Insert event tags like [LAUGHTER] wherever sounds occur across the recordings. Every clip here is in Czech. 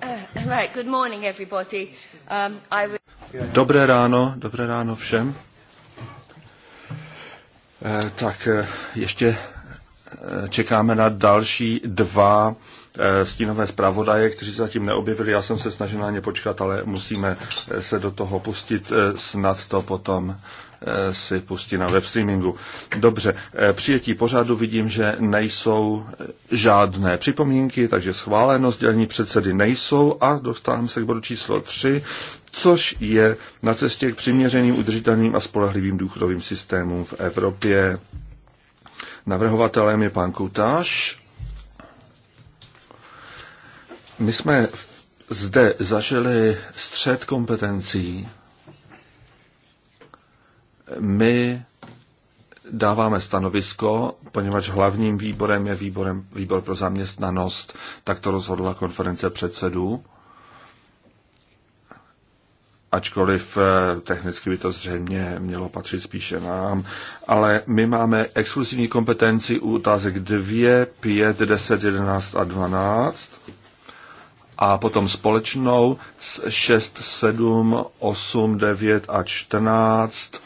Eh, um, dobré ráno, dobré ráno všem. Eh, tak eh, ještě čekáme na další dva Eh, stínové zpravodaje, kteří se zatím neobjevili. Já jsem se snažil na ně počkat, ale musíme eh, se do toho pustit. Eh, snad to potom si pustí na web streamingu. Dobře, přijetí pořadu vidím, že nejsou žádné připomínky, takže schváleno, sdělení předsedy nejsou a dostávám se k bodu číslo 3, což je na cestě k přiměřeným, udržitelným a spolehlivým důchodovým systémům v Evropě. Navrhovatelem je pan Kutáš my jsme zde zažili střed kompetencí. My dáváme stanovisko, poněvadž hlavním výborem je výborem, výbor pro zaměstnanost, tak to rozhodla konference předsedů. Ačkoliv eh, technicky by to zřejmě mělo patřit spíše nám, ale my máme exkluzivní kompetenci u otázek 2, 5, 10, 11 a 12 a potom společnou s 6, 7, 8, 9 a 14 eh,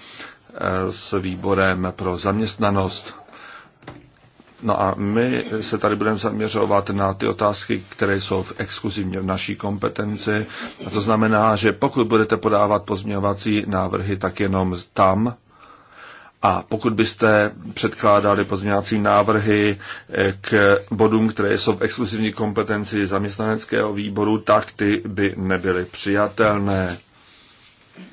s výborem pro zaměstnanost. No a my se tady budeme zaměřovat na ty otázky, které jsou v exkluzivně v naší kompetenci. A to znamená, že pokud budete podávat pozměňovací návrhy, tak jenom tam, a pokud byste předkládali pozměňovací návrhy eh, k bodům, které jsou v exkluzivní kompetenci zaměstnaneckého výboru, tak ty by nebyly přijatelné.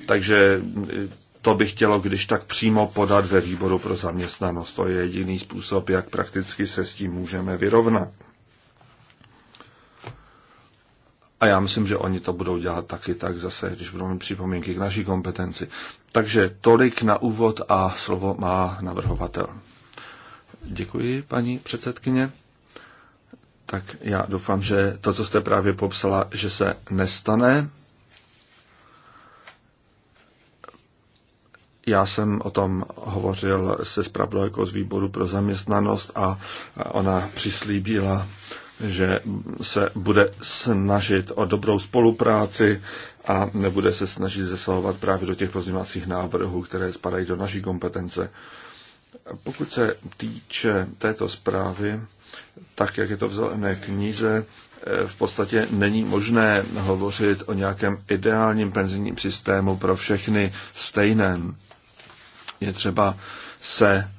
Takže eh, to by chtělo, když tak přímo podat ve výboru pro zaměstnanost. To je jediný způsob, jak prakticky se s tím můžeme vyrovnat. A já myslím, že oni to budou dělat taky tak zase, když budou mít připomínky k naší kompetenci. Takže tolik na úvod a slovo má navrhovatel. Děkuji, paní předsedkyně. Tak já doufám, že to, co jste právě popsala, že se nestane. Já jsem o tom hovořil se zpravodajkou z výboru pro zaměstnanost a ona přislíbila že se bude snažit o dobrou spolupráci a nebude se snažit zasahovat právě do těch pozměňovacích návrhů, které spadají do naší kompetence. Pokud se týče této zprávy, tak jak je to v zelené knize, v podstatě není možné hovořit o nějakém ideálním penzijním systému pro všechny stejném. Je třeba se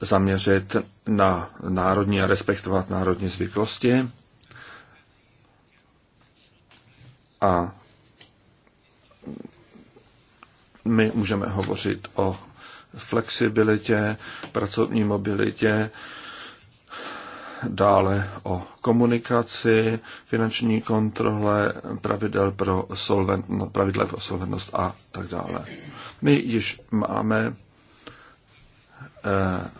zaměřit na národní a respektovat národní zvyklosti. A my můžeme hovořit o flexibilitě, pracovní mobilitě, dále o komunikaci, finanční kontrole, pravidel pro solventnost, pravidle pro solventnost a tak dále. My již máme eh,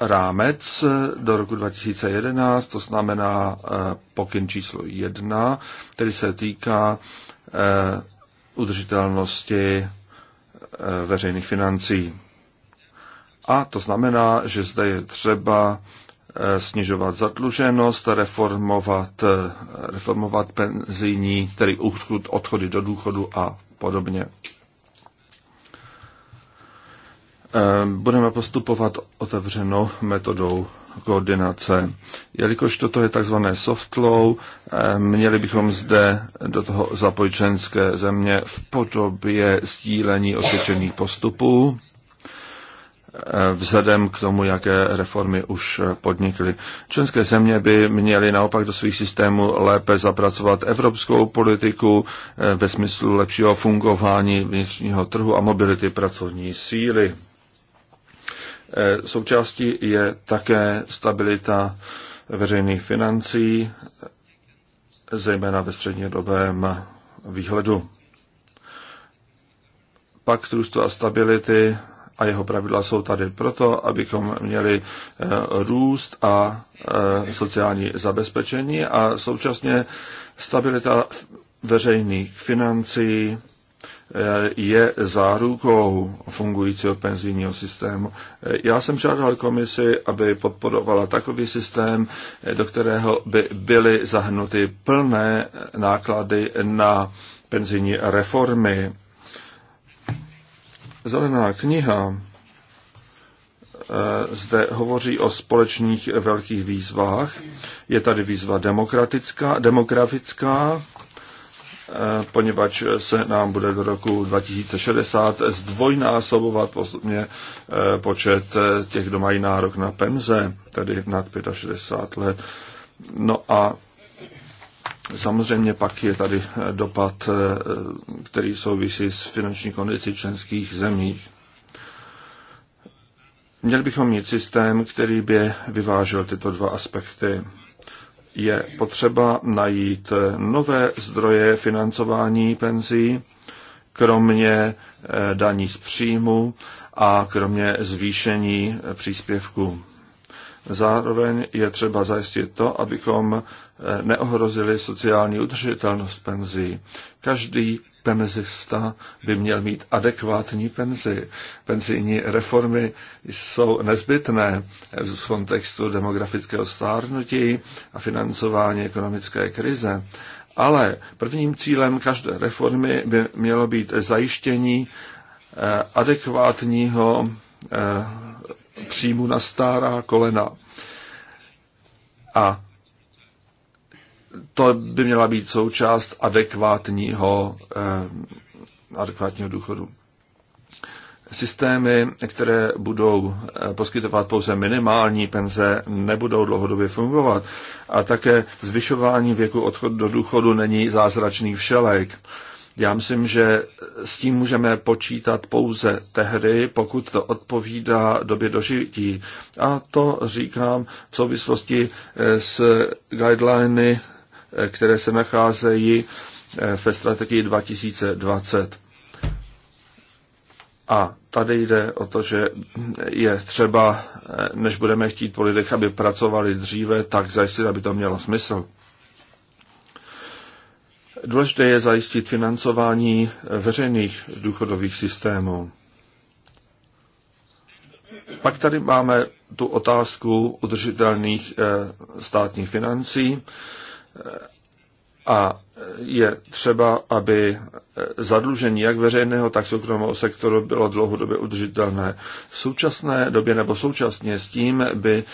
rámec do roku 2011, to znamená eh, pokyn číslo 1, který se týká eh, udržitelnosti eh, veřejných financí. A to znamená, že zde je třeba snižovat zadluženost, reformovat, reformovat penzijní, tedy odchody do důchodu a podobně. Eh, budeme postupovat otevřenou metodou koordinace. Jelikož toto je tzv. soft law, eh, měli bychom zde do toho zapojit členské země v podobě sdílení osvědčených postupů, eh, vzhledem k tomu, jaké reformy už podnikly. Členské země by měly naopak do svých systémů lépe zapracovat evropskou politiku ve smyslu lepšího fungování vnitřního trhu a mobility pracovní síly. Eh, součástí je také stabilita veřejných financí, zejména ve střednědobém výhledu. Pak růstu a stability a jeho pravidla jsou tady proto, abychom měli eh, růst a eh, sociální zabezpečení a současně stabilita veřejných financí Eh, je zárukou fungujícího penzijního systému. Eh, já jsem žádal komisi, aby podporovala takový systém, eh, do kterého by byly zahnuty plné náklady na penzijní reformy. Zelená kniha zde hovoří o společných velkých výzvách. Je tady výzva demokratická, demografická, Eh, poněvadž se nám bude do roku 2060 zdvojnásobovat postupně eh, počet eh, těch, kdo mají nárok na penze, tedy nad 65 let. No a Samozřejmě pak je tady dopad, který souvisí s finanční kondicí členských zemí. Měli bychom mít systém, který by vyvážel tyto dva aspekty je potřeba najít nové zdroje financování penzí, kromě eh, daní z příjmu a kromě zvýšení eh, příspěvku. Zároveň je třeba zajistit to, abychom eh, neohrozili sociální udržitelnost penzí. Každý penzista by měl mít adekvátní penzi. Penzijní reformy jsou nezbytné v kontextu demografického stárnutí a financování ekonomické krize. Ale prvním cílem každé reformy by mělo být zajištění eh, adekvátního eh, příjmu na stará kolena. A to by měla být součást adekvátního, eh, adekvátního důchodu. Systémy, které budou eh, poskytovat pouze minimální penze, nebudou dlouhodobě fungovat. A také zvyšování věku odchodu do důchodu není zázračný všelek. Já myslím, že s tím můžeme počítat pouze tehdy, pokud to odpovídá době dožití. A to říkám v souvislosti eh, s guideliny které se nacházejí eh, ve strategii 2020. A tady jde o to, že je třeba, eh, než budeme chtít po lidech, aby pracovali dříve, tak zajistit, aby to mělo smysl. Důležité je zajistit financování veřejných důchodových systémů. Pak tady máme tu otázku udržitelných eh, státních financí. A je třeba, aby zadlužení jak veřejného, tak soukromého sektoru bylo dlouhodobě udržitelné. V současné době nebo současně s tím by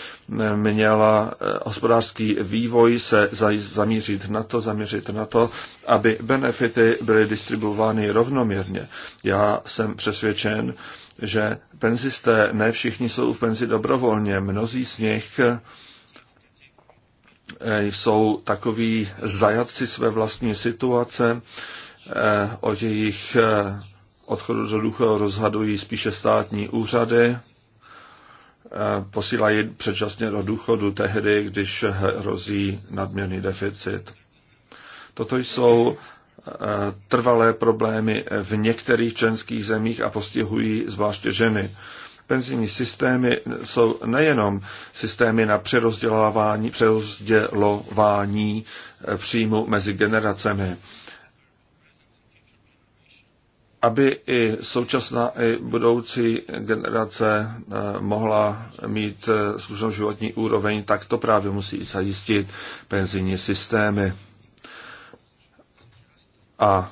měla eh, hospodářský vývoj se zamířit na to, zaměřit na to, aby benefity byly distribuovány rovnoměrně. Já jsem přesvědčen, že penzisté ne všichni jsou v penzi dobrovolně. Mnozí z nich Eh, jsou takový zajatci své vlastní situace, eh, o jejich eh, odchodu do ducha rozhadují spíše státní úřady, posílají předčasně do důchodu tehdy, když hrozí nadměrný deficit. Toto jsou trvalé problémy v některých členských zemích a postihují zvláště ženy penzijní systémy jsou nejenom systémy na přerozdělování, přerozdělování eh, příjmu mezi generacemi, aby i současná i budoucí generace eh, mohla mít eh, slušnou životní úroveň, tak to právě musí zajistit penzijní systémy. A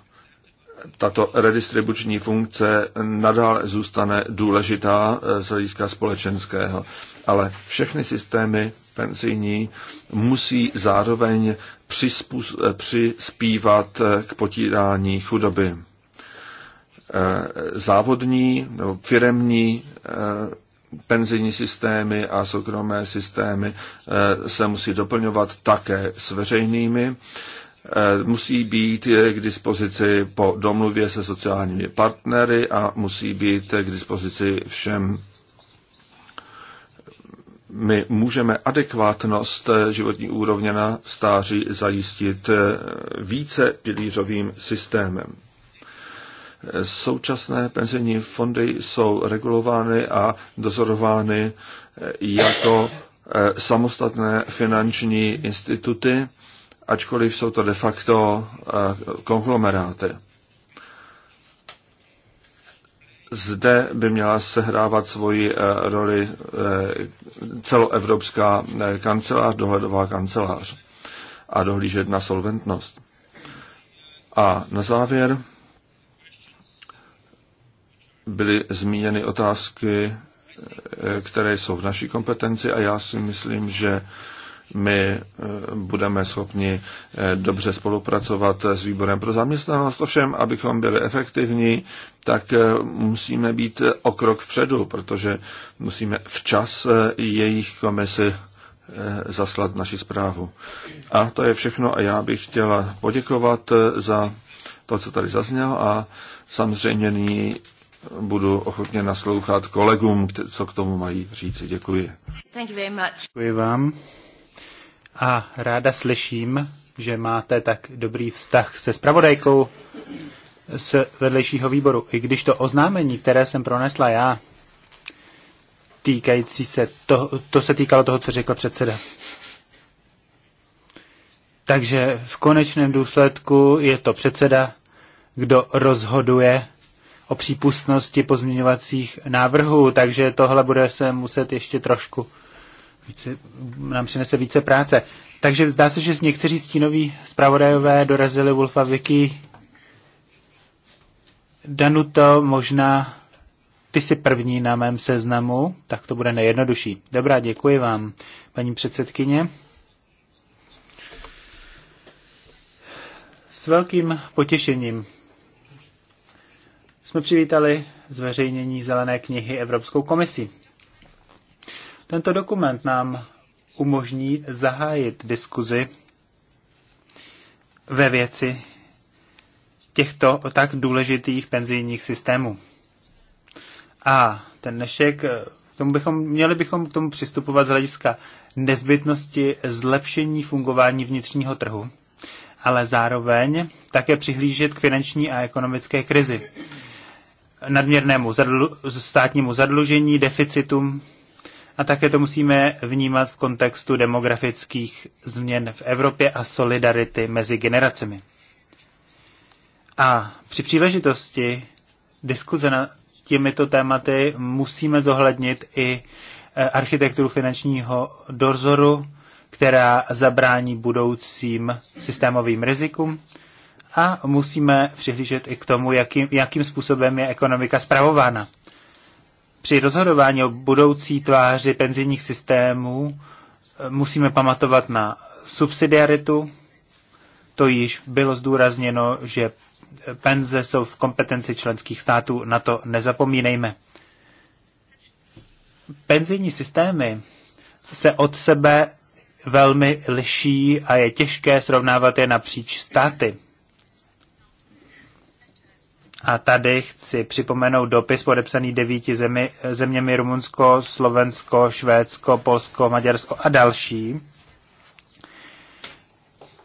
tato redistribuční funkce nadále zůstane důležitá eh, z hlediska společenského. Ale všechny systémy penzijní musí zároveň eh, přispívat eh, k potírání chudoby. Závodní nebo firemní penzijní systémy a soukromé systémy se musí doplňovat také s veřejnými Eh, musí být eh, k dispozici po domluvě se sociálními partnery a musí být eh, k dispozici všem. My můžeme adekvátnost životní úrovně na stáří zajistit více pilířovým systémem. Současné penzijní fondy jsou regulovány a dozorovány jako samostatné finanční instituty, ačkoliv jsou to de facto eh, konglomeráty. Zde by měla sehrávat svoji eh, roli eh, celoevropská kancelář, dohledová kancelář a dohlížet na solventnost. A na závěr byly zmíněny otázky, které jsou v naší kompetenci a já si myslím, že my eh, budeme schopni eh, dobře spolupracovat s výborem pro zaměstnanost. Ovšem, abychom byli efektivní, tak eh, musíme být o krok vpředu, protože musíme včas jejich komisi zaslat naši zprávu. A to je všechno a já bych chtěla poděkovat za to, co tady zaznělo a samozřejmě nyní budu ochotně naslouchat kolegům, co k tomu mají říci. Děkuji. Děkuji vám a ráda slyším, že máte tak dobrý vztah se spravodajkou z vedlejšího výboru. I když to oznámení, které jsem pronesla já, týkající se toho, to se týkalo toho, co řekl předseda. Takže v konečném důsledku je to předseda, kdo rozhoduje o přípustnosti pozměňovacích návrhů, takže tohle bude se muset ještě trošku více, nám přinese více práce. Takže zdá se, že někteří stínoví zpravodajové dorazili Wolfa Vicky. Danuto, možná ty jsi první na mém seznamu, tak to bude nejjednodušší. Dobrá, děkuji vám, paní předsedkyně. S velkým potěšením jsme přivítali zveřejnění zelené knihy Evropskou komisí. Tento dokument nám umožní zahájit diskuzi ve věci těchto tak důležitých penzijních systémů. A ten dnešek, eh, tomu bychom, měli bychom k tomu přistupovat z hlediska nezbytnosti zlepšení fungování vnitřního trhu, ale zároveň také přihlížet k finanční a ekonomické krizi, nadměrnému zadlu, státnímu zadlužení, deficitům a také to musíme vnímat v kontextu demografických změn v Evropě a solidarity mezi generacemi. A při příležitosti diskuze na těmito tématy musíme zohlednit i eh, architekturu finančního dozoru, která zabrání budoucím systémovým rizikům a musíme přihlížet i k tomu, jaký, jakým způsobem je ekonomika zpravována. Při rozhodování o budoucí tváři penzijních systémů eh, musíme pamatovat na subsidiaritu. To již bylo zdůrazněno, že penze jsou v kompetenci členských států, na to nezapomínejme. Penzijní systémy se od sebe velmi liší a je těžké srovnávat je napříč státy. A tady chci připomenout dopis podepsaný devíti zemi, zeměmi Rumunsko, Slovensko, Švédsko, Polsko, Maďarsko a další.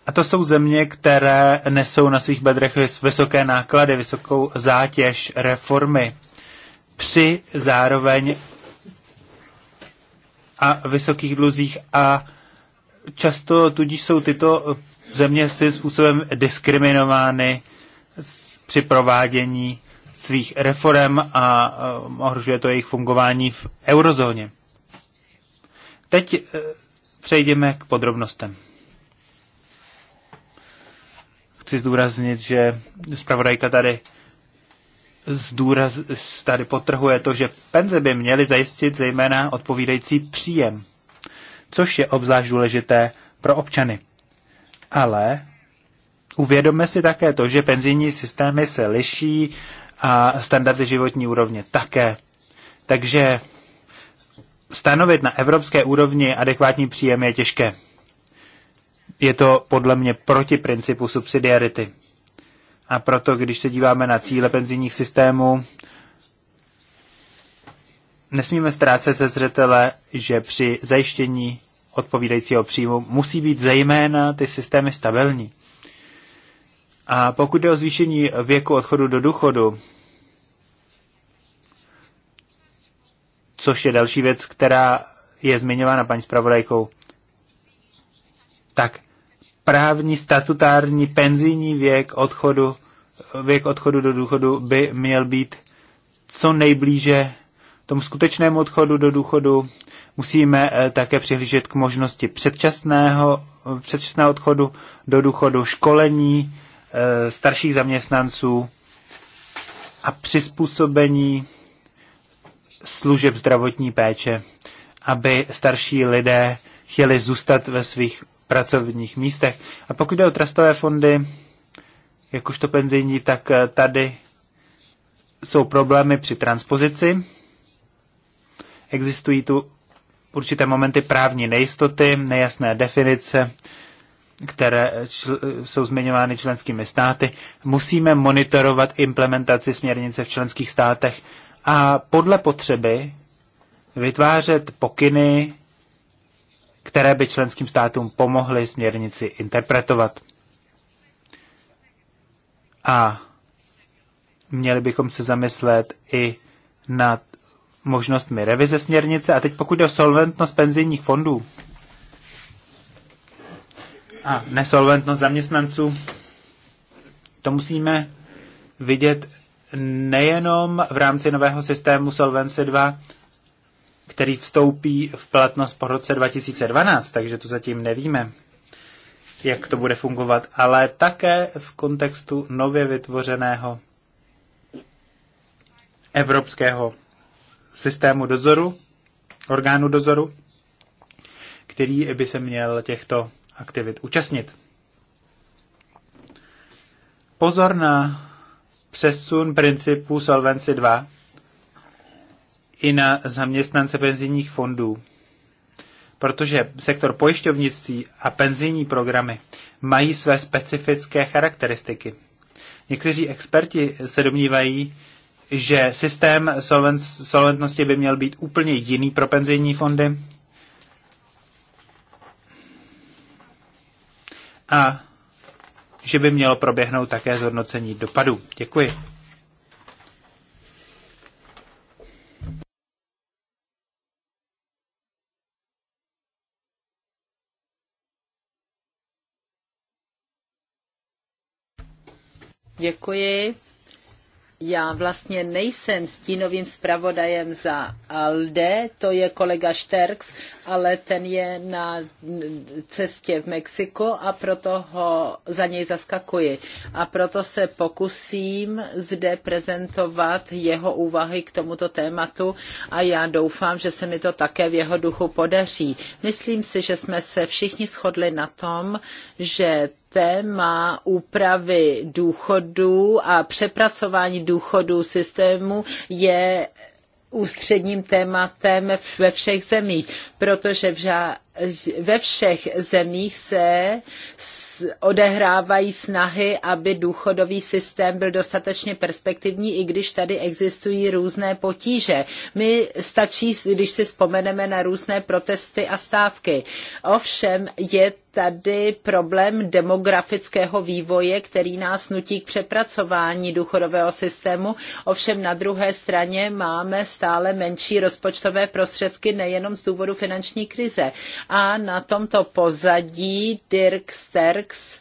A to jsou země, které nesou na svých bedrech vysoké náklady, vysokou zátěž reformy při zároveň a vysokých dluzích a často tudíž jsou tyto země si způsobem diskriminovány při provádění svých reform a ohrožuje to jejich fungování v eurozóně. Teď e, přejdeme k podrobnostem. Chci zdůraznit, že zpravodajka tady zdůraz, tady potrhuje to, že penze by měly zajistit zejména odpovídající příjem, což je obzvlášť důležité pro občany. Ale Uvědomme si také to, že penzijní systémy se liší a standardy životní úrovně také. Takže stanovit na evropské úrovni adekvátní příjem je těžké. Je to podle mě proti principu subsidiarity. A proto, když se díváme na cíle penzijních systémů, nesmíme ztrácet se zřetele, že při zajištění odpovídajícího příjmu musí být zejména ty systémy stabilní. A pokud jde o zvýšení věku odchodu do důchodu, což je další věc, která je zmiňována paní zpravodajkou, tak právní statutární penzijní věk odchodu, věk odchodu do důchodu by měl být co nejblíže tomu skutečnému odchodu do důchodu. Musíme eh, také přihlížet k možnosti předčasného, předčasného odchodu do důchodu, školení, Eh, starších zaměstnanců a přizpůsobení služeb zdravotní péče, aby starší lidé chtěli zůstat ve svých pracovních místech. A pokud jde o trastové fondy, jakožto penzijní, tak eh, tady jsou problémy při transpozici. Existují tu určité momenty právní nejistoty, nejasné definice, které jsou zmiňovány členskými státy. Musíme monitorovat implementaci směrnice v členských státech a podle potřeby vytvářet pokyny, které by členským státům pomohly směrnici interpretovat. A měli bychom se zamyslet i nad možnostmi revize směrnice. A teď pokud jde o solventnost penzijních fondů, a nesolventnost zaměstnanců, to musíme vidět nejenom v rámci nového systému Solvency 2, který vstoupí v platnost po roce 2012, takže to zatím nevíme, jak to bude fungovat, ale také v kontextu nově vytvořeného evropského systému dozoru, orgánu dozoru, který by se měl těchto aktivit účastnit. Pozor na přesun principu Solvency 2 i na zaměstnance penzijních fondů, protože sektor pojišťovnictví a penzijní programy mají své specifické charakteristiky. Někteří experti se domnívají, že systém solventnosti by měl být úplně jiný pro penzijní fondy, a že by mělo proběhnout také zhodnocení dopadů. Děkuji. Děkuji. Já vlastně nejsem stínovým zpravodajem za ALDE, to je kolega Šterks, ale ten je na cestě v Mexiku a proto ho za něj zaskakuji. A proto se pokusím zde prezentovat jeho úvahy k tomuto tématu a já doufám, že se mi to také v jeho duchu podaří. Myslím si, že jsme se všichni shodli na tom, že téma úpravy důchodů a přepracování důchodů systému je ústředním tématem ve všech zemích, protože v ža- ve všech zemích se odehrávají snahy, aby důchodový systém byl dostatečně perspektivní, i když tady existují různé potíže. My stačí, když si vzpomeneme na různé protesty a stávky. Ovšem je tady problém demografického vývoje, který nás nutí k přepracování důchodového systému. Ovšem na druhé straně máme stále menší rozpočtové prostředky nejenom z důvodu finanční krize a na tomto pozadí Dirk Sterks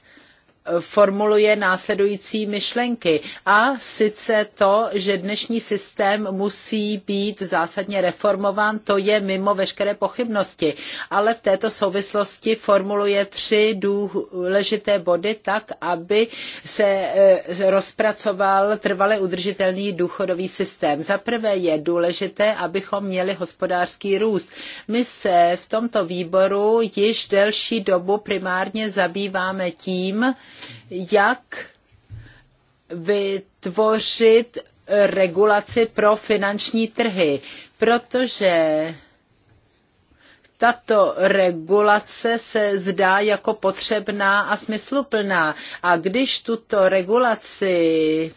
formuluje následující myšlenky. A sice to, že dnešní systém musí být zásadně reformován, to je mimo veškeré pochybnosti. Ale v této souvislosti formuluje tři důležité body tak, aby se eh, rozpracoval trvale udržitelný důchodový systém. Za prvé je důležité, abychom měli hospodářský růst. My se v tomto výboru již delší dobu primárně zabýváme tím, jak vytvořit regulaci pro finanční trhy, protože tato regulace se zdá jako potřebná a smysluplná. A když tuto regulaci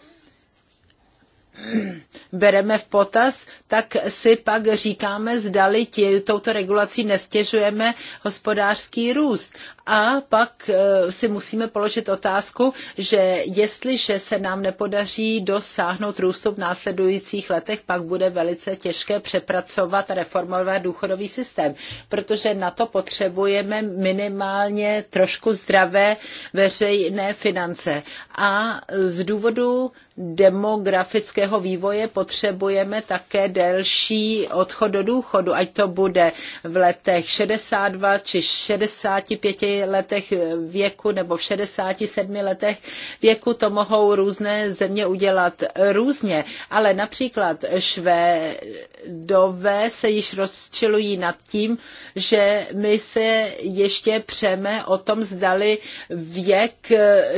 bereme v potaz, tak si pak říkáme, zdali tě, touto regulací nestěžujeme hospodářský růst. A pak eh, si musíme položit otázku, že jestliže se nám nepodaří dosáhnout růstu v následujících letech, pak bude velice těžké přepracovat a reformovat důchodový systém, protože na to potřebujeme minimálně trošku zdravé veřejné finance. A z důvodu demografického vývoje potřebujeme také delší odchod do důchodu, ať to bude v letech 62 či 65 letech věku nebo v 67 letech věku to mohou různé země udělat různě, ale například Švédové se již rozčilují nad tím, že my se ještě přeme o tom, zdali věk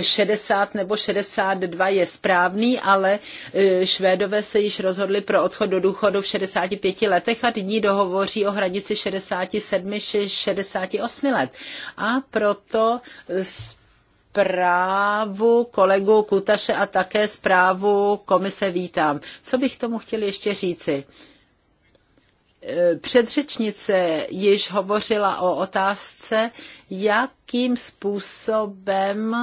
60 nebo 62 je správný, ale e, Švédové se již rozhodli pro odchod do důchodu v 65 letech a nyní dohovoří o hranici 67 či 68 let. A proto zprávu kolegu Kutaše a také zprávu komise vítám. Co bych tomu chtěl ještě říci? Eh, předřečnice již hovořila o otázce, jakým způsobem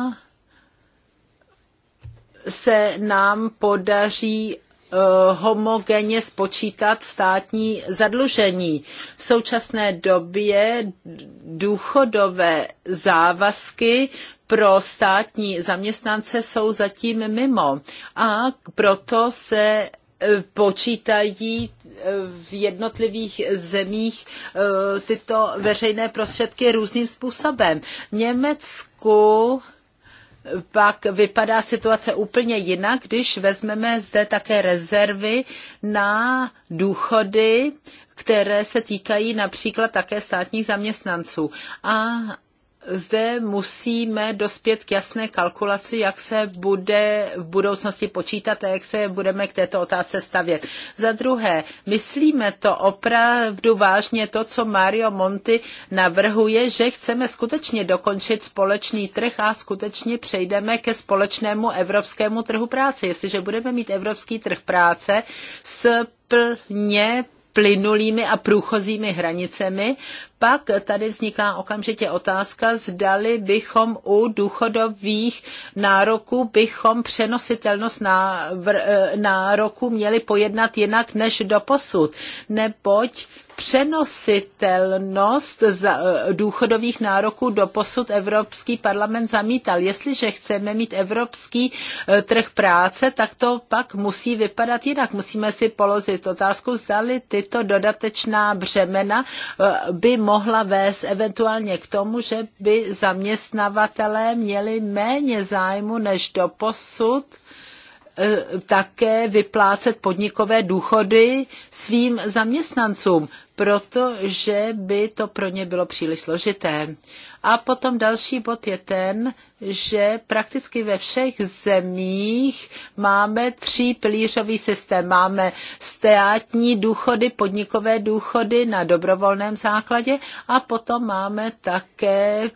se nám podaří Eh, homogenně spočítat státní zadlužení. V současné době důchodové závazky pro státní zaměstnance jsou zatím mimo a proto se eh, počítají eh, v jednotlivých zemích tyto veřejné prostředky různým způsobem. V Německu pak vypadá situace úplně jinak, když vezmeme zde také rezervy na důchody, které se týkají například také státních zaměstnanců. A zde musíme dospět k jasné kalkulaci, jak se bude v budoucnosti počítat a jak se budeme k této otázce stavět. Za druhé, myslíme to opravdu vážně to, co Mario Monti navrhuje, že chceme skutečně dokončit společný trh a skutečně přejdeme ke společnému evropskému trhu práce. Jestliže budeme mít evropský trh práce s plně plynulými a průchozími hranicemi, pak tady vzniká okamžitě otázka, zdali bychom u důchodových nároků bychom přenositelnost e, nároku měli pojednat jinak než do posud, neboť přenositelnost eh, důchodových nároků do posud Evropský parlament zamítal. Jestliže chceme mít evropský eh, trh práce, tak to pak musí vypadat jinak. Musíme si položit otázku, zdali tyto dodatečná břemena eh, by mohla vést eventuálně k tomu, že by zaměstnavatelé měli méně zájmu než do posud Eh, také vyplácet podnikové důchody svým zaměstnancům, protože by to pro ně bylo příliš složité. A potom další bod je ten, že prakticky ve všech zemích máme tří pilířový systém. Máme státní důchody, podnikové důchody na dobrovolném základě a potom máme také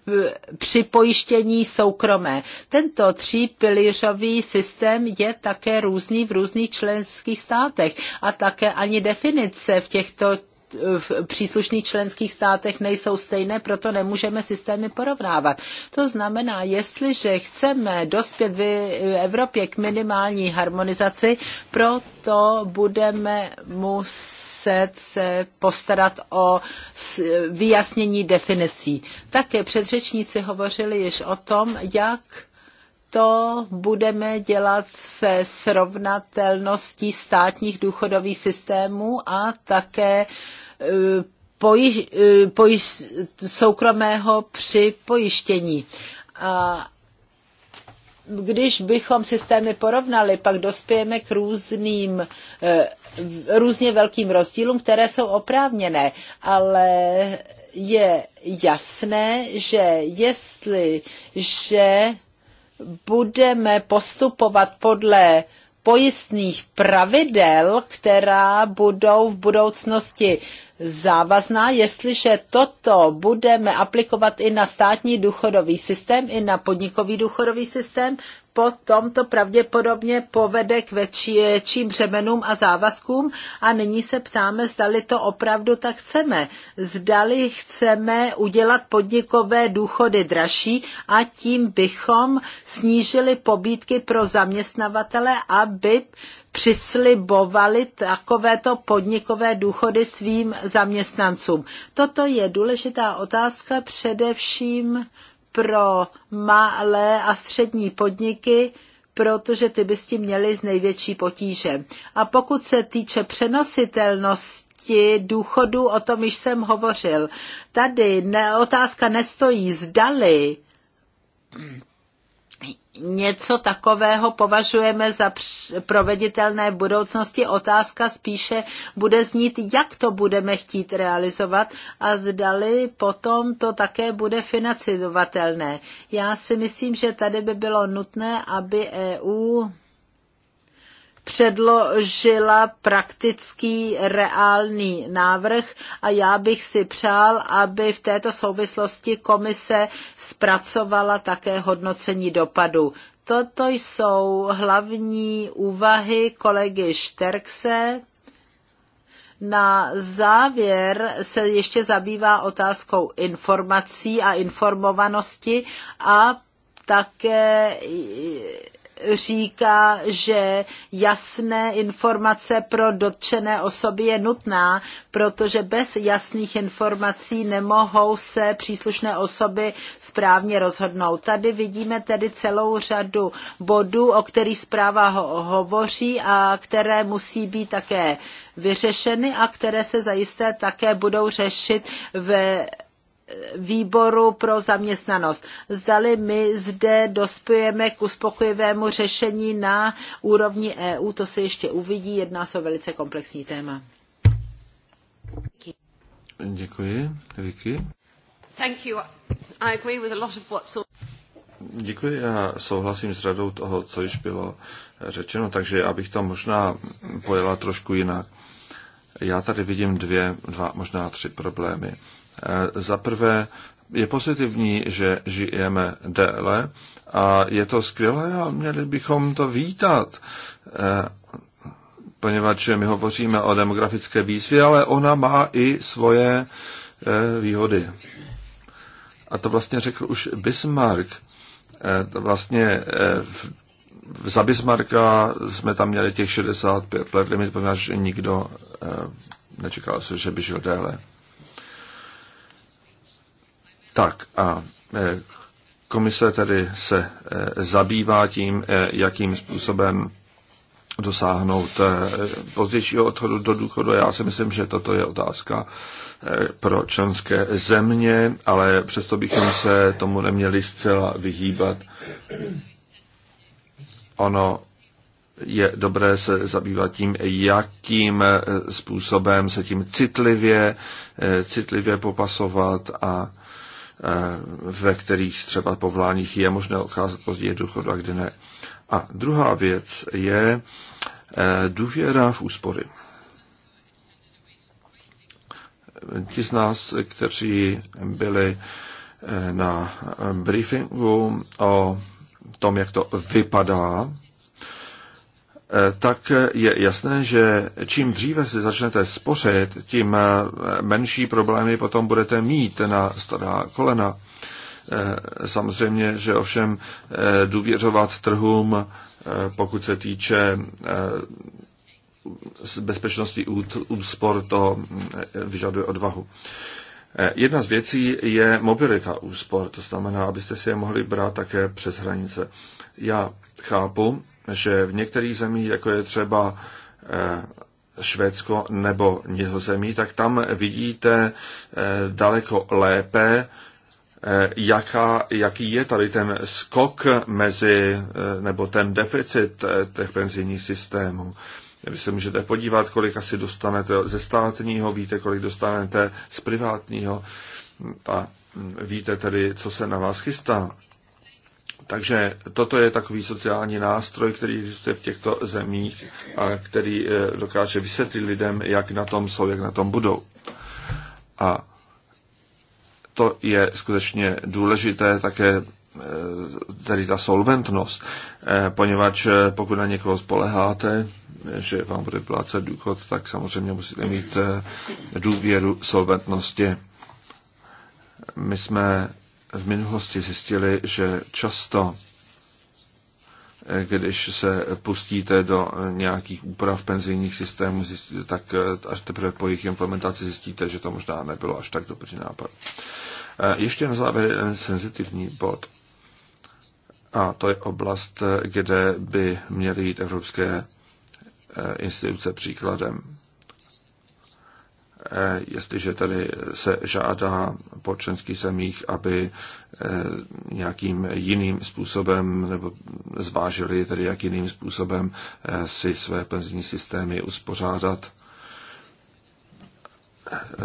připojištění soukromé. Tento tří pilířový systém je také různý v různých členských státech a také ani definice v těchto v příslušných členských státech nejsou stejné, proto nemůžeme systémy porovnávat. To znamená, jestliže chceme dospět v Evropě k minimální harmonizaci, proto budeme muset se postarat o vyjasnění definicí. Také předřečníci hovořili již o tom, jak to budeme dělat se srovnatelností státních důchodových systémů a také e, pojiš, e, pojiš, soukromého při pojištění. A když bychom systémy porovnali, pak dospějeme k různým, e, různě velkým rozdílům, které jsou oprávněné, ale je jasné, že jestli, že budeme postupovat podle pojistných pravidel, která budou v budoucnosti závazná, jestliže toto budeme aplikovat i na státní důchodový systém, i na podnikový důchodový systém, potom to pravděpodobně povede k větším břemenům a závazkům a nyní se ptáme, zdali to opravdu tak chceme. Zdali chceme udělat podnikové důchody dražší a tím bychom snížili pobídky pro zaměstnavatele, aby přislibovali takovéto podnikové důchody svým zaměstnancům. Toto je důležitá otázka především pro malé a střední podniky, protože ty by s tím měly z největší potíže. A pokud se týče přenositelnosti, důchodu, o tom již jsem hovořil. Tady ne, otázka nestojí zdali něco takového považujeme za proveditelné v budoucnosti. Otázka spíše bude znít, jak to budeme chtít realizovat a zdali potom to také bude financovatelné. Já si myslím, že tady by bylo nutné, aby EU předložila praktický reálný návrh a já bych si přál, aby v této souvislosti komise zpracovala také hodnocení dopadu. Toto jsou hlavní úvahy kolegy Šterkse. Na závěr se ještě zabývá otázkou informací a informovanosti a také říká, že jasné informace pro dotčené osoby je nutná, protože bez jasných informací nemohou se příslušné osoby správně rozhodnout. Tady vidíme tedy celou řadu bodů, o kterých zpráva ho- hovoří a které musí být také vyřešeny a které se zajisté také budou řešit ve výboru pro zaměstnanost. Zdali my zde dospějeme k uspokojivému řešení na úrovni EU, to se ještě uvidí, jedná se o velice komplexní téma. Děkuji. Vicky. Thank you. I agree with a lot of what's Děkuji, já souhlasím s řadou toho, co již bylo řečeno, takže já bych to možná pojela trošku jinak. Já tady vidím dvě, dva, možná tři problémy. Eh, za prvé je pozitivní, že žijeme déle a je to skvělé a měli bychom to vítat, eh, poněvadž my hovoříme o demografické výzvě, ale ona má i svoje eh, výhody. A to vlastně řekl už Bismarck. To vlastně v za Bismarcka jsme tam měli těch 65 let limit, poněvadž nikdo nečekal se, že by žil déle. Tak a e, komise tedy se e, zabývá tím, e, jakým způsobem dosáhnout pozdějšího odchodu do důchodu. Já si myslím, že toto je otázka pro členské země, ale přesto bychom se tomu neměli zcela vyhýbat. Ono je dobré se zabývat tím, jakým způsobem se tím citlivě, citlivě popasovat a Eh, ve kterých třeba povoláních je možné odcházet později důchodu a kdy ne. A druhá věc je eh, důvěra v úspory. Ti z nás, kteří byli eh, na briefingu o tom, jak to vypadá Eh, tak je jasné, že čím dříve si začnete spořit, tím eh, menší problémy potom budete mít na stará kolena. Eh, samozřejmě, že ovšem důvěřovat trhům, pokud se týče bezpečnosti úspor, to vyžaduje odvahu. Jedna z věcí je mobilita úspor, to znamená, abyste si je mohli brát také přes hranice. Já chápu, že v některých zemích, jako je třeba eh, Švédsko nebo Nizozemí, tak tam vidíte eh, daleko lépe, eh, jaká, jaký je tady ten skok mezi, nebo ten deficit těch penzijních systémů. Vy se můžete podívat, kolik asi dostanete ze státního, víte, kolik dostanete z privátního a hm, víte tedy, co se na vás chystá. Takže toto je takový sociální nástroj, který existuje v těchto zemích a který eh, dokáže vysvětlit lidem, jak na tom jsou, jak na tom budou. A to je skutečně důležité také eh, tedy ta solventnost, eh, poněvadž pokud na někoho spoleháte, že vám bude plácet důchod, tak samozřejmě musíte mít důvěru solventnosti. My jsme v minulosti zjistili, že často, eh, když se pustíte do nějakých úprav penzijních systémů, zjistíte, tak eh, až teprve po jejich implementaci zjistíte, že to možná nebylo až tak dobrý nápad. Eh, ještě na závěr jeden senzitivní bod. A to je oblast, kde by měly jít evropské instituce příkladem. Eh, jestliže tedy se žádá po členských zemích, aby eh, nějakým jiným způsobem, nebo zvážili tedy, jak jiným způsobem eh, si své penzijní systémy uspořádat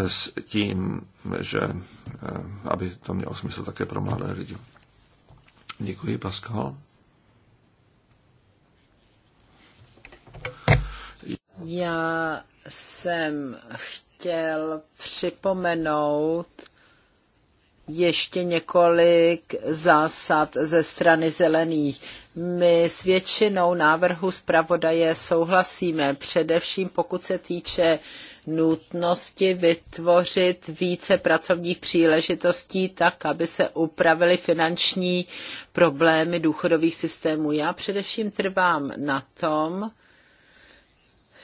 s tím, že aby to mělo smysl také pro mladé lidi. Děkuji, Pascal. Já jsem chtěl chtěl připomenout ještě několik zásad ze strany zelených. My s většinou návrhu zpravodaje souhlasíme, především pokud se týče nutnosti vytvořit více pracovních příležitostí tak, aby se upravily finanční problémy důchodových systémů. Já především trvám na tom,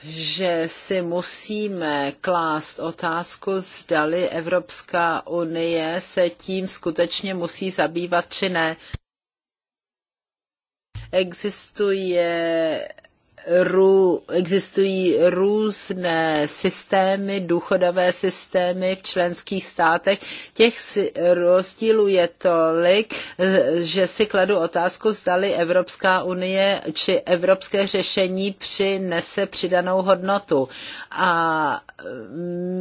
že si musíme klást otázku, zdali Evropská unie se tím skutečně musí zabývat či ne. Existuje rů, existují různé systémy, důchodové systémy v členských státech. Těch rozdílů je tolik, že si kladu otázku, zdali Evropská unie či evropské řešení přinese přidanou hodnotu. A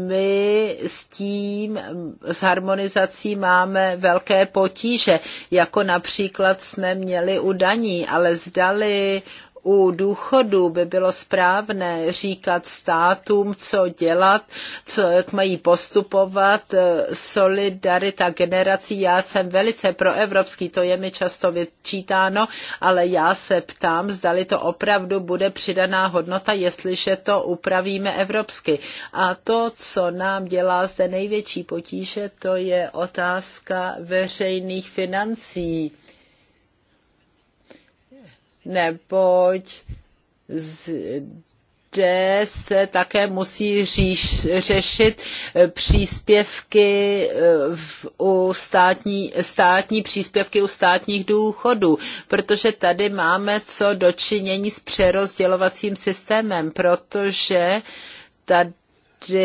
my s tím, s harmonizací máme velké potíže, jako například jsme měli u daní, ale zdali u důchodu by bylo správné říkat státům, co dělat, co, jak mají postupovat, e, solidarita generací. Já jsem velice proevropský, to je mi často vyčítáno, ale já se ptám, zdali to opravdu bude přidaná hodnota, jestliže to upravíme evropsky. A to, co nám dělá zde největší potíže, to je otázka veřejných financí neboť zde se také musí říš, řešit eh, příspěvky eh, u státní, státní příspěvky u státních důchodů, protože tady máme co dočinění s přerozdělovacím systémem, protože tady že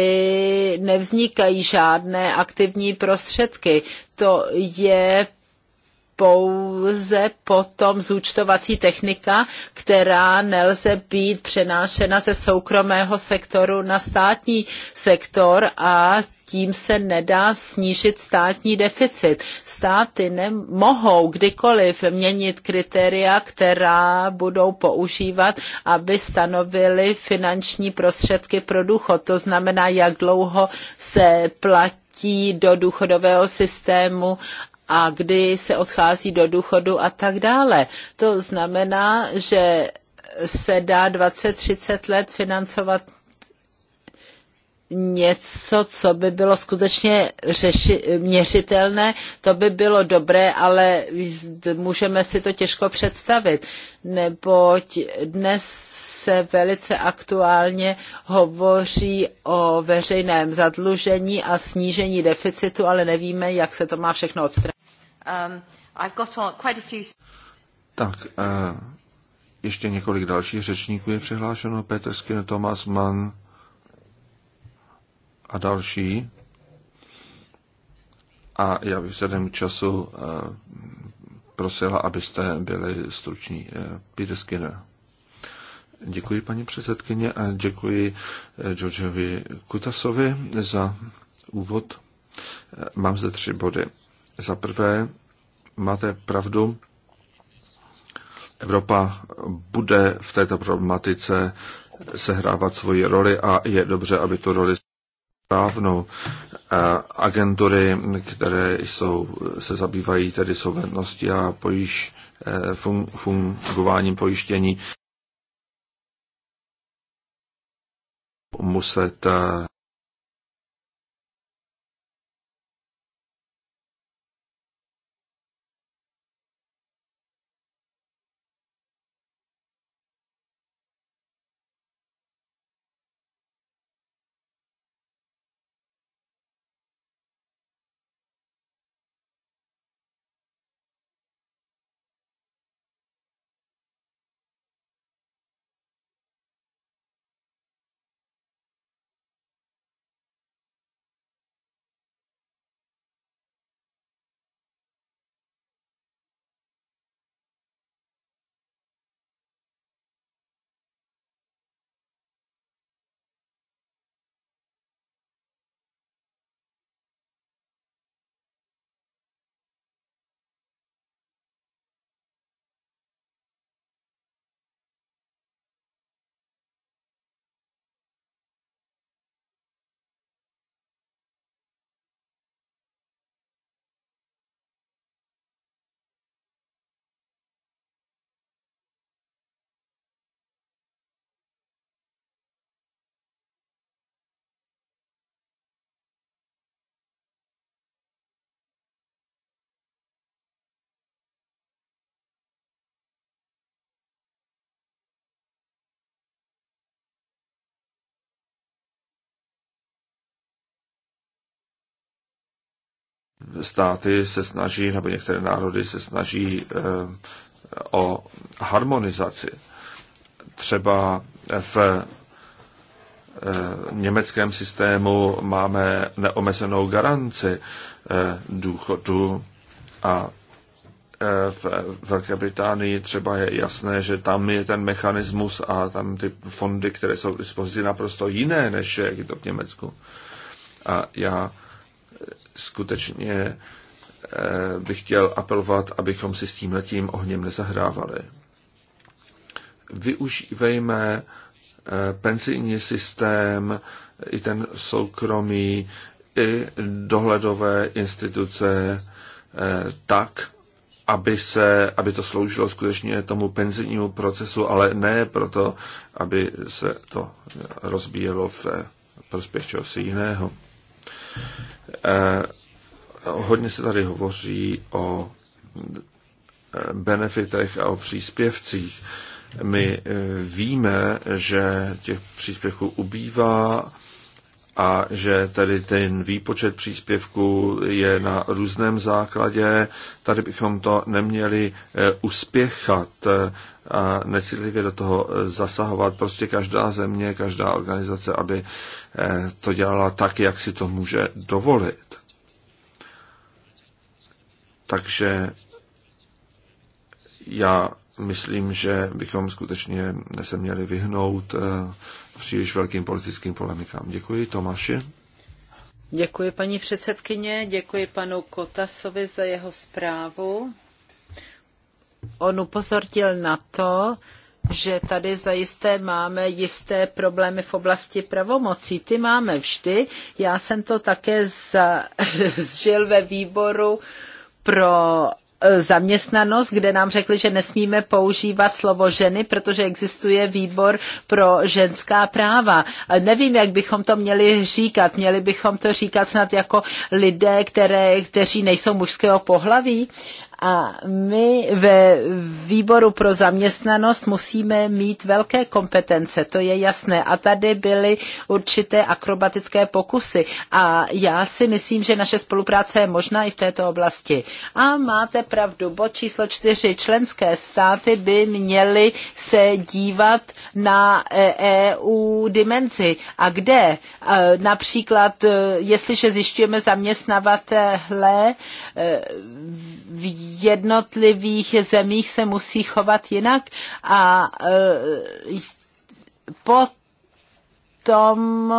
nevznikají žádné aktivní prostředky. To je pouze potom zúčtovací technika, která nelze být přenášena ze soukromého sektoru na státní sektor a tím se nedá snížit státní deficit. Státy nemohou kdykoliv měnit kritéria, která budou používat, aby stanovili finanční prostředky pro důchod. To znamená, jak dlouho se platí do důchodového systému a kdy se odchází do důchodu a tak dále. To znamená, že se dá 20-30 let financovat něco, co by bylo skutečně řeši, měřitelné, to by bylo dobré, ale můžeme si to těžko představit, neboť dnes se velice aktuálně hovoří o veřejném zadlužení a snížení deficitu, ale nevíme, jak se to má všechno odstranit. Um, tak, uh, ještě několik dalších řečníků je přihlášeno. Petr Skinner, Thomas Mann a další. A já bych vzhledem k času uh, prosila, abyste byli struční. Uh, Peter Skinner. Děkuji paní předsedkyně a děkuji Georgeovi Kutasovi za úvod. Mám zde tři body. Za prvé, máte pravdu, Evropa bude v této problematice sehrávat svoji roli a je dobře, aby tu roli správnou. Agentury, které jsou, se zabývají tedy solventností a pojiš, eh, fun, fungováním pojištění, muset eh, státy se snaží, nebo některé národy se snaží eh, o harmonizaci. Třeba v eh, německém systému máme neomezenou garanci eh, důchodu a v Velké Británii třeba je jasné, že tam je ten mechanismus a tam ty fondy, které jsou k dispozici, naprosto jiné, než je to v Německu. A já skutečně eh, bych chtěl apelovat, abychom si s tím letím ohněm nezahrávali. Využívejme eh, penzijní systém, i ten soukromý, i dohledové instituce eh, tak, aby, se, aby to sloužilo skutečně tomu penzijnímu procesu, ale ne proto, aby se to rozbíjelo v prospěch čehosi jiného. Eh, hodně se tady hovoří o eh, benefitech a o příspěvcích. My eh, víme, že těch příspěvků ubývá a že tedy ten výpočet příspěvků je na různém základě. Tady bychom to neměli e, uspěchat e, a necitlivě do toho e, zasahovat. Prostě každá země, každá organizace, aby to dělala tak, jak si to může dovolit. Takže já myslím, že bychom skutečně se měli vyhnout příliš velkým politickým polemikám. Děkuji, Tomáši. Děkuji paní předsedkyně, děkuji panu Kotasovi za jeho zprávu. On upozornil na to, že tady zajisté máme jisté problémy v oblasti pravomocí. Ty máme vždy. Já jsem to také [LAUGHS] zžil ve výboru pro E, zaměstnanost, kde nám řekli, že nesmíme používat slovo ženy, protože existuje výbor pro ženská práva. E, nevím, jak bychom to měli říkat. Měli bychom to říkat snad jako lidé, které, kteří nejsou mužského pohlaví. A my ve výboru pro zaměstnanost musíme mít velké kompetence, to je jasné. A tady byly určité akrobatické pokusy. A já si myslím, že naše spolupráce je možná i v této oblasti. A máte pravdu, bod číslo čtyři. Členské státy by měly se dívat na EU e dimenzi. A kde? E, například, e, jestliže zjišťujeme zaměstnavatele, v jednotlivých zemích se musí chovat jinak a eh, potom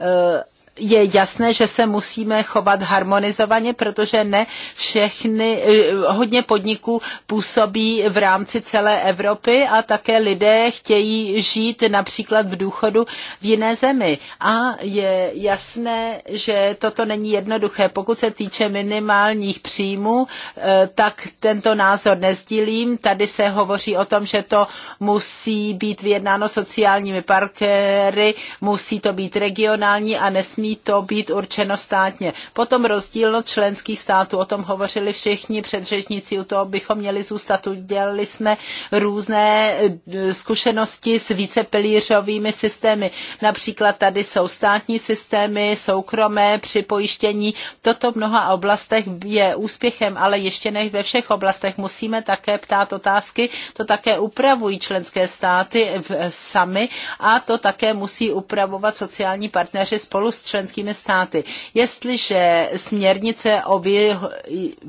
eh, je jasné, že se musíme chovat harmonizovaně, protože ne všechny, eh, hodně podniků působí v rámci celé Evropy a také lidé chtějí žít například v důchodu v jiné zemi. A je jasné, že toto není jednoduché. Pokud se týče minimálních příjmů, eh, tak tento názor nezdílím. Tady se hovoří o tom, že to musí být vyjednáno sociálními parkery, musí to být regionální a nesmí nesmí to být určeno státně. Potom rozdílnost členských států, o tom hovořili všichni předřečníci, u toho bychom měli zůstat. Udělali jsme různé eh, zkušenosti s vícepilířovými systémy. Například tady jsou státní systémy, soukromé při pojištění. Toto v mnoha oblastech je úspěchem, ale ještě ne ve všech oblastech. Musíme také ptát otázky, to také upravují členské státy sami a to také musí upravovat sociální partneři spolu s členskými státy. Jestliže směrnice o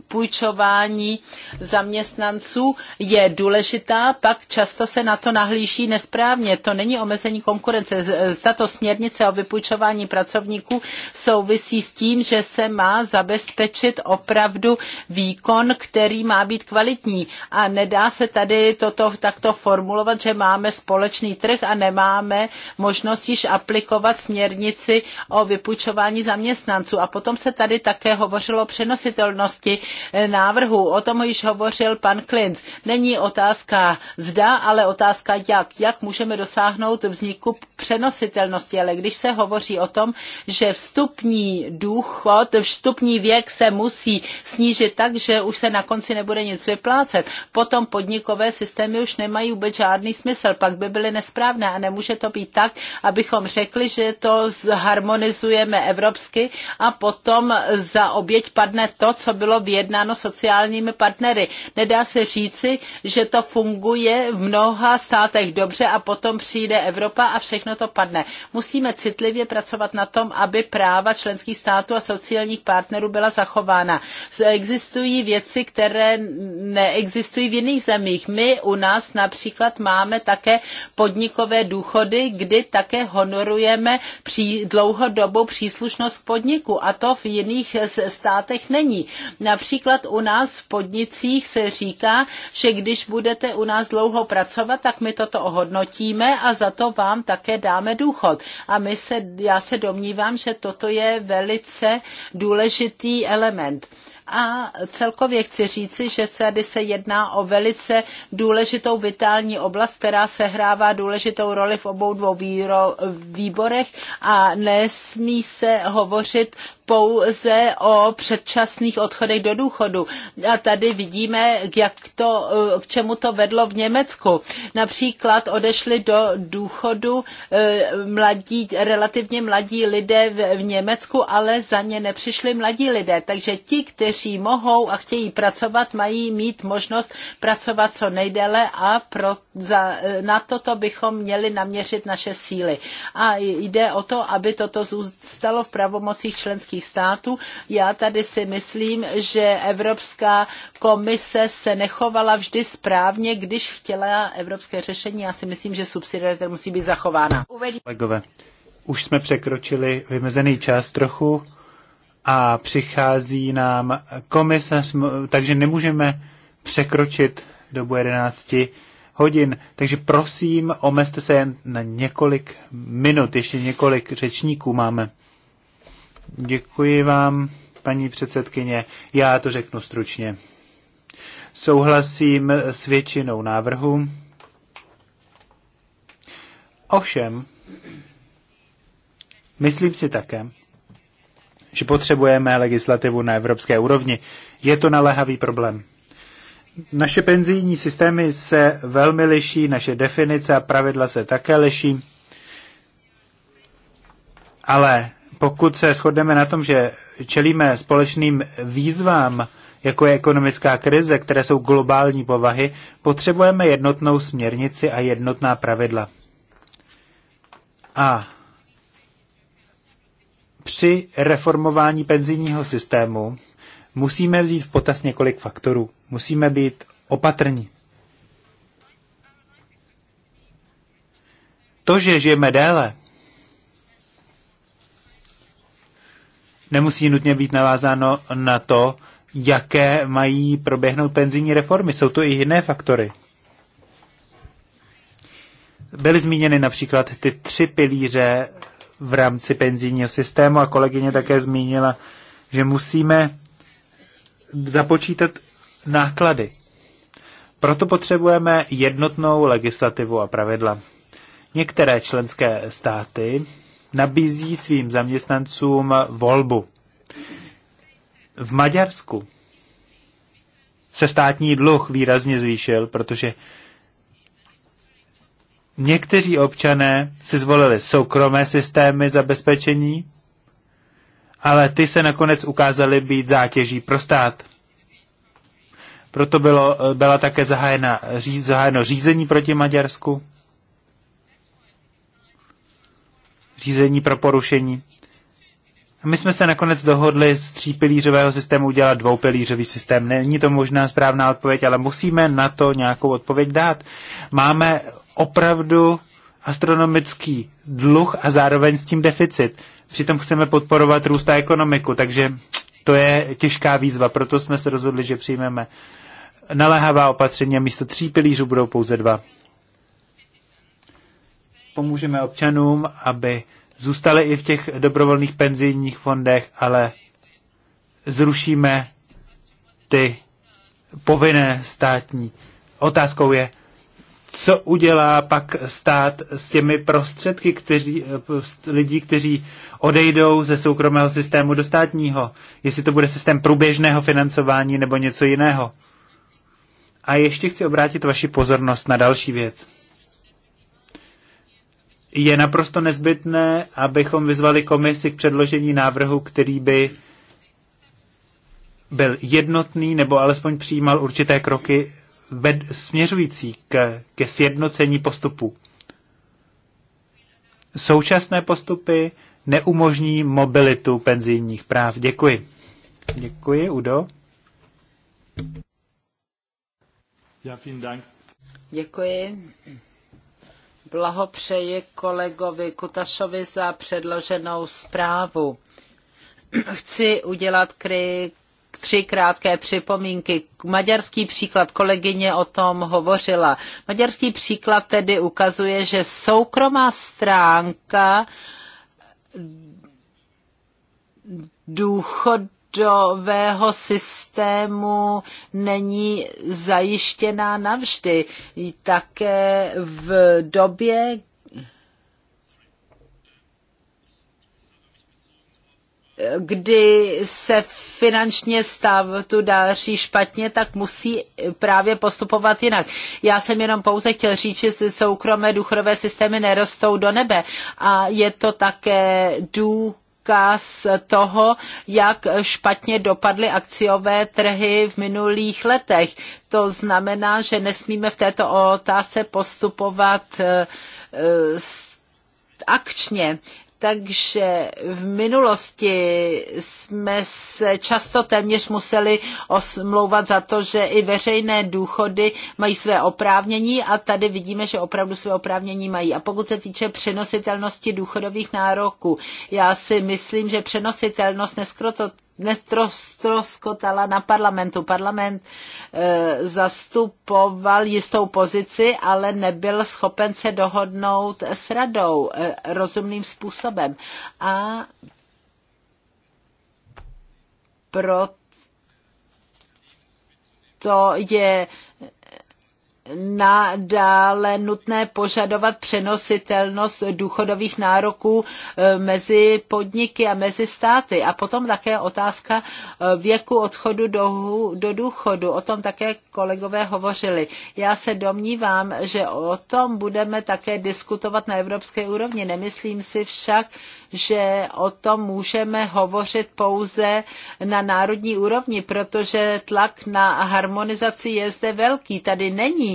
půjčování zaměstnanců je důležitá, pak často se na to nahlíží nesprávně. To není omezení konkurence. Tato směrnice o vypůjčování pracovníků souvisí s tím, že se má zabezpečit opravdu výkon, který má být kvalitní. A nedá se tady toto takto formulovat, že máme společný trh a nemáme možnost již aplikovat směrnici o vypůjčování zaměstnanců. A potom se tady také hovořilo o přenositelnosti eh, návrhu. O tom již hovořil pan Klinc. Není otázka zda, ale otázka jak. Jak můžeme dosáhnout vzniku přenositelnosti. Ale když se hovoří o tom, že vstupní důchod, vstupní věk se musí snížit tak, že už se na konci nebude nic vyplácet, potom podnikové systémy už nemají vůbec žádný smysl. Pak by byly nesprávné a nemůže to být tak, abychom řekli, že to zharmonizuje prosazujeme evropsky a potom za oběť padne to, co bylo vyjednáno sociálními partnery. Nedá se říci, že to funguje v mnoha státech dobře a potom přijde Evropa a všechno to padne. Musíme citlivě pracovat na tom, aby práva členských států a sociálních partnerů byla zachována. Existují věci, které neexistují v jiných zemích. My u nás například máme také podnikové důchody, kdy také honorujeme při dlouhodobou sebou příslušnost k podniku a to v jiných státech není. Například u nás v podnicích se říká, že když budete u nás dlouho pracovat, tak my toto ohodnotíme a za to vám také dáme důchod. A my se, já se domnívám, že toto je velice důležitý element. A celkově chci říci, že tady se jedná o velice důležitou vitální oblast, která sehrává důležitou roli v obou dvou výro, výborech a nesmí se hovořit pouze o předčasných odchodech do důchodu. A tady vidíme, jak to, eh, k čemu to vedlo v Německu. Například odešli do důchodu eh, mladí, relativně mladí lidé v Německu, ale za ně nepřišli mladí lidé. Takže ti, kteří mohou a chtějí pracovat, mají mít možnost pracovat co nejdéle a pro, za, eh, na toto bychom měli naměřit naše síly. A jde o to, aby toto zůstalo v pravomocích členských členských států. Já tady si myslím, že Evropská komise se nechovala vždy správně, když chtěla evropské řešení. Já si myslím, že subsidiarita musí být zachována. Kolegové, už jsme překročili vymezený čas trochu a přichází nám komisař, takže nemůžeme překročit dobu 11 hodin. Takže prosím, omezte se jen na několik minut, ještě několik řečníků máme. Děkuji vám, paní předsedkyně. Já to řeknu stručně. Souhlasím s většinou návrhu. Ovšem, myslím si také, že potřebujeme legislativu na evropské úrovni. Je to naléhavý problém. Naše penzijní systémy se velmi liší, naše definice a pravidla se také liší, ale pokud se shodneme na tom, že čelíme společným výzvám, jako je ekonomická krize, které jsou globální povahy, potřebujeme jednotnou směrnici a jednotná pravidla. A při reformování penzijního systému musíme vzít v potaz několik faktorů. Musíme být opatrní. To, že žijeme déle, nemusí nutně být navázáno na to, jaké mají proběhnout penzijní reformy. Jsou to i jiné faktory. Byly zmíněny například ty tři pilíře v rámci penzijního systému a kolegyně také zmínila, že musíme započítat náklady. Proto potřebujeme jednotnou legislativu a pravidla. Některé členské státy nabízí svým zaměstnancům volbu. V Maďarsku se státní dluh výrazně zvýšil, protože někteří občané si zvolili soukromé systémy zabezpečení, ale ty se nakonec ukázaly být zátěží pro stát. Proto bylo, byla také zahájena, zahájeno řízení proti Maďarsku řízení pro porušení. A my jsme se nakonec dohodli z třípilířového systému udělat dvoupilířový systém. Není to možná správná odpověď, ale musíme na to nějakou odpověď dát. Máme opravdu astronomický dluh a zároveň s tím deficit. Přitom chceme podporovat růst a ekonomiku, takže to je těžká výzva, proto jsme se rozhodli, že přijmeme naléhavá opatření a místo tří pilířů budou pouze dva. Pomůžeme občanům, aby zůstaly i v těch dobrovolných penzijních fondech, ale zrušíme ty povinné státní. Otázkou je, co udělá pak stát s těmi prostředky kteří, eh, lidí, kteří odejdou ze soukromého systému do státního. Jestli to bude systém průběžného financování nebo něco jiného. A ještě chci obrátit vaši pozornost na další věc je naprosto nezbytné, abychom vyzvali komisi k předložení návrhu, který by byl jednotný nebo alespoň přijímal určité kroky ved, směřující k, ke sjednocení postupu. Současné postupy neumožní mobilitu penzijních práv. Děkuji. Děkuji, Udo. Já, Děkuji blahopřeji kolegovi Kutašovi za předloženou zprávu. Chci udělat kry, tři krátké připomínky. Maďarský příklad, kolegyně o tom hovořila. Maďarský příklad tedy ukazuje, že soukromá stránka důchod bodového systému není zajištěná navždy. Také v době, kdy se finančně tu daří špatně, tak musí právě postupovat jinak. Já jsem jenom pouze chtěl říct, že soukromé důchodové systémy nerostou do nebe a je to také důkaz důkaz toho, jak špatně dopadly akciové trhy v minulých letech. To znamená, že nesmíme v této otázce postupovat eh, eh, akčně. Takže v minulosti jsme se často téměř museli osmlouvat za to, že i veřejné důchody mají své oprávnění a tady vidíme, že opravdu své oprávnění mají. A pokud se týče přenositelnosti důchodových nároků, já si myslím, že přenositelnost nestroskotala na parlamentu. Parlament e, zastupoval jistou pozici, ale nebyl schopen se dohodnout s radou e, rozumným způsobem. A proto je nadále nutné požadovat přenositelnost důchodových nároků e, mezi podniky a mezi státy. A potom také otázka e, věku odchodu do, do důchodu. O tom také kolegové hovořili. Já se domnívám, že o tom budeme také diskutovat na evropské úrovni. Nemyslím si však, že o tom můžeme hovořit pouze na národní úrovni, protože tlak na harmonizaci je zde velký. Tady není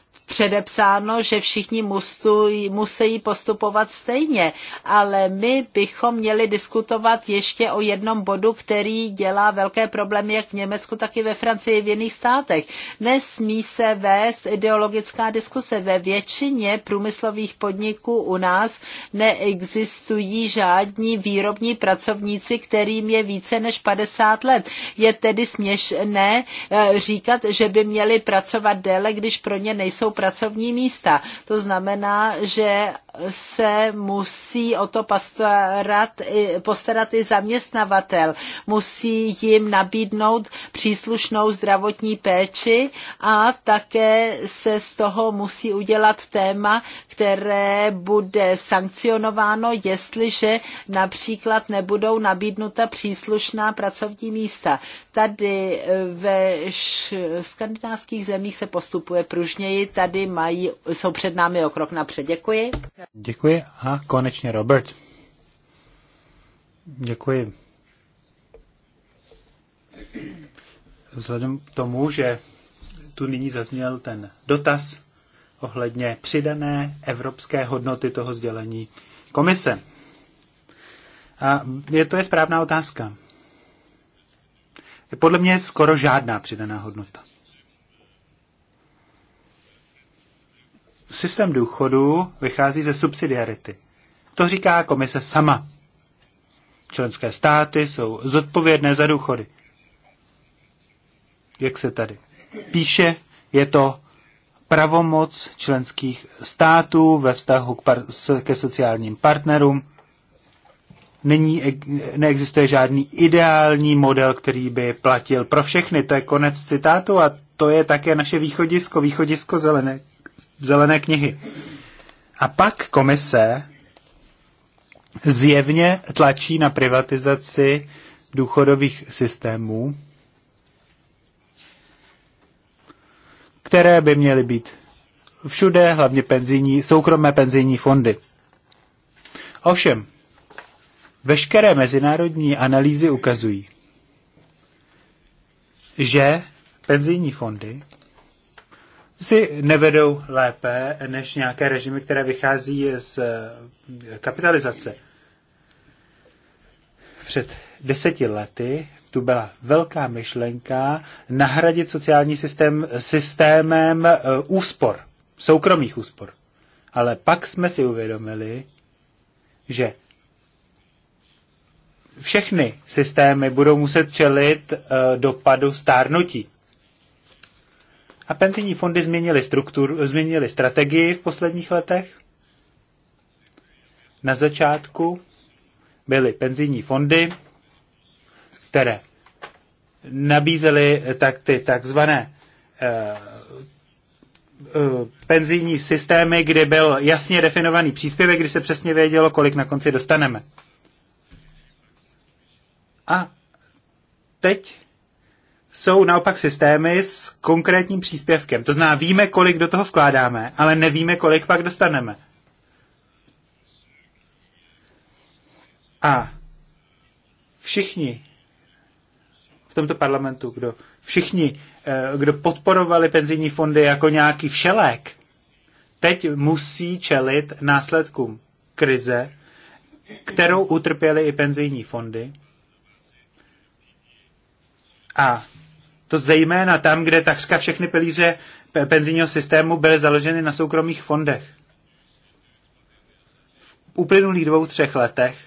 předepsáno, že všichni mustují, musí postupovat stejně, ale my bychom měli diskutovat ještě o jednom bodu, který dělá velké problémy jak v Německu, tak i ve Francii, v jiných státech. Nesmí se vést ideologická diskuse. Ve většině průmyslových podniků u nás neexistují žádní výrobní pracovníci, kterým je více než 50 let. Je tedy směšné eh, říkat, že by měli pracovat déle, když pro ně nejsou pracovní místa. To znamená, že se musí o to postarat, postarat i zaměstnavatel. Musí jim nabídnout příslušnou zdravotní péči a také se z toho musí udělat téma, které bude sankcionováno, jestliže například nebudou nabídnuta příslušná pracovní místa. Tady eh, ve skandinávských zemích se postupuje pružněji, tady tady mají, jsou před námi o krok napřed. Děkuji. Děkuji a konečně Robert. Děkuji. Vzhledem k tomu, že tu nyní zazněl ten dotaz ohledně přidané evropské hodnoty toho sdělení komise. A je to je správná otázka. Podle mě skoro žádná přidaná hodnota. systém důchodu vychází ze subsidiarity. To říká komise sama. Členské státy jsou zodpovědné za důchody. Jak se tady píše, je to pravomoc členských států ve vztahu k par- ke sociálním partnerům. Není, e-, neexistuje žádný ideální model, který by platil pro všechny. To je konec citátu a to je také naše východisko, východisko zelené zelené knihy. A pak komise zjevně tlačí na privatizaci důchodových systémů, které by měly být všude, hlavně penzijní, soukromé penzijní fondy. Ovšem, veškeré mezinárodní analýzy ukazují, že penzijní fondy si nevedou lépe než nějaké režimy, které vychází z eh, kapitalizace. Před deseti lety tu byla velká myšlenka nahradit sociální systém systémem eh, úspor, soukromých úspor. Ale pak jsme si uvědomili, že všechny systémy budou muset čelit eh, dopadu stárnutí. A penzijní fondy změnily, strukturu, změnily strategii v posledních letech. Na začátku byly penzijní fondy, které nabízely tak ty takzvané eh, eh penzijní systémy, kdy byl jasně definovaný příspěvek, kdy se přesně vědělo, kolik na konci dostaneme. A teď jsou naopak systémy s konkrétním příspěvkem. To znamená, víme, kolik do toho vkládáme, ale nevíme, kolik pak dostaneme. A všichni v tomto parlamentu, kdo všichni, eh, kdo podporovali penzijní fondy jako nějaký všelek, teď musí čelit následkům krize, kterou utrpěly i penzijní fondy. A to zejména tam, kde takřka všechny pilíře penzijního systému byly založeny na soukromých fondech. V uplynulých dvou, třech letech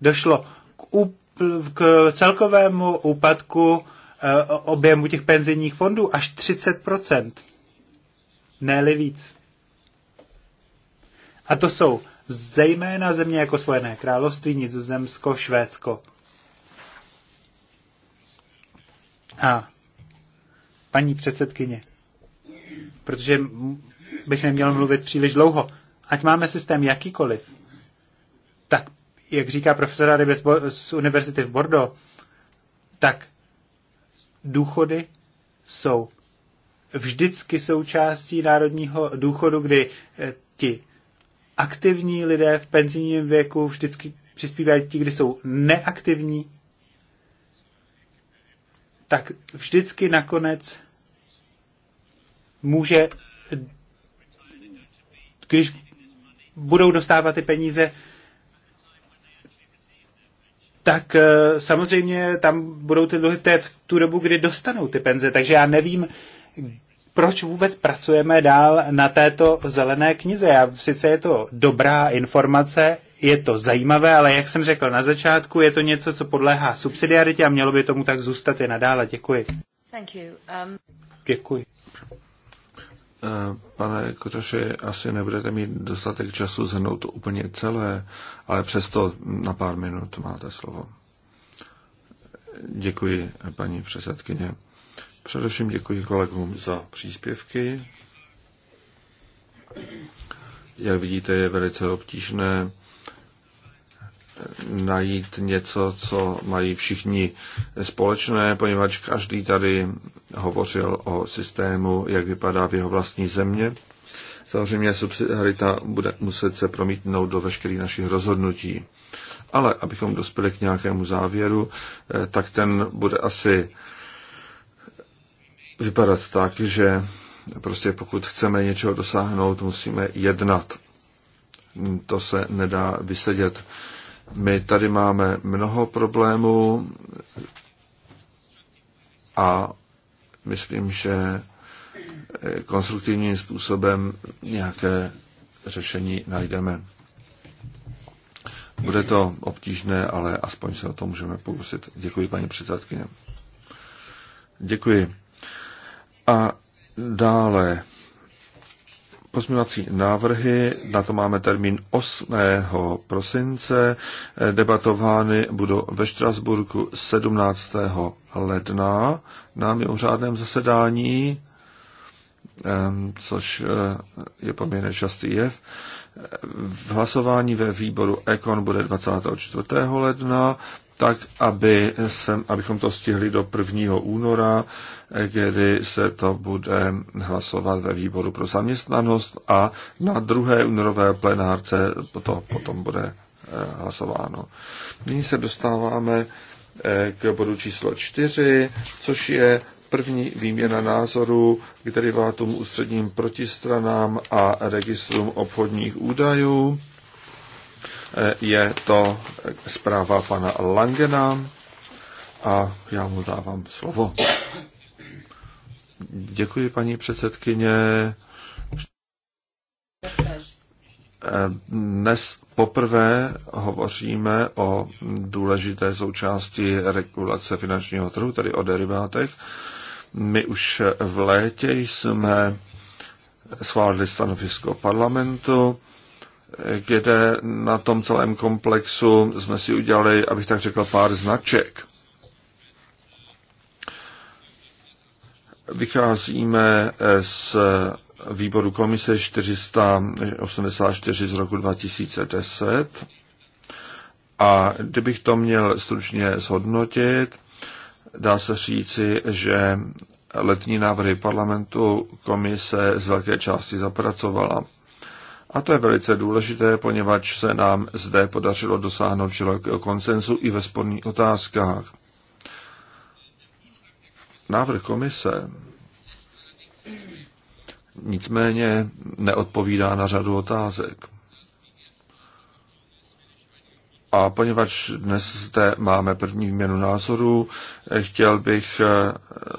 došlo k, úpl, k celkovému úpadku e, objemu těch penzijních fondů až 30%. Ne-li víc. A to jsou zejména země jako Spojené království, Nizozemsko, Švédsko – A paní předsedkyně, protože bych neměl mluvit příliš dlouho, ať máme systém jakýkoliv, tak, jak říká profesor Rybes z univerzity v Bordeaux, tak důchody jsou vždycky součástí národního důchodu, kdy eh, ti aktivní lidé v penzijním věku vždycky přispívají ti, kdy jsou neaktivní tak vždycky nakonec může, když budou dostávat ty peníze, tak eh, samozřejmě tam budou ty dluhy v, té, v tu dobu, kdy dostanou ty penze. Takže já nevím, proč vůbec pracujeme dál na této zelené knize. Já, sice je to dobrá informace, je to zajímavé, ale jak jsem řekl na začátku, je to něco, co podléhá subsidiaritě a mělo by tomu tak zůstat i nadále. Děkuji. Thank you. Um... Děkuji. Eh, pane Kotoši, asi nebudete mít dostatek času zhrnout to úplně celé, ale přesto na pár minut máte slovo. Děkuji, paní předsedkyně. Především děkuji kolegům za příspěvky. Jak vidíte, je velice obtížné najít něco, co mají všichni společné, poněvadž každý tady hovořil o systému, jak vypadá v jeho vlastní země. Samozřejmě subsidiarita bude muset se promítnout do veškerých našich rozhodnutí. Ale abychom dospěli k nějakému závěru, eh, tak ten bude asi vypadat tak, že prostě pokud chceme něčeho dosáhnout, musíme jednat. To se nedá vysedět. My tady máme mnoho problémů a myslím, že eh, konstruktivním způsobem nějaké řešení najdeme. Bude to obtížné, ale aspoň se o to můžeme pokusit. Děkuji, paní předsedkyně. Děkuji. A dále pozměňovací návrhy, na to máme termín 8. prosince, debatovány budou ve Štrasburku 17. ledna na mimořádném zasedání, což eh, je poměrně častý jev. V hlasování ve výboru Ekon bude 24. ledna, tak aby sem, abychom to stihli do 1. února kdy se to bude hlasovat ve výboru pro zaměstnanost a na druhé únorové plenárce to potom bude eh, hlasováno. Nyní se dostáváme eh, k bodu číslo čtyři, což je první výměna názorů k derivátům ústředním protistranám a registrům obchodních údajů. Eh, je to zpráva pana Langena a já mu dávám slovo. Děkuji, paní předsedkyně. Dnes poprvé hovoříme o důležité součásti regulace finančního trhu, tedy o derivátech. My už v létě jsme schválili stanovisko parlamentu, kde na tom celém komplexu jsme si udělali, abych tak řekl, pár značek. vycházíme eh, z eh, výboru komise 484 z roku 2010 a kdybych to měl stručně zhodnotit, dá se říci, že letní návrhy parlamentu komise z velké části zapracovala. A to je velice důležité, poněvadž se nám zde podařilo dosáhnout širokého konsenzu i ve sporných otázkách. Návrh komise nicméně neodpovídá na řadu otázek. A poněvadž dnes zde máme první změnu názorů, chtěl bych eh,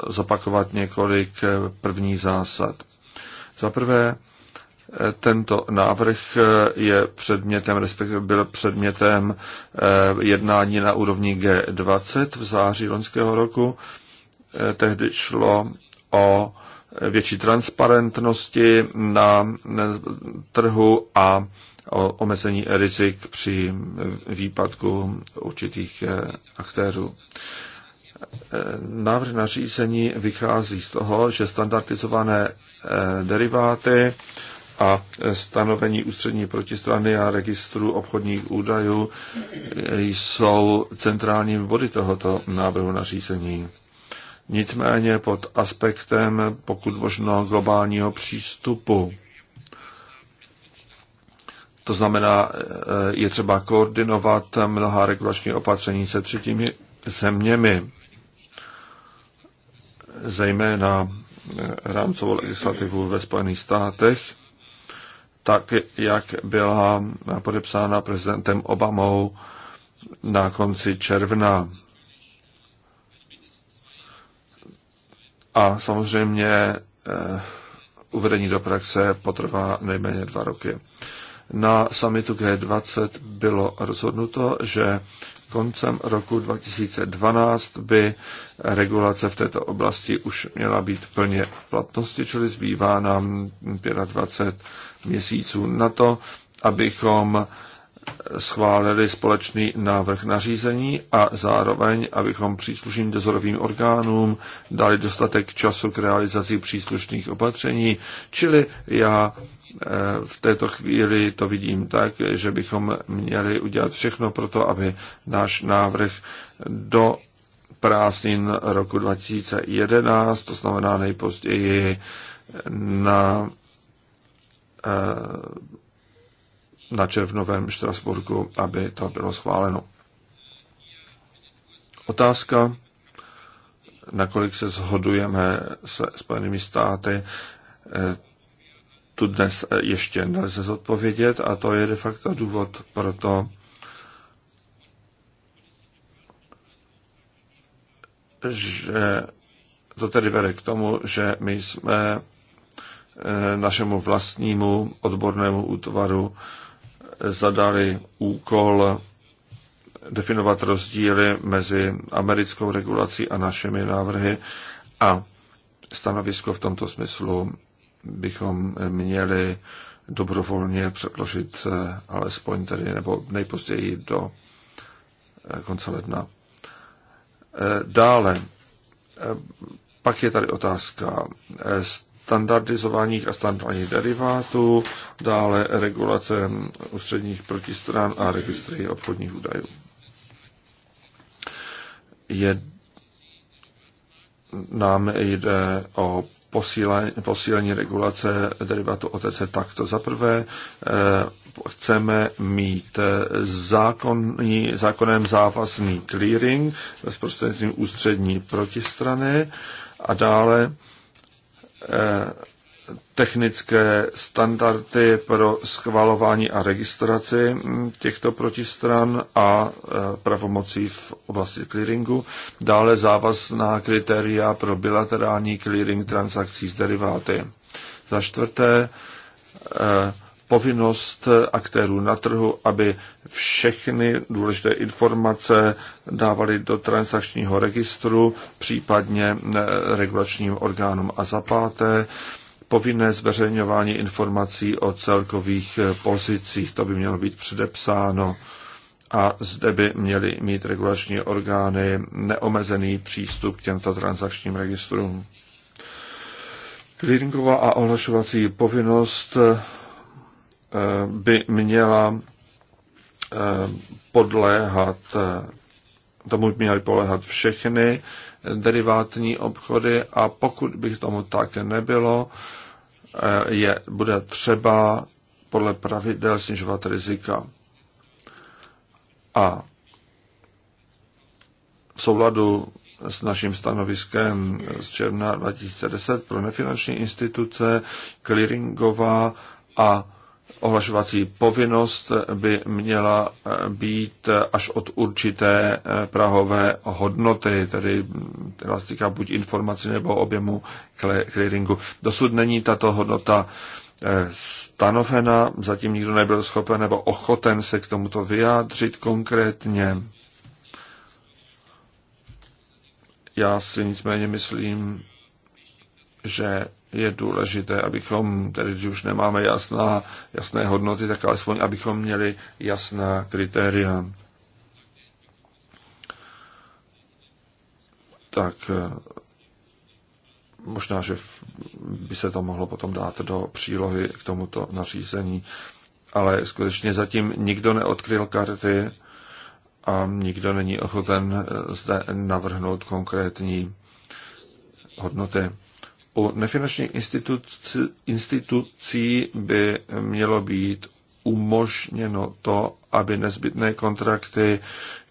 zopakovat několik eh, prvních zásad. Za prvé, eh, tento návrh je předmětem, respektive byl předmětem jednání na úrovni G20 v září loňského roku Eh, tehdy šlo o větší transparentnosti na trhu a o omezení rizik při výpadku určitých eh, aktérů. Eh, návrh nařízení vychází z toho, že standardizované deriváty a stanovení ústřední protistrany a registru obchodních údajů jsou centrálními body tohoto návrhu nařízení nicméně pod aspektem pokud možno globálního přístupu. To znamená, eh, je třeba koordinovat mnoha regulační opatření se třetími zeměmi, zejména eh, rámcovou legislativu ve Spojených státech, tak jak byla podepsána prezidentem Obamou na konci června A samozřejmě eh, uvedení do praxe potrvá nejméně dva roky. Na samitu G20 bylo rozhodnuto, že koncem roku 2012 by regulace v této oblasti už měla být plně v platnosti, čili zbývá nám 25 měsíců na to, abychom schválili společný návrh nařízení a zároveň, abychom příslušným dozorovým orgánům dali dostatek času k realizaci příslušných opatření. Čili já e, v této chvíli to vidím tak, že bychom měli udělat všechno pro to, aby náš návrh do prázdnin roku 2011, to znamená nejpozději na e, na červnovém Štrasburku, aby to bylo schváleno. Otázka, nakolik se shodujeme se Spojenými státy, eh, tu dnes ještě nelze zodpovědět a to je de facto důvod pro to, že to tedy vede k tomu, že my jsme eh, našemu vlastnímu odbornému útvaru zadali úkol definovat rozdíly mezi americkou regulací a našimi návrhy a stanovisko v tomto smyslu bychom měli dobrovolně předložit eh, alespoň tedy nebo nejpozději do eh, konce ledna. Eh, dále, pak je tady otázka standardizovaných a standardních derivátů, dále regulace ústředních protistran a registry obchodních údajů. Je, nám jde o posílení, posílení regulace derivátu OTC takto. Za prvé eh, chceme mít zákonní, zákonem závazný clearing s prostřednictvím ústřední protistrany a dále technické standardy pro schvalování a registraci těchto protistran a e, pravomocí v oblasti clearingu, dále závazná kritéria pro bilaterální clearing transakcí s deriváty. Za čtvrté, e, povinnost aktérů na trhu, aby všechny důležité informace dávali do transakčního registru, případně eh, regulačním orgánům. A zapáté povinné zveřejňování informací o celkových eh, pozicích, to by mělo být předepsáno a zde by měly mít regulační orgány neomezený přístup k těmto transakčním registrům. Clearingová a ohlašovací povinnost Eh, by měla eh, podléhat, eh, tomu měly podléhat všechny derivátní obchody a pokud by tomu tak nebylo, je, bude třeba podle pravidel snižovat rizika. A v souladu s naším stanoviskem z června 2010 pro nefinanční instituce, clearingová a ohlašovací povinnost by měla eh, být eh, až od určité eh, prahové hodnoty, tedy hm, která se týká buď informací nebo objemu clearingu. Dosud není tato hodnota stanovena, zatím nikdo nebyl schopen nebo ochoten se k tomuto vyjádřit konkrétně. Já si nicméně myslím, že je důležité, abychom, tedy když už nemáme jasná, jasné hodnoty, tak alespoň abychom měli jasná kritéria. Tak eh, možná, že by se to mohlo potom dát do přílohy k tomuto nařízení, ale skutečně zatím nikdo neodkryl karty a nikdo není ochoten eh, zde navrhnout konkrétní hodnoty. U nefinanční instituci institucí by mělo být umožněno to, aby nezbytné kontrakty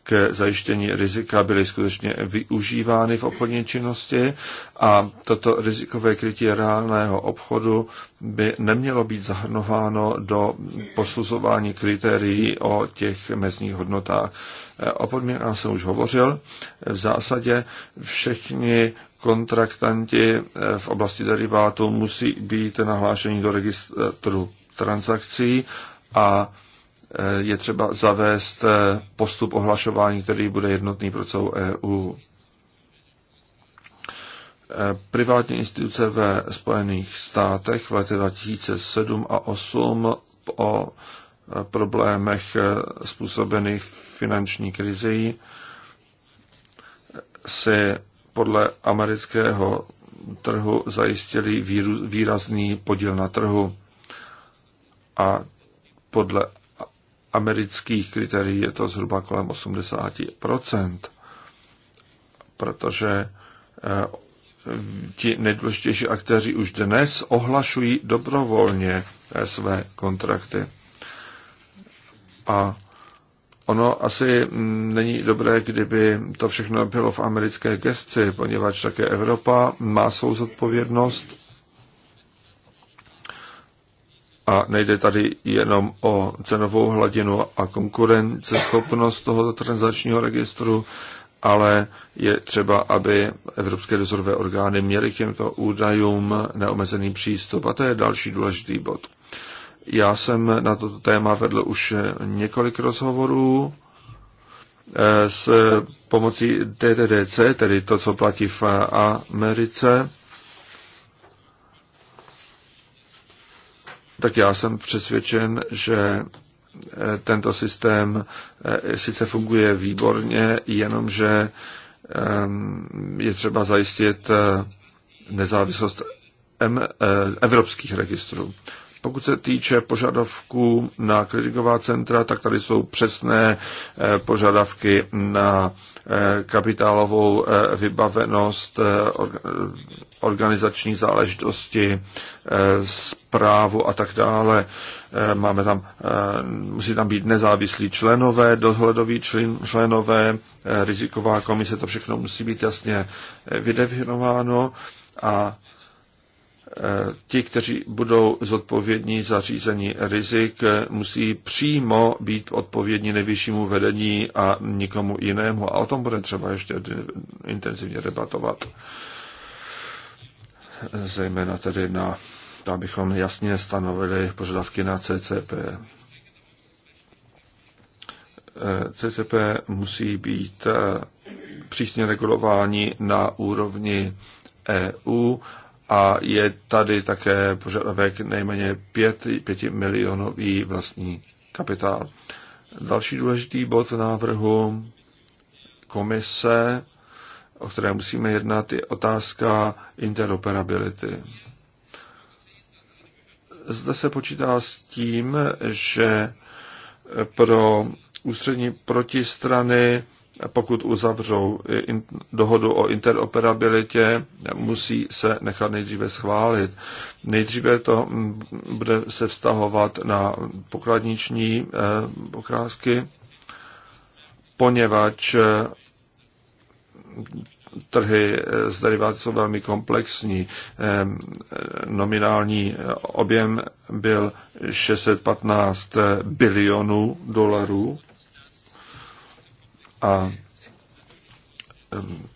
k zajištění rizika byly skutečně využívány v obchodní činnosti a toto rizikové krytí reálného obchodu by nemělo být zahrnováno do posuzování kritérií o těch mezních hodnotách. O podmínkách jsem už hovořil. V zásadě všechny kontraktanti eh, v oblasti derivátu musí být nahlášeni do registru transakcí a eh, je třeba zavést eh, postup ohlašování, který bude jednotný pro celou EU. Privátní instituce ve Spojených státech v letech 2007 a 2008 o problémech způsobených finanční krizi si podle amerického trhu zajistili výrazný podíl na trhu a podle amerických kritérií je to zhruba kolem 80%, protože eh, ti nejdůležitější aktéři už dnes ohlašují dobrovolně eh, své kontrakty. A Ono asi mm, není dobré, kdyby to všechno bylo v americké gesci, poněvadž také Evropa má svou zodpovědnost a nejde tady jenom o cenovou hladinu a konkurenceschopnost tohoto transakčního registru, ale je třeba, aby evropské dozorové orgány měly k těmto údajům neomezený přístup. A to je další důležitý bod. Já jsem na toto téma vedl už eh, několik rozhovorů eh, s pomocí TDDC, tedy to, co platí v Americe. Tak já jsem přesvědčen, že eh, tento systém sice funguje výborně, jenomže je třeba zajistit nezávislost evropských registrů. Pokud se týče požadavků na kreditová centra, tak tady jsou přesné eh, požadavky na eh, kapitálovou eh, vybavenost, organizační záležitosti, zprávu a tak dále. Máme tam, musí tam být nezávislí členové, dohledoví členové, riziková komise, to všechno musí být jasně vydefinováno a Eh, ti, kteří budou zodpovědní za řízení rizik, musí přímo být odpovědní nejvyššímu vedení a nikomu jinému. A o tom bude třeba ještě intenzivně debatovat. Zejména tedy na, abychom jasně stanovili požadavky na CCP. Eh, CCP musí být eh, přísně regulování na úrovni EU a je tady také požadavek nejméně 5, 5 milionový vlastní kapitál. Další důležitý bod v návrhu komise, o které musíme jednat, je otázka interoperability. Zde se počítá s tím, že pro ústřední protistrany pokud uzavřou dohodu o interoperabilitě, musí se nechat nejdříve schválit. Nejdříve to bude se vztahovat na pokladniční eh, pokázky, poněvadž eh, trhy z eh, deriváty jsou velmi komplexní. Nominální objem byl 615 bilionů dolarů a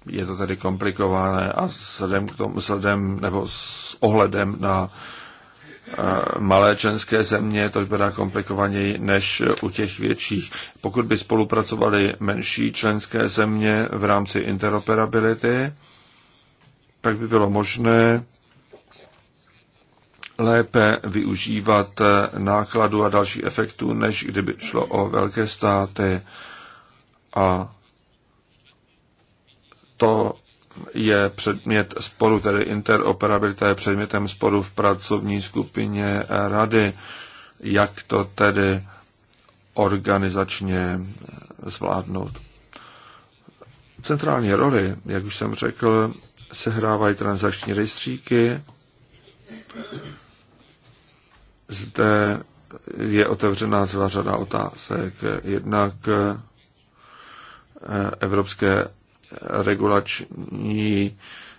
je to tedy komplikované a vzhledem, k tomu, vzhledem nebo s ohledem na e, malé členské země to vypadá komplikovaněji než u těch větších. Pokud by spolupracovaly menší členské země v rámci interoperability, tak by bylo možné lépe využívat nákladu a další efektů, než kdyby šlo o velké státy a to je předmět sporu, tedy interoperabilita je předmětem sporu v pracovní skupině rady, jak to tedy organizačně zvládnout. Centrální roli, jak už jsem řekl, sehrávají transakční rejstříky. Zde je otevřená celá řada otázek. Jednak evropské regulační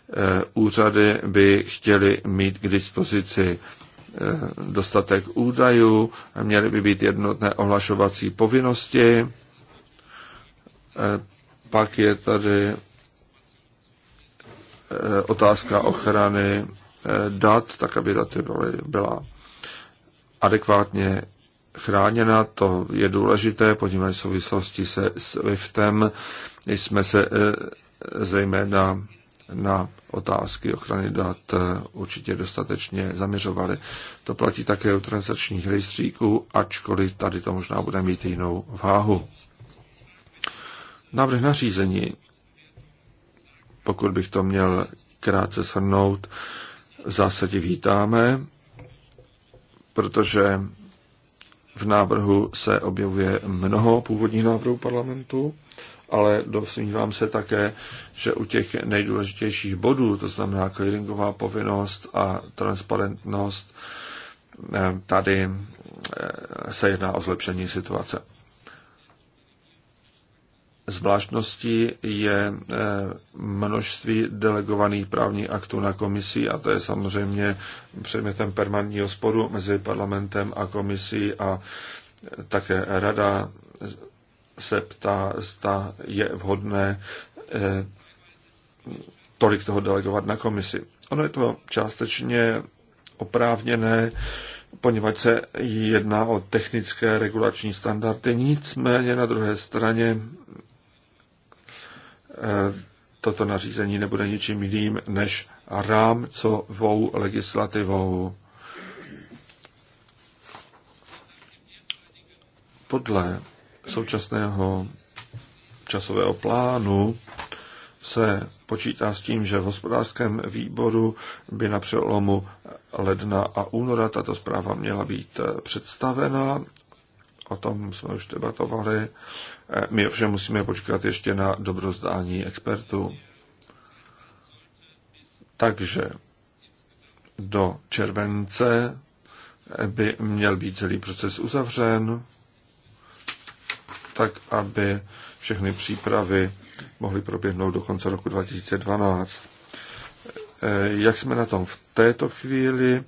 eh, úřady by chtěly mít k dispozici eh, dostatek údajů, měly by být jednotné ohlašovací povinnosti, eh, pak je tady otázka ochrany dat, tak aby daty byly, byla adekvátně chráněna, to je důležité, podívejme v souvislosti se SWIFTem jsme se e, zejména na otázky ochrany dat e, určitě dostatečně zaměřovali. To platí také u transačních rejstříků, ačkoliv tady to možná bude mít jinou váhu. Návrh nařízení, pokud bych to měl krátce shrnout, v zásadě vítáme, protože v návrhu se objevuje mnoho původních návrhů parlamentu, ale dosmívám se také, že u těch nejdůležitějších bodů, to znamená clearingová povinnost a transparentnost, eh, tady eh, se jedná o zlepšení situace. Zvláštností je eh, množství delegovaných právních aktů na komisi a to je samozřejmě předmětem permanentního sporu mezi parlamentem a komisí a také rada se ptá, zda je vhodné eh, tolik toho delegovat na komisi. Ono je to částečně oprávněné, poněvadž se jedná o technické regulační standardy, nicméně na druhé straně Eh, toto nařízení nebude ničím jiným než rámcovou legislativou. Podle současného časového plánu se počítá s tím, že v hospodářském výboru by na přelomu ledna a února tato zpráva měla být eh, představena o tom jsme už debatovali. Eh, my ovšem musíme počkat ještě na dobrozdání expertů. Takže do července eh, by měl být celý proces uzavřen, tak aby všechny přípravy mohly proběhnout do konce roku 2012. Eh, jak jsme na tom v této chvíli?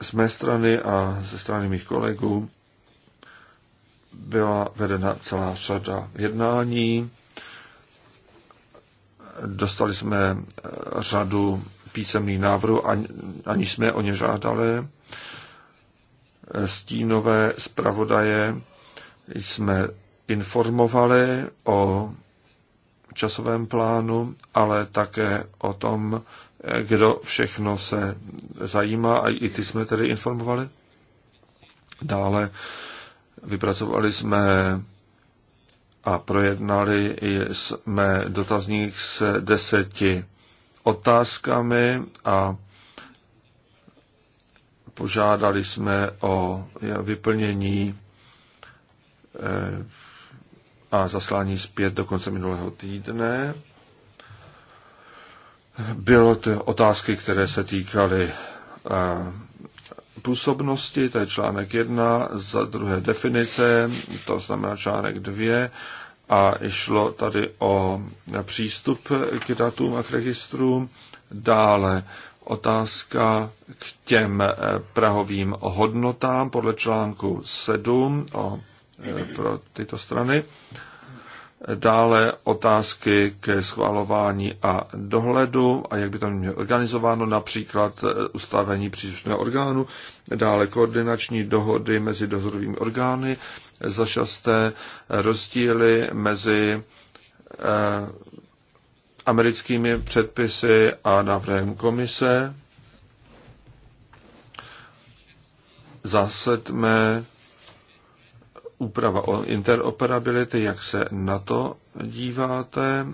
Z mé strany a ze strany mých kolegů byla vedena celá řada jednání. Dostali jsme eh, řadu písemných návrhů, ani jsme o ně žádali. Eh, stínové zpravodaje jsme informovali o časovém plánu, ale také o tom, eh, kdo všechno se zajímá a i ty jsme tedy informovali. Dále Vypracovali jsme a projednali jsme dotazník s deseti otázkami a požádali jsme o vyplnění eh, a zaslání zpět do konce minulého týdne. Bylo to otázky, které se týkaly eh, působnosti, to je článek 1, za druhé definice, to znamená článek 2, a šlo tady o přístup k datům a k registrům. Dále otázka k těm eh, prahovým hodnotám podle článku 7 o, eh, pro tyto strany. Dále otázky ke schvalování a dohledu a jak by tam mělo organizováno, například eh, ustavení příslušného orgánu, dále koordinační dohody mezi dozorovými orgány, za šesté rozdíly mezi eh, americkými předpisy a návrhem komise. Za sedmé úprava o interoperability, jak se na to díváte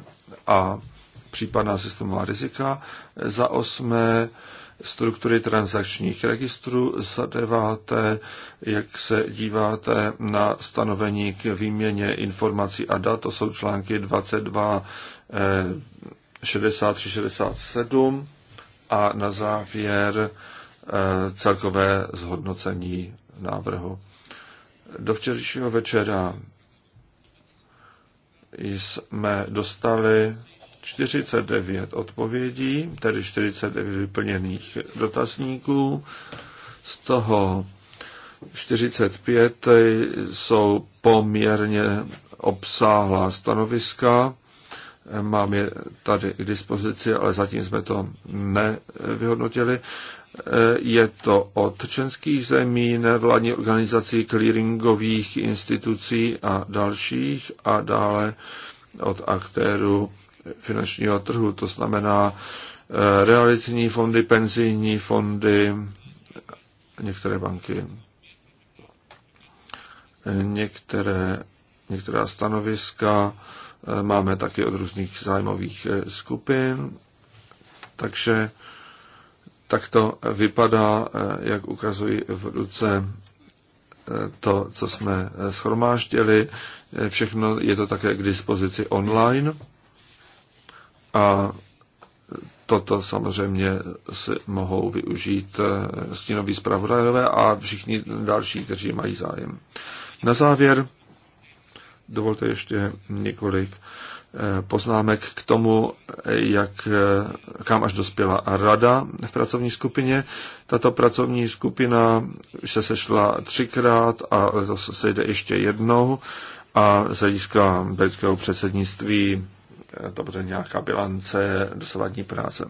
a případná systémová rizika. Za osmé struktury transakčních registrů. Za deváté, jak se díváte na stanovení k výměně informací a dat, to jsou články 22, 63, 67 a na závěr eh, celkové zhodnocení návrhu. Do včerejšího večera jsme dostali 49 odpovědí, tedy 49 vyplněných dotazníků. Z toho 45 jsou poměrně obsáhlá stanoviska. Mám je tady k dispozici, ale zatím jsme to nevyhodnotili. Je to od členských zemí, nevládní organizací, clearingových institucí a dalších a dále od aktérů finančního trhu, to znamená eh, realitní fondy, penzijní fondy, některé banky. Některé, některá stanoviska eh, máme taky od různých zájmových eh, skupin, takže tak to vypadá, eh, jak ukazují v ruce eh, to, co jsme eh, schromáždili. Všechno je to také k dispozici online. A toto samozřejmě si mohou využít stínoví zpravodajové a všichni další, kteří mají zájem. Na závěr dovolte ještě několik Eh, poznámek k tomu, eh, jak, eh, kam až dospěla rada v pracovní skupině. Tato pracovní skupina se sešla třikrát a to se jde ještě jednou a z hlediska britského předsednictví to bude nějaká bilance dosavadní práce.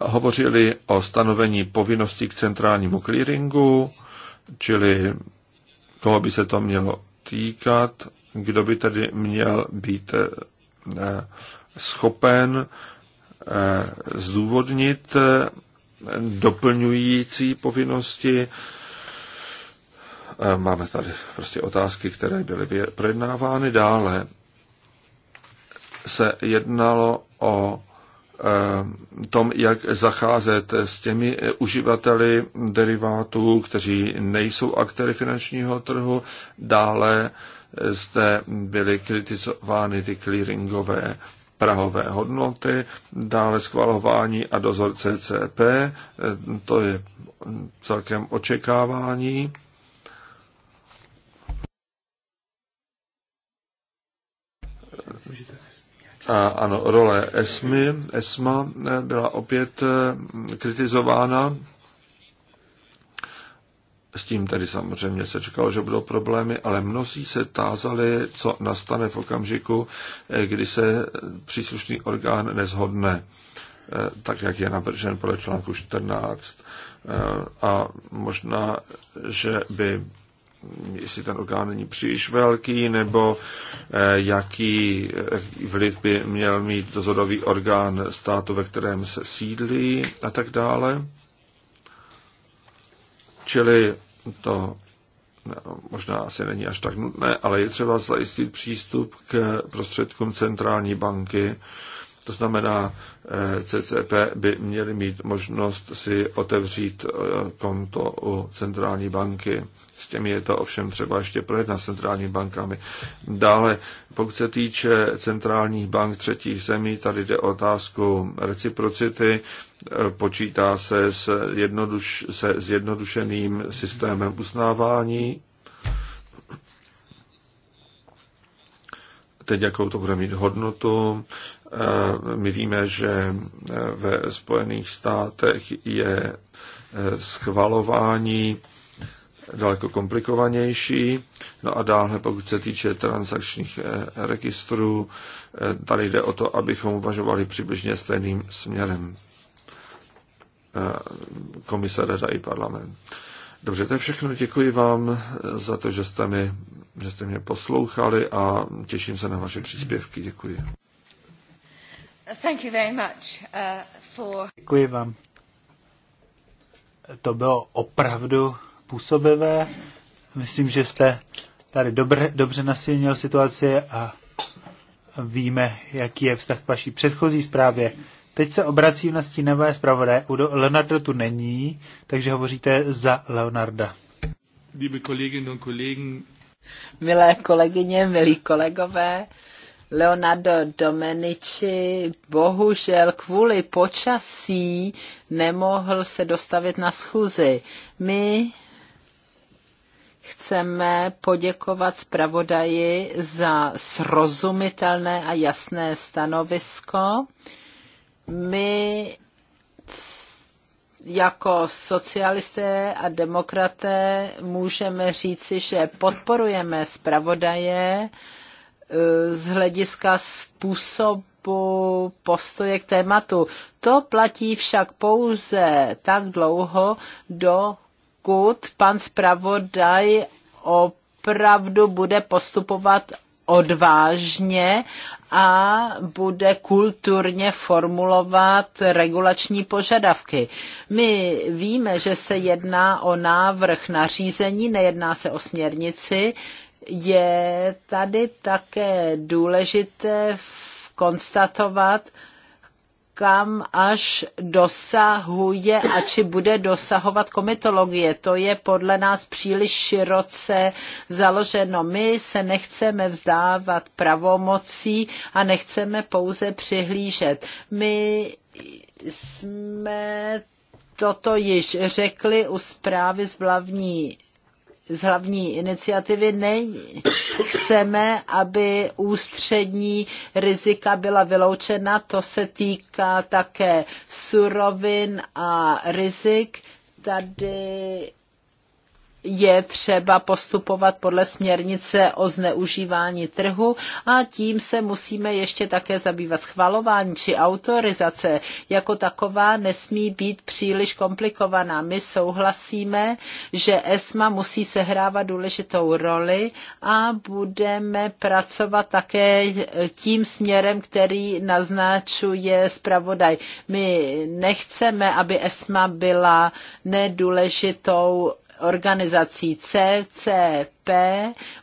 Hovořili o stanovení povinností k centrálnímu clearingu, čili koho by se to mělo týkat kdo by tedy měl být eh, schopen eh, zdůvodnit eh, doplňující povinnosti. Máme tady prostě otázky, které byly projednávány dále. Se jednalo o tom, jak zacházet s těmi uživateli derivátů, kteří nejsou aktéry finančního trhu, dále zde byly kritizovány ty clearingové prahové hodnoty, dále schvalování a dozor CCP, to je celkem očekávání. A ano, role ESMI, ESMA eh, byla opět eh, kritizována s tím tedy samozřejmě se čekalo, že budou problémy, ale mnozí se tázali, co nastane v okamžiku, eh, kdy se příslušný orgán nezhodne, eh, tak jak je navržen podle článku 14. Eh, a možná, že by jestli ten orgán není příliš velký, nebo jaký vliv by měl mít dozorový orgán státu, ve kterém se sídlí a tak dále. Čili to možná asi není až tak nutné, ale je třeba zajistit přístup k prostředkům centrální banky. To znamená, eh, CCP by měli mít možnost si otevřít eh, konto u centrální banky. S těmi je to ovšem třeba ještě projednat s centrální bankami. Dále, pokud se týče centrálních bank třetích zemí, tady jde o otázku reciprocity. Eh, počítá se s, jednoduš, se zjednodušeným systémem uznávání. Teď jakou to bude mít hodnotu. Eh, my víme, že eh, ve Spojených státech je schvalování daleko komplikovanější. No a dále, pokud se týče transakčních registrů, tady jde o to, abychom uvažovali přibližně stejným směrem komise, rada i parlament. Dobře, to je všechno. Děkuji vám za to, že jste, mi, že jste mě poslouchali a těším se na vaše příspěvky. Děkuji. Uh, Děkuji vám. To bylo opravdu působivé. Myslím, že jste tady dobře, dobře nastínil situaci a víme, jaký je vztah k vaší předchozí zprávě. Teď se obracím na stínové U Leonardo tu není, takže hovoříte za Leonarda. Liebe Kolleginnen und Kollegen. Milé kolegyně, milí kolegové, Leonardo Domenici bohužel kvůli počasí nemohl se dostavit na schůzi. My chceme poděkovat zpravodaji za srozumitelné a jasné stanovisko. My jako socialisté a demokraté můžeme říci, že podporujeme zpravodaje eh, z hlediska způsobu postoje k tématu. To platí však pouze tak dlouho, dokud pan zpravodaj opravdu bude postupovat odvážně a bude kulturně formulovat regulační požadavky. My víme, že se jedná o návrh nařízení, nejedná se o směrnici. Je tady také důležité konstatovat, kam až dosahuje a či bude dosahovat komitologie. To je podle nás příliš široce založeno. My se nechceme vzdávat pravomocí a nechceme pouze přihlížet. My jsme toto již řekli u zprávy z hlavní z hlavní iniciativy není. Chceme, aby ústřední rizika byla vyloučena. To se týká také surovin a rizik. Tady je třeba postupovat podle směrnice o zneužívání trhu a tím se musíme ještě také zabývat schvalování či autorizace. Jako taková nesmí být příliš komplikovaná. My souhlasíme, že ESMA musí sehrávat důležitou roli a budeme pracovat také tím směrem, který naznačuje zpravodaj. My nechceme, aby ESMA byla nedůležitou organizací CCP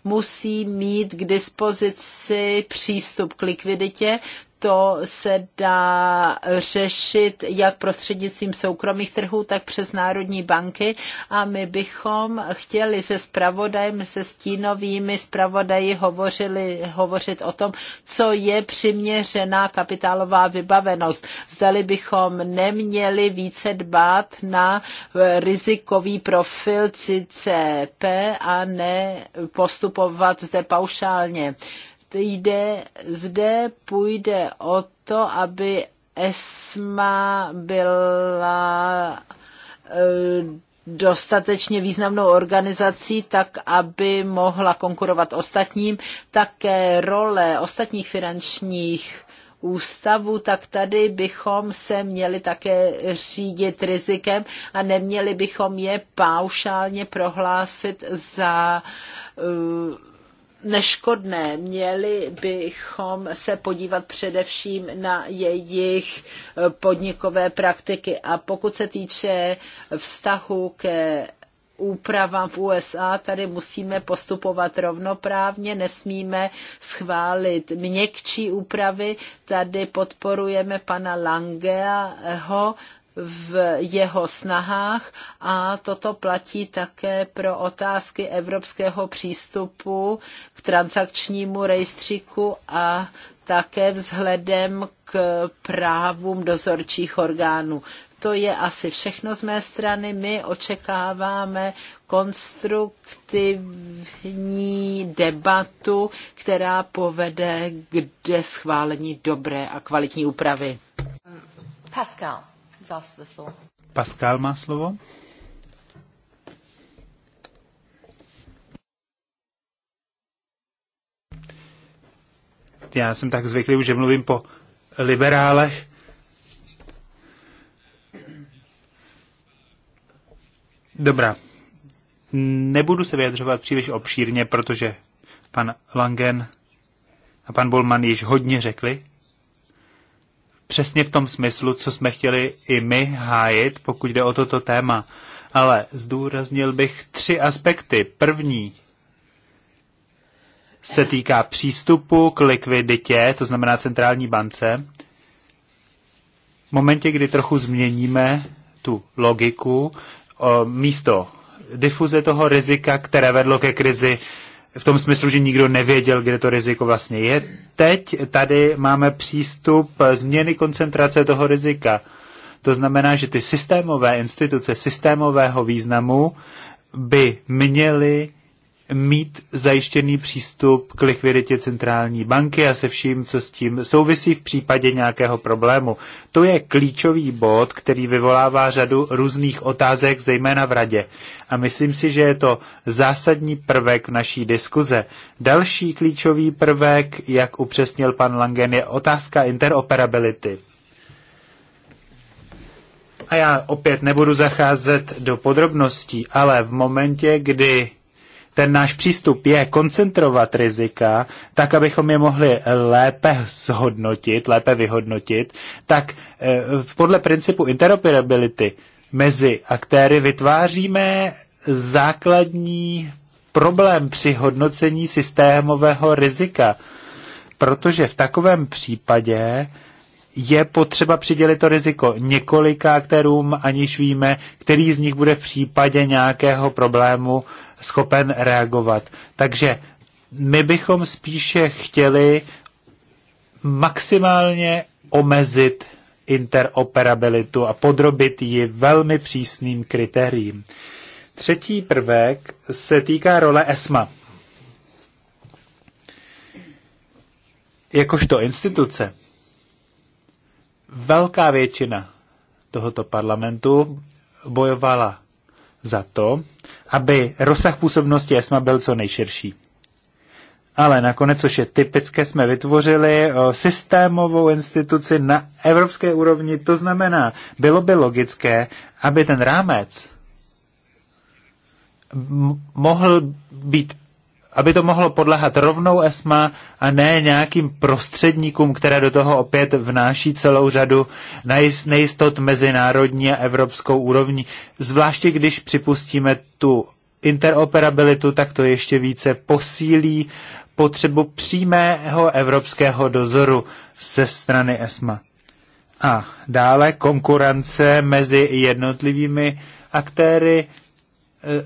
musí mít k dispozici přístup k likviditě, to se dá řešit jak prostřednictvím soukromých trhů, tak přes národní banky a my bychom chtěli se spravodajem, se stínovými spravodaji hovořili, hovořit o tom, co je přiměřená kapitálová vybavenost. Zdali bychom neměli více dbát na rizikový profil CCP a ne postupovat zde paušálně jde, zde půjde o to, aby ESMA byla eh, dostatečně významnou organizací, tak aby mohla konkurovat ostatním. Také role ostatních finančních ústavu, tak tady bychom se měli také řídit rizikem a neměli bychom je paušálně prohlásit za uh, neškodné. Měli bychom se podívat především na jejich eh, podnikové praktiky. A pokud se týče vztahu ke úpravám v USA, tady musíme postupovat rovnoprávně, nesmíme schválit měkčí úpravy. Tady podporujeme pana Langeho v jeho snahách a toto platí také pro otázky evropského přístupu k transakčnímu rejstříku a také vzhledem k právům dozorčích orgánů. To je asi všechno z mé strany. My očekáváme konstruktivní debatu, která povede k schválení dobré a kvalitní úpravy. Pascal. Pascal the floor. Pascal má slovo. Já jsem tak zvyklý, že mluvím po liberálech. Dobrá. Nebudu se vyjadřovat příliš obšírně, protože pan Langen a pan Bolman již hodně řekli přesně v tom smyslu, co jsme chtěli i my hájit, pokud jde o toto téma. Ale zdůraznil bych tři aspekty. První se týká přístupu k likviditě, to znamená centrální bance. V momentě, kdy trochu změníme tu logiku, místo difuze toho rizika, které vedlo ke krizi, v tom smyslu, že nikdo nevěděl, kde to riziko vlastně je. Teď tady máme přístup změny koncentrace toho rizika. To znamená, že ty systémové instituce systémového významu by měly mít zajištěný přístup k likviditě centrální banky a se vším, co s tím souvisí v případě nějakého problému. To je klíčový bod, který vyvolává řadu různých otázek, zejména v radě. A myslím si, že je to zásadní prvek naší diskuze. Další klíčový prvek, jak upřesnil pan Langen, je otázka interoperability. A já opět nebudu zacházet do podrobností, ale v momentě, kdy ten náš přístup je koncentrovat rizika, tak abychom je mohli lépe zhodnotit, lépe vyhodnotit, tak eh, podle principu interoperability mezi aktéry vytváříme základní problém při hodnocení systémového rizika, protože v takovém případě je potřeba přidělit to riziko několika aktérům, aniž víme, který z nich bude v případě nějakého problému schopen reagovat. Takže my bychom spíše chtěli maximálně omezit interoperabilitu a podrobit ji velmi přísným kritériím. Třetí prvek se týká role ESMA. Jakožto instituce velká většina tohoto parlamentu bojovala za to, aby rozsah působnosti ESMA byl co nejširší. Ale nakonec, což je typické, jsme vytvořili eh, systémovou instituci na evropské úrovni. To znamená, bylo by logické, aby ten rámec mohl být aby to mohlo podlehat rovnou ESMA a ne nějakým prostředníkům, které do toho opět vnáší celou řadu nejistot mezinárodní a evropskou úrovní. Zvláště když připustíme tu interoperabilitu, tak to ještě více posílí potřebu přímého evropského dozoru ze strany ESMA. A dále konkurence mezi jednotlivými aktéry, e,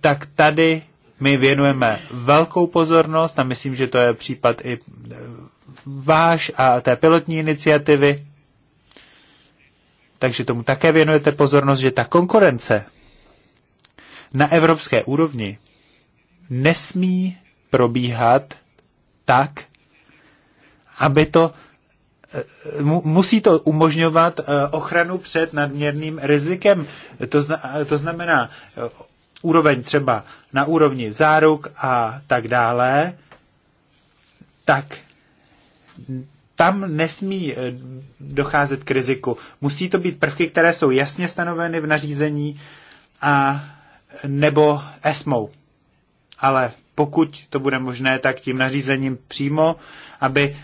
tak tady my věnujeme velkou pozornost a myslím, že to je případ i eh, váš a té pilotní iniciativy. Takže tomu také věnujete pozornost, že ta konkurence na evropské úrovni nesmí probíhat tak, aby to eh, musí to umožňovat eh, ochranu před nadměrným rizikem. To, to znamená úroveň třeba na úrovni záruk a tak dále, tak tam nesmí eh, docházet k riziku. Musí to být prvky, které jsou jasně stanoveny v nařízení a nebo ESMO. Ale pokud to bude možné, tak tím nařízením přímo, aby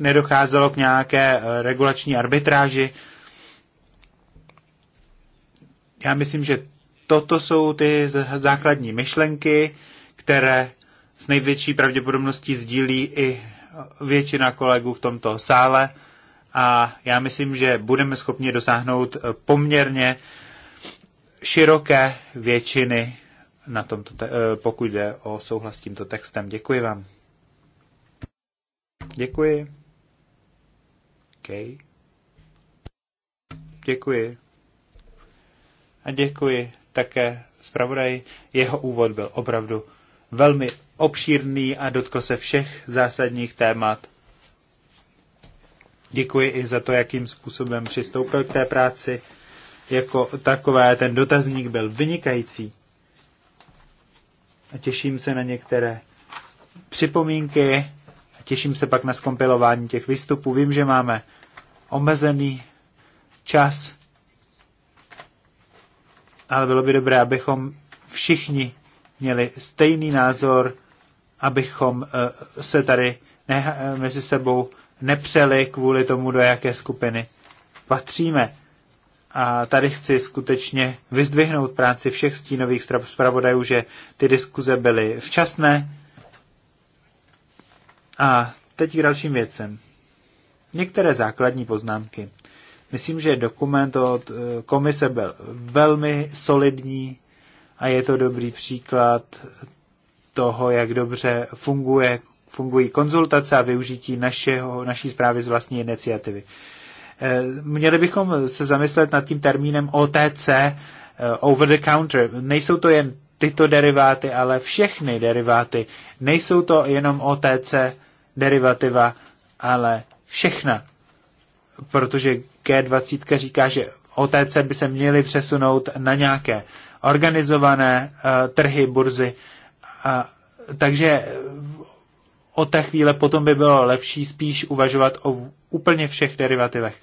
nedocházelo k nějaké eh, regulační arbitráži. Já myslím, že toto jsou ty základní myšlenky, které s největší pravděpodobností sdílí i většina kolegů v tomto sále a já myslím, že budeme schopni dosáhnout poměrně široké většiny na tomto eh, pokud jde o souhlas s tímto textem. Děkuji vám. Děkuji. Okay. Děkuji. A děkuji také zpravodaj. Jeho úvod byl opravdu velmi obšírný a dotkl se všech zásadních témat. Děkuji i za to, jakým způsobem přistoupil k té práci. Jako takové ten dotazník byl vynikající. A těším se na některé připomínky a těším se pak na skompilování těch výstupů. Vím, že máme omezený čas, ale bylo by dobré, abychom všichni měli stejný názor, abychom eh, se tady ne, eh, mezi sebou nepřeli kvůli tomu, do jaké skupiny patříme. A tady chci skutečně vyzdvihnout práci všech stínových zpravodajů, že ty diskuze byly včasné. A teď k dalším věcem. Některé základní poznámky. Myslím, že dokument od eh, komise byl velmi solidní a je to dobrý příklad toho, jak dobře funguje, fungují konzultace a využití našeho, naší zprávy z vlastní iniciativy. Eh, měli bychom se zamyslet nad tím termínem OTC, eh, over the counter. Nejsou to jen tyto deriváty, ale všechny deriváty. Nejsou to jenom OTC derivativa, ale všechna protože G20 říká, že OTC by se měly přesunout na nějaké organizované uh, trhy, burzy. A, takže eh, od té chvíle potom by bylo lepší spíš uvažovat o úplně všech derivativech.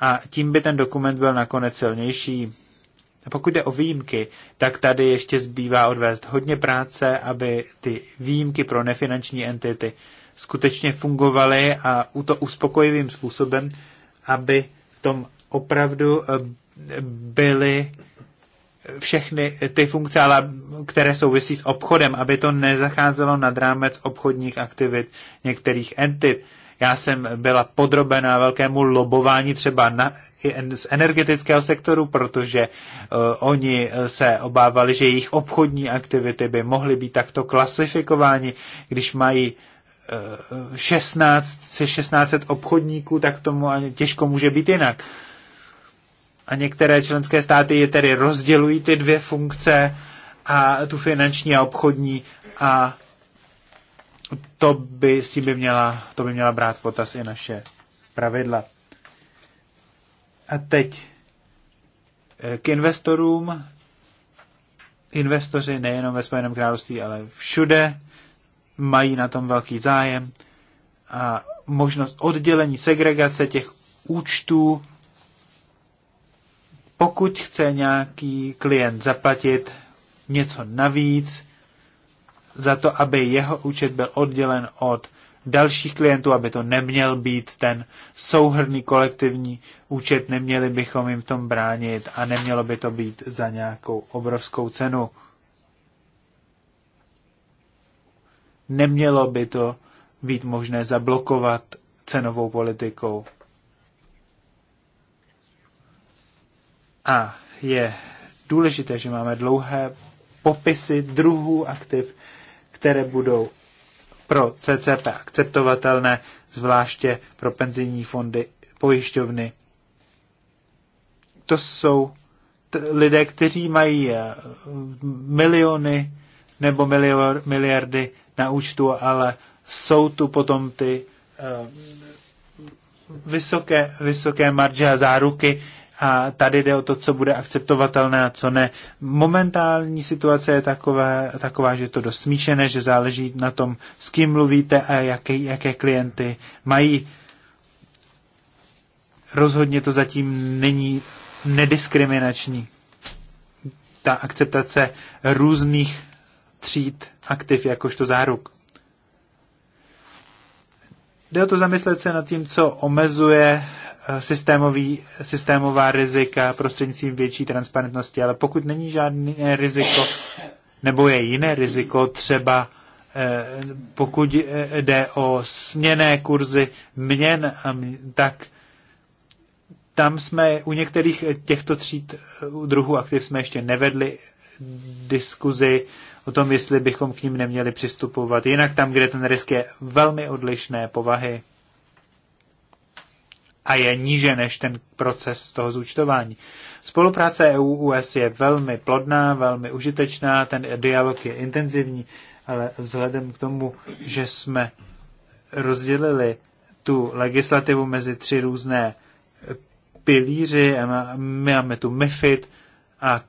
A tím by ten dokument byl nakonec silnější. A pokud jde o výjimky, tak tady ještě zbývá odvést hodně práce, aby ty výjimky pro nefinanční entity skutečně fungovaly a to uspokojivým způsobem, aby v tom opravdu eh, byly všechny ty funkce, ale které souvisí s obchodem, aby to nezacházelo nad rámec obchodních aktivit některých entit. Já jsem byla podrobena velkému lobování třeba na, z energetického sektoru, protože uh, oni se obávali, že jejich obchodní aktivity by mohly být takto klasifikováni, když mají uh, 16, se 16 obchodníků, tak tomu těžko může být jinak. A některé členské státy je tedy rozdělují ty dvě funkce, a tu finanční a obchodní a to by, s tím by měla, to by měla brát potaz i naše pravidla. A teď eh, k investorům. Investoři nejenom ve Spojeném království, ale všude mají na tom velký zájem a možnost oddělení segregace těch účtů, pokud chce nějaký klient zaplatit něco navíc za to, aby jeho účet byl oddělen od dalších klientů, aby to neměl být ten souhrný kolektivní účet, neměli bychom jim v tom bránit a nemělo by to být za nějakou obrovskou cenu. Nemělo by to být možné zablokovat cenovou politikou. A je důležité, že máme dlouhé popisy druhů aktiv, které budou pro CCP akceptovatelné, zvláště pro penzijní fondy, pojišťovny. To jsou lidé, kteří mají eh, miliony nebo miliardy na účtu, ale jsou tu potom ty eh, vysoké, vysoké marže a záruky a tady jde o to, co bude akceptovatelné a co ne. Momentální situace je taková, taková že to smíšené, že záleží na tom, s kým mluvíte a jaké, jaké klienty mají. Rozhodně to zatím není nediskriminační. Ta akceptace různých tříd aktiv jakožto záruk. Jde o to zamyslet se nad tím, co omezuje eh, systémový, systémová rizika prostřednictvím větší transparentnosti, ale pokud není žádné riziko, nebo je jiné riziko, třeba eh, pokud eh, jde o směné kurzy měn, tak tam jsme u některých těchto tříd druhů aktiv jsme ještě nevedli diskuzi o tom, jestli bychom k ním neměli přistupovat. Jinak tam, kde ten risk je velmi odlišné povahy a je níže než ten proces toho zúčtování. Spolupráce EU-US je velmi plodná, velmi užitečná, ten dialog je intenzivní, ale vzhledem k tomu, že jsme rozdělili tu legislativu mezi tři různé pilíři, my máme tu MIFID a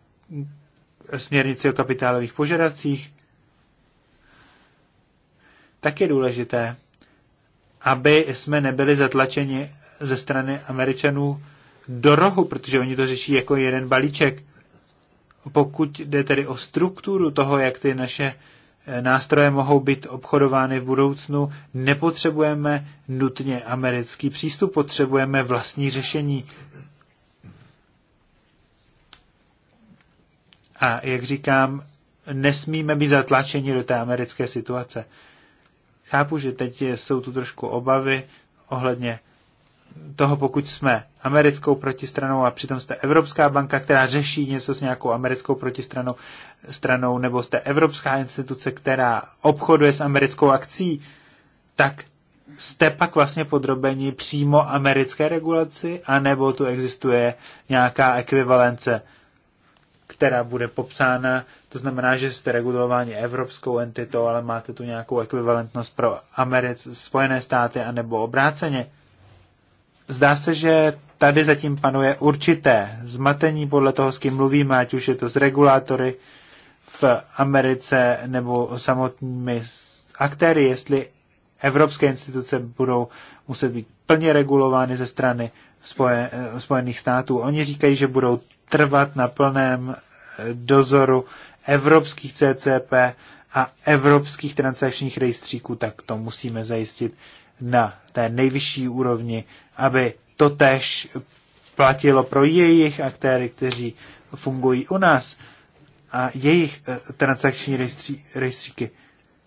směrnici o kapitálových požadavcích, tak je důležité, aby jsme nebyli zatlačeni ze strany Američanů do rohu, protože oni to řeší jako jeden balíček. Pokud jde tedy o strukturu toho, jak ty naše eh, nástroje mohou být obchodovány v budoucnu, nepotřebujeme nutně americký přístup, potřebujeme vlastní řešení A jak říkám, nesmíme být zatlačeni do té americké situace. Chápu, že teď jsou tu trošku obavy ohledně toho, pokud jsme americkou protistranou a přitom jste Evropská banka, která řeší něco s nějakou americkou protistranou, stranou, nebo jste Evropská instituce, která obchoduje s americkou akcí, tak jste pak vlastně podrobeni přímo americké regulaci, anebo tu existuje nějaká ekvivalence která bude popsána. To znamená, že jste regulováni evropskou entitou, ale máte tu nějakou ekvivalentnost pro Americ, Spojené státy anebo obráceně. Zdá se, že tady zatím panuje určité zmatení podle toho, s kým mluvíme, ať už je to z regulátory v Americe nebo samotnými aktéry, jestli evropské instituce budou muset být plně regulovány ze strany Spojených států. Oni říkají, že budou trvat na plném eh, dozoru evropských CCP a evropských transakčních rejstříků, tak to musíme zajistit na té nejvyšší úrovni, aby to tež platilo pro jejich aktéry, kteří fungují u nás a jejich eh, transakční rejstří, rejstříky.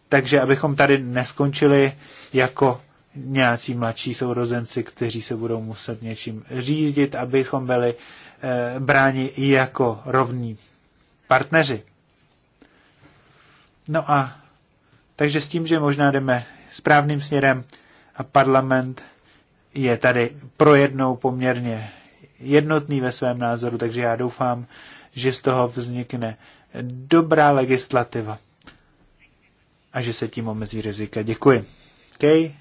Takže abychom tady neskončili jako nějací mladší sourozenci, kteří se budou muset něčím řídit, abychom byli Eh, bráni jako rovní partneři. No a takže s tím, že možná jdeme správným směrem a parlament je tady projednou poměrně jednotný ve svém názoru, takže já doufám, že z toho vznikne dobrá legislativa a že se tím omezí rizika. Děkuji. Kej, okay.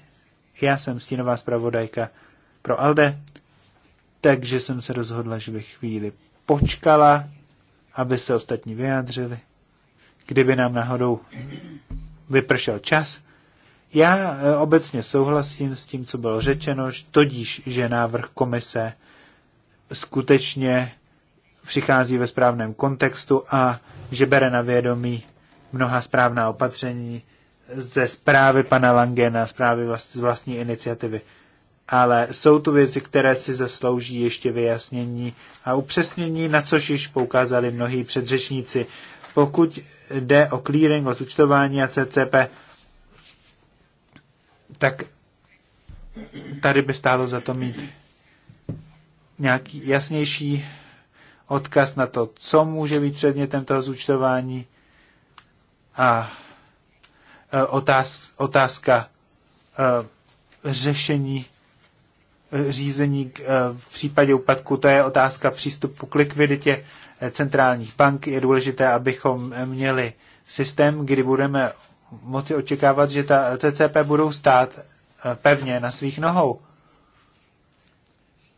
já jsem stínová zpravodajka pro ALDE takže jsem se rozhodla, že bych chvíli počkala, aby se ostatní vyjádřili. Kdyby nám náhodou vypršel čas, já eh, obecně souhlasím s tím, co bylo řečeno, todíž, že návrh komise skutečně přichází ve správném kontextu a že bere na vědomí mnoha správná opatření ze zprávy pana Langena, zprávy vlast, z vlastní iniciativy ale jsou tu věci, které si zaslouží ještě vyjasnění a upřesnění, na což již poukázali mnohí předřečníci. Pokud jde o clearing, o zúčtování a CCP, tak tady by stálo za to mít nějaký jasnější odkaz na to, co může být předmětem toho zúčtování a e, otázka e, řešení řízení eh, v případě úpadku, to je otázka přístupu k likviditě eh, centrálních bank. Je důležité, abychom eh, měli systém, kdy budeme moci očekávat, že ta CCP budou stát pevně na svých nohou.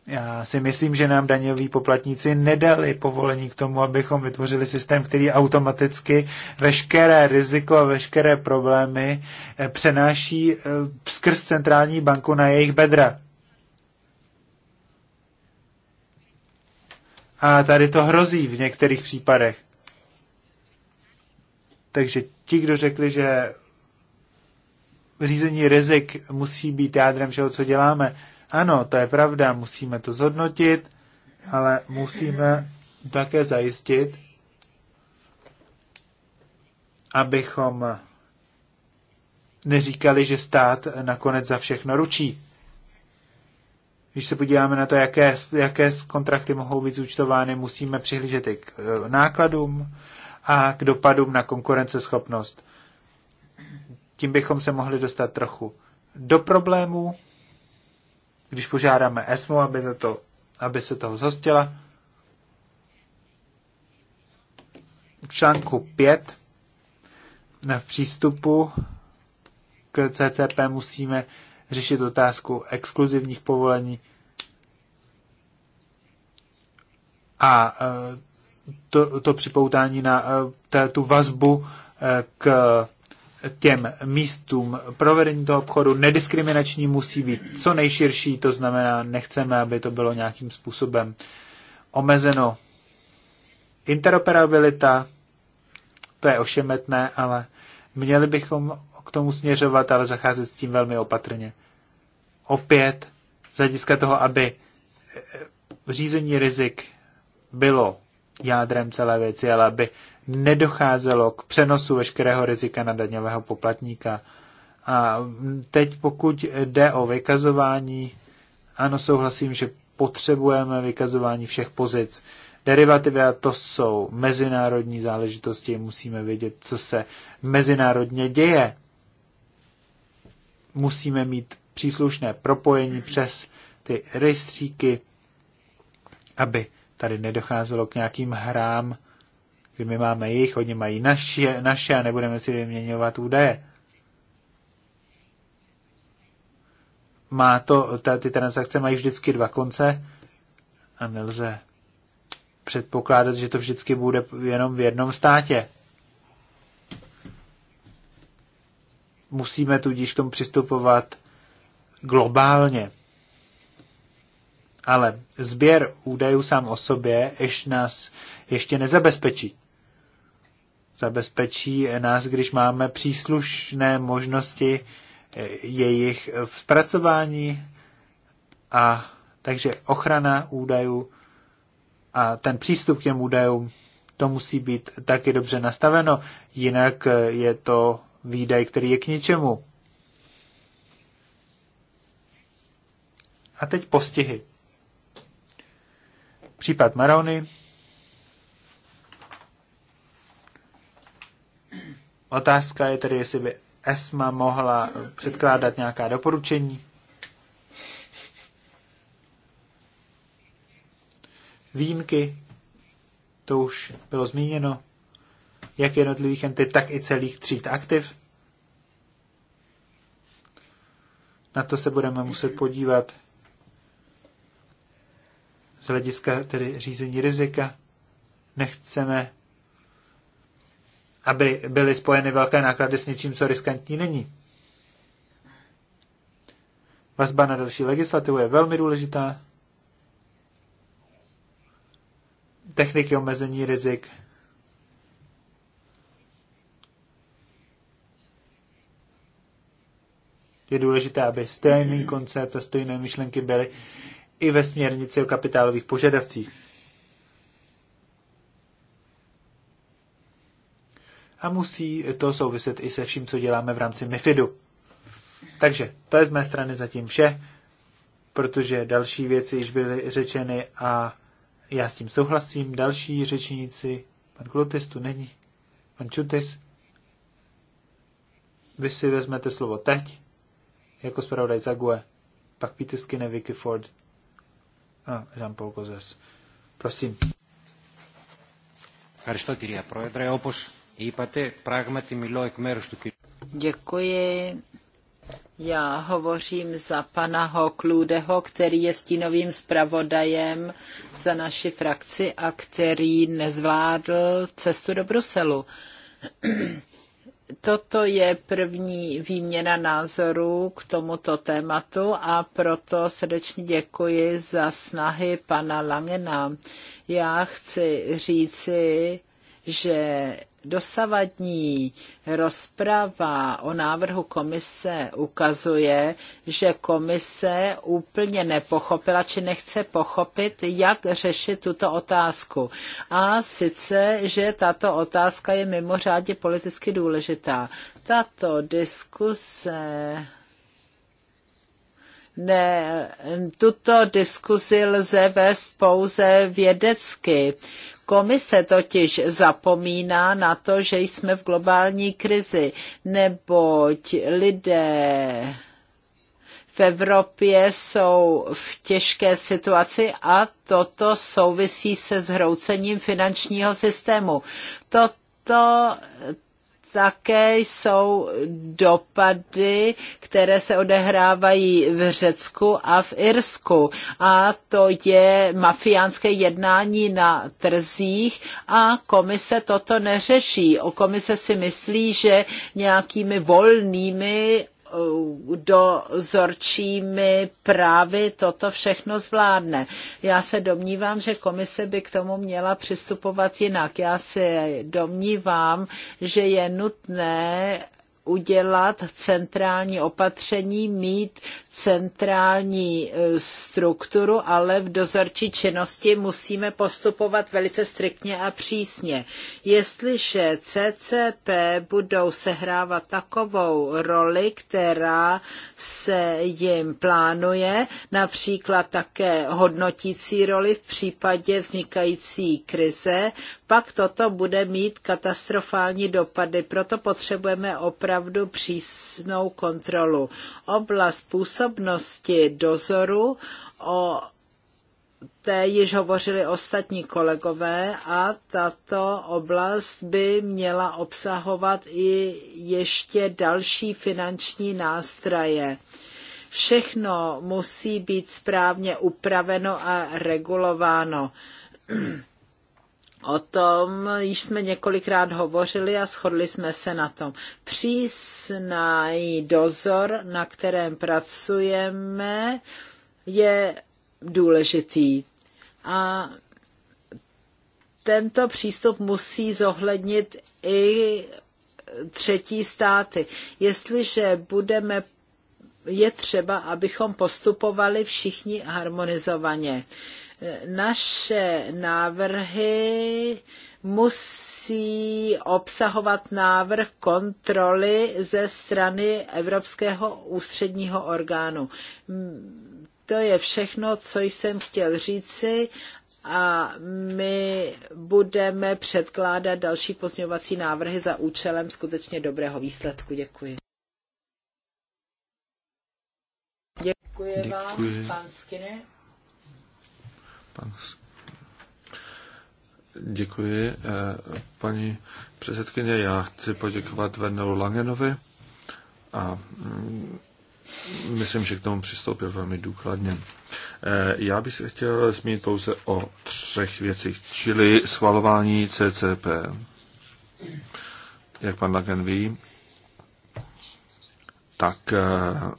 Já si myslím, že nám daňoví poplatníci nedali povolení k tomu, abychom vytvořili systém, který automaticky veškeré riziko a veškeré problémy přenáší skrz centrální banku na jejich bedra. A tady to hrozí v některých případech. Takže ti, kdo řekli, že řízení rizik musí být jádrem všeho, co děláme, ano, to je pravda, musíme to zhodnotit, ale musíme také zajistit, abychom neříkali, že stát nakonec za všechno ručí když se podíváme na to, jaké, jaké kontrakty mohou být zúčtovány, musíme přihlížet i k e, nákladům a k dopadům na konkurenceschopnost. Tím bychom se mohli dostat trochu do problémů, když požádáme ESMO, aby, za to, aby se toho zhostila. V článku 5 na přístupu k CCP musíme řešit otázku exkluzivních povolení a e, to, to připoutání na e, té, tu vazbu e, k těm místům provedení toho obchodu nediskriminační musí být co nejširší, to znamená, nechceme, aby to bylo nějakým způsobem omezeno. Interoperabilita, to je ošemetné, ale měli bychom k tomu směřovat, ale zacházet s tím velmi opatrně. Opět, z hlediska toho, aby řízení rizik bylo jádrem celé věci, ale aby nedocházelo k přenosu veškerého rizika na daňového poplatníka. A teď pokud jde o vykazování, ano, souhlasím, že potřebujeme vykazování všech pozic. Derivativy a to jsou mezinárodní záležitosti, musíme vědět, co se mezinárodně děje. Musíme mít příslušné propojení přes ty rejstříky, aby tady nedocházelo k nějakým hrám, kdy my máme jejich, oni mají naše, naše a nebudeme si vyměňovat údaje. Má to, ta, ty transakce mají vždycky dva konce a nelze předpokládat, že to vždycky bude jenom v jednom státě. Musíme tudíž k tomu přistupovat globálně. Ale sběr údajů sám o sobě ještě nás ještě nezabezpečí. Zabezpečí nás, když máme příslušné možnosti eh, jejich zpracování a takže ochrana údajů a ten přístup k těm údajům, to musí být taky dobře nastaveno, jinak eh, je to výdaj, který je k ničemu. A teď postihy. Případ Marony. Otázka je tedy, jestli by ESMA mohla předkládat nějaká doporučení. Výjimky, to už bylo zmíněno, jak jednotlivých entit, tak i celých tříd aktiv. Na to se budeme muset podívat z hlediska tedy řízení rizika. Nechceme, aby byly spojeny velké náklady s něčím, co riskantní není. Vazba na další legislativu je velmi důležitá. Techniky omezení rizik. Je důležité, aby stejný koncept a stejné myšlenky byly i ve směrnici o kapitálových požadavcích. A musí to souviset i se vším, co děláme v rámci MIFIDu. Takže to je z mé strany zatím vše, protože další věci již byly řečeny a já s tím souhlasím. Další řečníci, pan Klutis tu není, pan Čutis. Vy si vezmete slovo teď, jako zpravodaj Zague, pak Peter Skinner, Vicky Ford, Jean-Paul Gozes. Prosím. Děkuji. Já hovořím za pana Hoklůdeho, který je stínovým zpravodajem za naši frakci a který nezvládl cestu do Bruselu. Toto je první výměna názorů k tomuto tématu a proto srdečně děkuji za snahy pana Langena. Já chci říci, že dosavadní rozprava o návrhu komise ukazuje, že komise úplně nepochopila, či nechce pochopit, jak řešit tuto otázku. A sice, že tato otázka je mimořádně politicky důležitá. Tato diskuse ne, tuto diskuzi lze vést pouze vědecky. Komise totiž zapomíná na to, že jsme v globální krizi, neboť lidé v Evropě jsou v těžké situaci a toto souvisí se zhroucením finančního systému. Toto také jsou dopady, které se odehrávají v Řecku a v Irsku. A to je mafiánské jednání na trzích a komise toto neřeší. O komise si myslí, že nějakými volnými dozorčími právy toto všechno zvládne. Já se domnívám, že komise by k tomu měla přistupovat jinak. Já se domnívám, že je nutné, udělat centrální opatření, mít centrální e, strukturu, ale v dozorčí činnosti musíme postupovat velice striktně a přísně. Jestliže CCP budou sehrávat takovou roli, která se jim plánuje, například také hodnotící roli v případě vznikající krize, pak toto bude mít katastrofální dopady. Proto potřebujeme opravdu opravdu přísnou kontrolu. Oblast působnosti dozoru o té již hovořili ostatní kolegové a tato oblast by měla obsahovat i ještě další finanční nástroje. Všechno musí být správně upraveno a regulováno. [CLEARS THROAT] O tom již jsme několikrát hovořili a shodli jsme se na tom. Přísný dozor, na kterém pracujeme, je důležitý. A tento přístup musí zohlednit i třetí státy. Jestliže budeme je třeba, abychom postupovali všichni harmonizovaně. Uh, naše návrhy musí obsahovat návrh kontroly ze strany Evropského ústředního orgánu. To je všechno, co jsem chtěl říci a my budeme předkládat další pozměňovací návrhy za účelem skutečně dobrého výsledku. Děkuji. Děkuji vám, Děkuji. pan Skinner. Pan... Děkuji, eh, paní předsedkyně. Já chci poděkovat Vernelu Langenovi a mm, myslím, že k tomu přistoupil velmi důkladně. Eh, já bych se chtěl zmínit pouze o třech věcích, čili schvalování CCP. Jak pan Lagen ví, tak eh,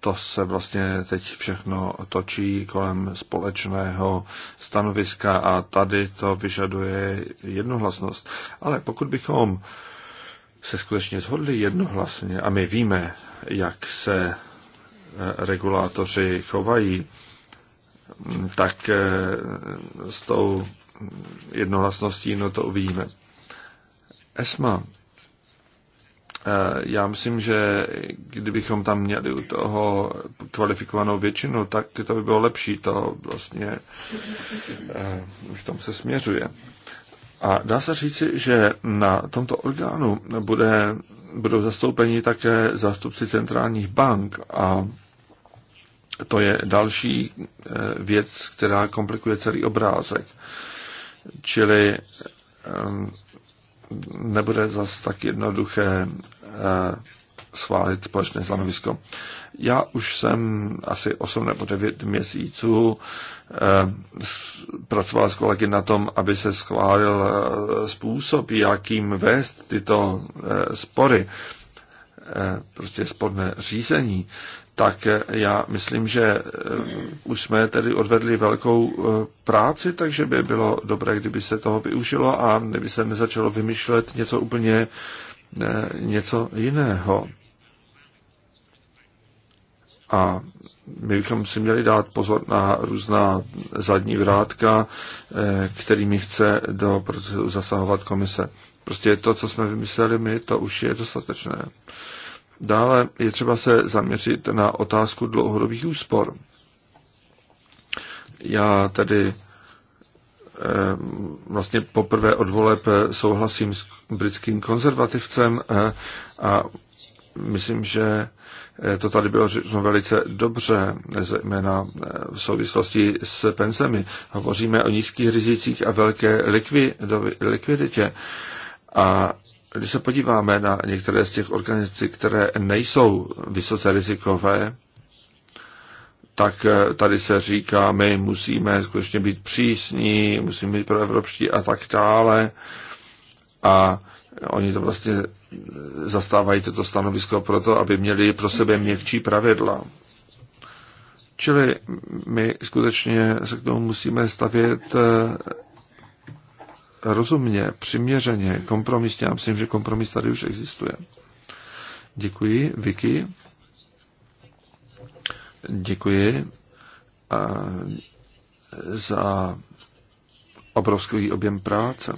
to se vlastně teď všechno točí kolem společného stanoviska a tady to vyžaduje jednohlasnost. Ale pokud bychom se skutečně shodli jednohlasně a my víme, jak se eh, regulátoři chovají, tak eh, s tou jednohlasností no to uvidíme. ESMA Eh, já myslím, že kdybychom tam měli u toho kvalifikovanou většinu, tak to by bylo lepší. To vlastně eh, v tom se směřuje. A dá se říci, že na tomto orgánu bude, budou zastoupeni také zástupci centrálních bank a to je další eh, věc, která komplikuje celý obrázek. Čili ehm, nebude zas tak jednoduché Eh, schválit společné stanovisko. Já už jsem asi 8 nebo 9 měsíců eh, pracoval s kolegy na tom, aby se schválil eh, způsob, jakým vést tyto spory, prostě sporné řízení, tak já myslím, že už jsme tedy odvedli velkou práci, takže by bylo dobré, kdyby se toho využilo a kdyby se nezačalo vymýšlet něco úplně Eh, něco jiného. A my bychom si měli dát pozor na různá zadní vrátka, eh, kterými chce do procesu zasahovat komise. Prostě to, co jsme vymysleli my, to už je dostatečné. Dále je třeba se zaměřit na otázku dlouhodobých úspor. Já tedy Eh, vlastně poprvé od voleb eh, souhlasím s britským konzervativcem eh, a myslím, že to tady bylo řečeno velice dobře, zejména v souvislosti s penzemi. Hovoříme o nízkých rizicích a velké likviditě. A když se podíváme na některé z těch organizací, které nejsou vysoce rizikové, tak eh, tady se říká, my musíme skutečně být přísní, musíme být proevropští a tak dále. A oni to vlastně zastávají toto stanovisko proto, aby měli pro sebe měkčí pravidla. Čili my skutečně se k tomu musíme stavět eh, rozumně, přiměřeně, kompromisně. Já myslím, že kompromis tady už existuje. Děkuji, Vicky. Děkuji za obrovský objem práce.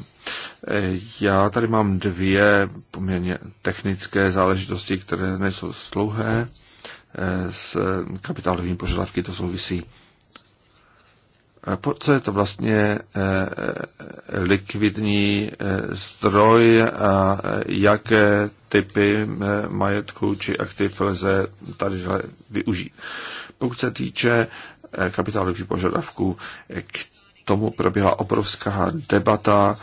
Já tady mám dvě poměrně technické záležitosti, které nejsou dlouhé. S kapitálovými požadavky to souvisí. Co je to vlastně eh, eh, likvidní eh, zdroj a jaké typy eh, majetku či aktiv lze tady využít. Pokud se týče eh, kapitálových požadavků, eh, k tomu proběhla obrovská debata,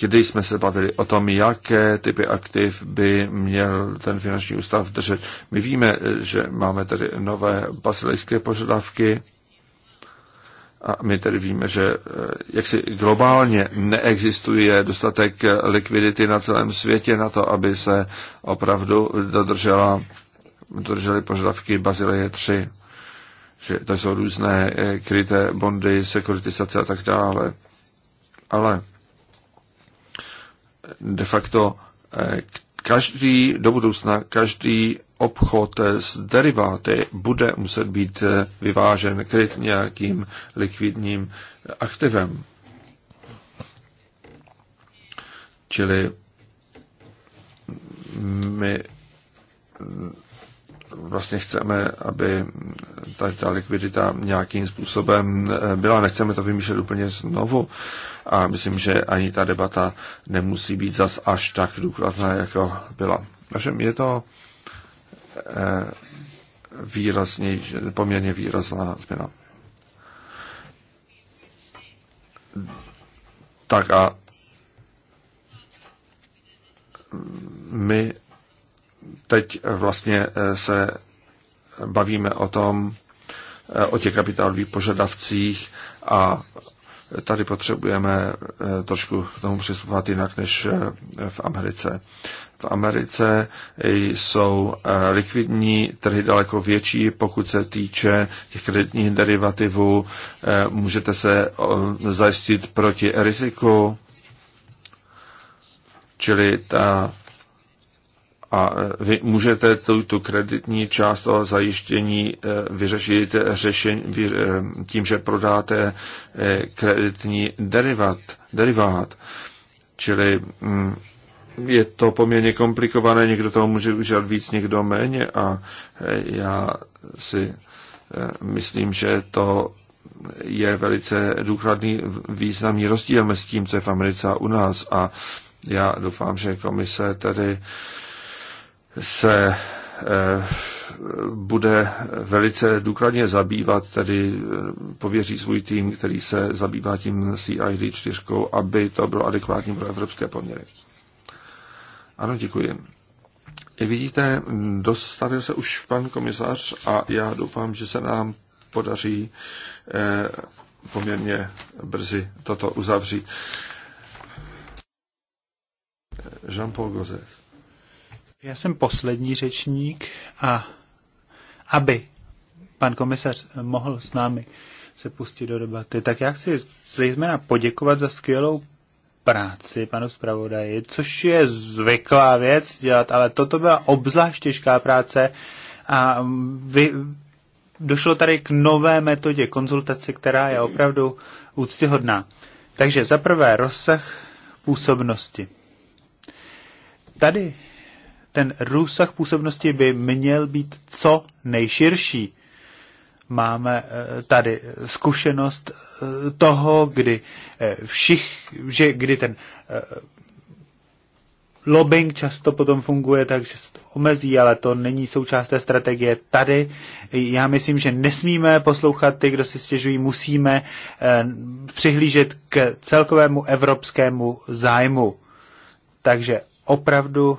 kdy jsme se bavili o tom, jaké typy aktiv by měl ten finanční ústav držet. My víme, že máme tady nové basilejské požadavky, a my tedy víme, že eh, jaksi globálně neexistuje dostatek likvidity na celém světě na to, aby se opravdu dodržela, dodržely požadavky Bazileje 3. Že to jsou různé eh, kryté bondy, sekuritizace a tak dále. Ale de facto eh, každý, do budoucna každý obchod s deriváty bude muset být eh, vyvážen kryt nějakým likvidním aktivem. Čili my vlastně chceme, aby ta, ta likvidita nějakým způsobem eh, byla. Nechceme to vymýšlet úplně znovu. A myslím, že ani ta debata nemusí být zas až tak důkladná, jako byla. Takže je to Eh, výrazně, poměrně výrazná změna. Tak a my teď vlastně eh, se bavíme o tom, eh, o těch kapitálových požadavcích a tady potřebujeme eh, trošku tomu přistupovat jinak než eh, v Americe. V Americe jsou eh, likvidní trhy daleko větší, pokud se týče těch kreditních derivativů. Můžete se zajistit proti riziku, čili ta a vy můžete tu, tu kreditní část toho zajištění eh, vyřešit vy, eh, tím, že prodáte eh, kreditní derivat, derivát. Čili mm, je to poměrně komplikované, někdo toho může užít víc, někdo méně a já si myslím, že to je velice důkladný významný rozdíl mezi tím, co je v Americe a u nás a já doufám, že komise tedy eh, se eh, bude velice důkladně zabývat, tedy eh, pověří svůj tým, který se zabývá tím CID 4, aby to bylo adekvátní pro evropské poměry. Ano, děkuji. Jak vidíte, dostavil se už pan komisař a já doufám, že se nám podaří eh, poměrně brzy toto uzavřít. Jean-Paul Gozet. Já jsem poslední řečník a aby pan komisař mohl s námi se pustit do debaty, tak já chci zejména poděkovat za skvělou práci panu zpravodaji, což je zvyklá věc dělat, ale toto byla obzvlášť těžká práce a vy, došlo tady k nové metodě konzultace, která je opravdu úctyhodná. Takže za prvé rozsah působnosti. Tady ten rozsah působnosti by měl být co nejširší. Máme eh, tady zkušenost eh, toho, kdy eh, všich, že kdy ten lobbying často potom funguje, takže se to omezí, ale to není součást té strategie tady. Já myslím, že nesmíme poslouchat ty, kdo si stěžují, musíme přihlížet k celkovému evropskému zájmu. Takže opravdu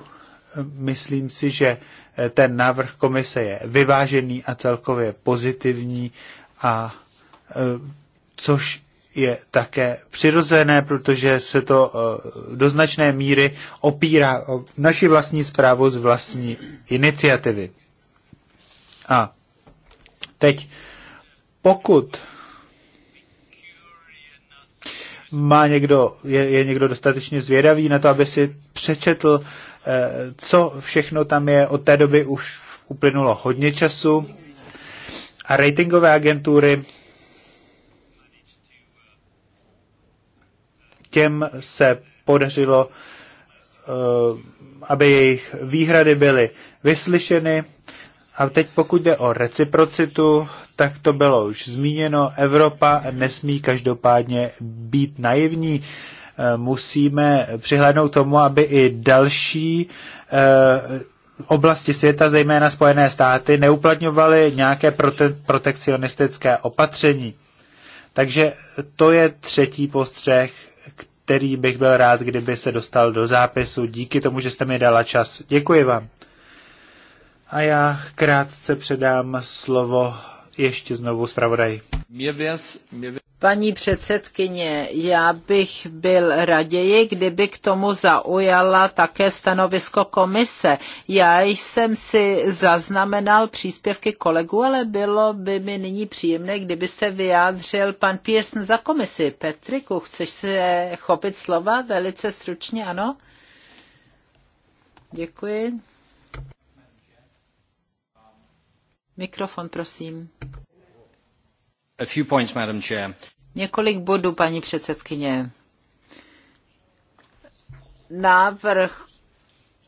myslím si, že eh, ten návrh komise je vyvážený a celkově pozitivní, a eh, což je také přirozené, protože se to eh, do značné míry opírá o naši vlastní zprávu z vlastní iniciativy. A teď, pokud má někdo, je, je někdo dostatečně zvědavý na to, aby si přečetl Eh, co všechno tam je. Od té doby už uplynulo hodně času a ratingové agentury těm se podařilo, eh, aby jejich výhrady byly vyslyšeny. A teď pokud jde o reciprocitu, tak to bylo už zmíněno. Evropa nesmí každopádně být naivní musíme přihlédnout tomu, aby i další eh, oblasti světa, zejména Spojené státy, neuplatňovaly nějaké prote- protekcionistické opatření. Takže to je třetí postřeh, který bych byl rád, kdyby se dostal do zápisu. Díky tomu, že jste mi dala čas. Děkuji vám. A já krátce předám slovo ještě znovu zpravodaj. Paní předsedkyně, já bych byl raději, kdyby k tomu zaujala také stanovisko komise. Já jsem si zaznamenal příspěvky kolegů, ale bylo by mi nyní příjemné, kdyby se vyjádřil pan Pearson za komisi. Petriku, chceš se chopit slova velice stručně, ano? Děkuji. Mikrofon, prosím. A few points, Madam Chair. Několik bodů, paní předsedkyně. Návrh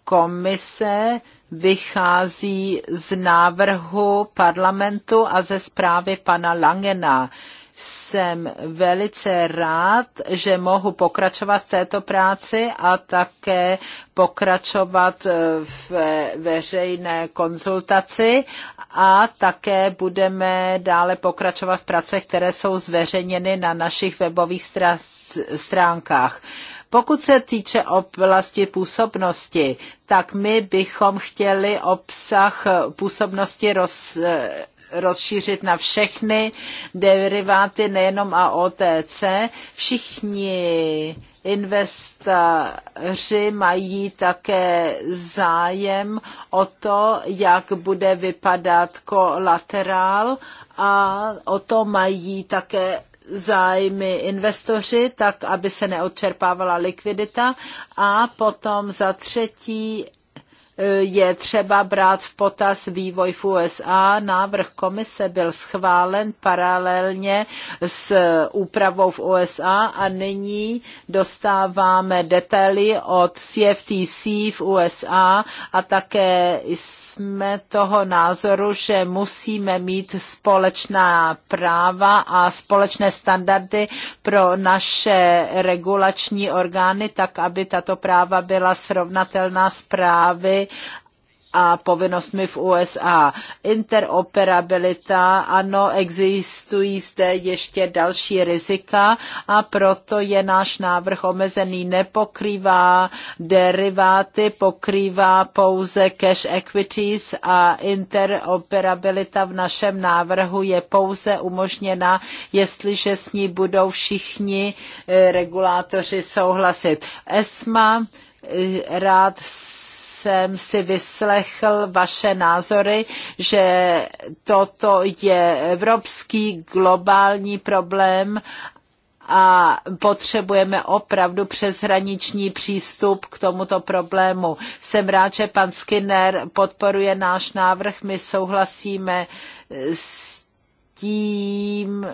komise vychází z návrhu parlamentu a ze zprávy pana Langena. Jsem velice rád, že mohu pokračovat v této práci a také pokračovat v veřejné konzultaci a také budeme dále pokračovat v pracech, které jsou zveřejněny na našich webových stránkách. Pokud se týče oblasti působnosti, tak my bychom chtěli obsah působnosti roz, rozšířit na všechny deriváty, nejenom a OTC. Všichni investoři mají také zájem o to, jak bude vypadat kolaterál a o to mají také zájmy investoři, tak aby se neodčerpávala likvidita. A potom za třetí je třeba brát v potaz vývoj v USA. Návrh komise byl schválen paralelně s úpravou v USA a nyní dostáváme detaily od CFTC v USA a také z jsme toho názoru, že musíme mít společná práva a společné standardy pro naše regulační orgány, tak aby tato práva byla srovnatelná s právy a povinnostmi v USA. Interoperabilita, ano, existují zde ještě další rizika a proto je náš návrh omezený. Nepokrývá deriváty, pokrývá pouze cash equities a interoperabilita v našem návrhu je pouze umožněna, jestliže s ní budou všichni eh, regulátoři souhlasit. ESMA eh, rád jsem si vyslechl vaše názory, že toto je evropský globální problém a potřebujeme opravdu přeshraniční přístup k tomuto problému. Jsem rád, že pan Skinner podporuje náš návrh. My souhlasíme s tím,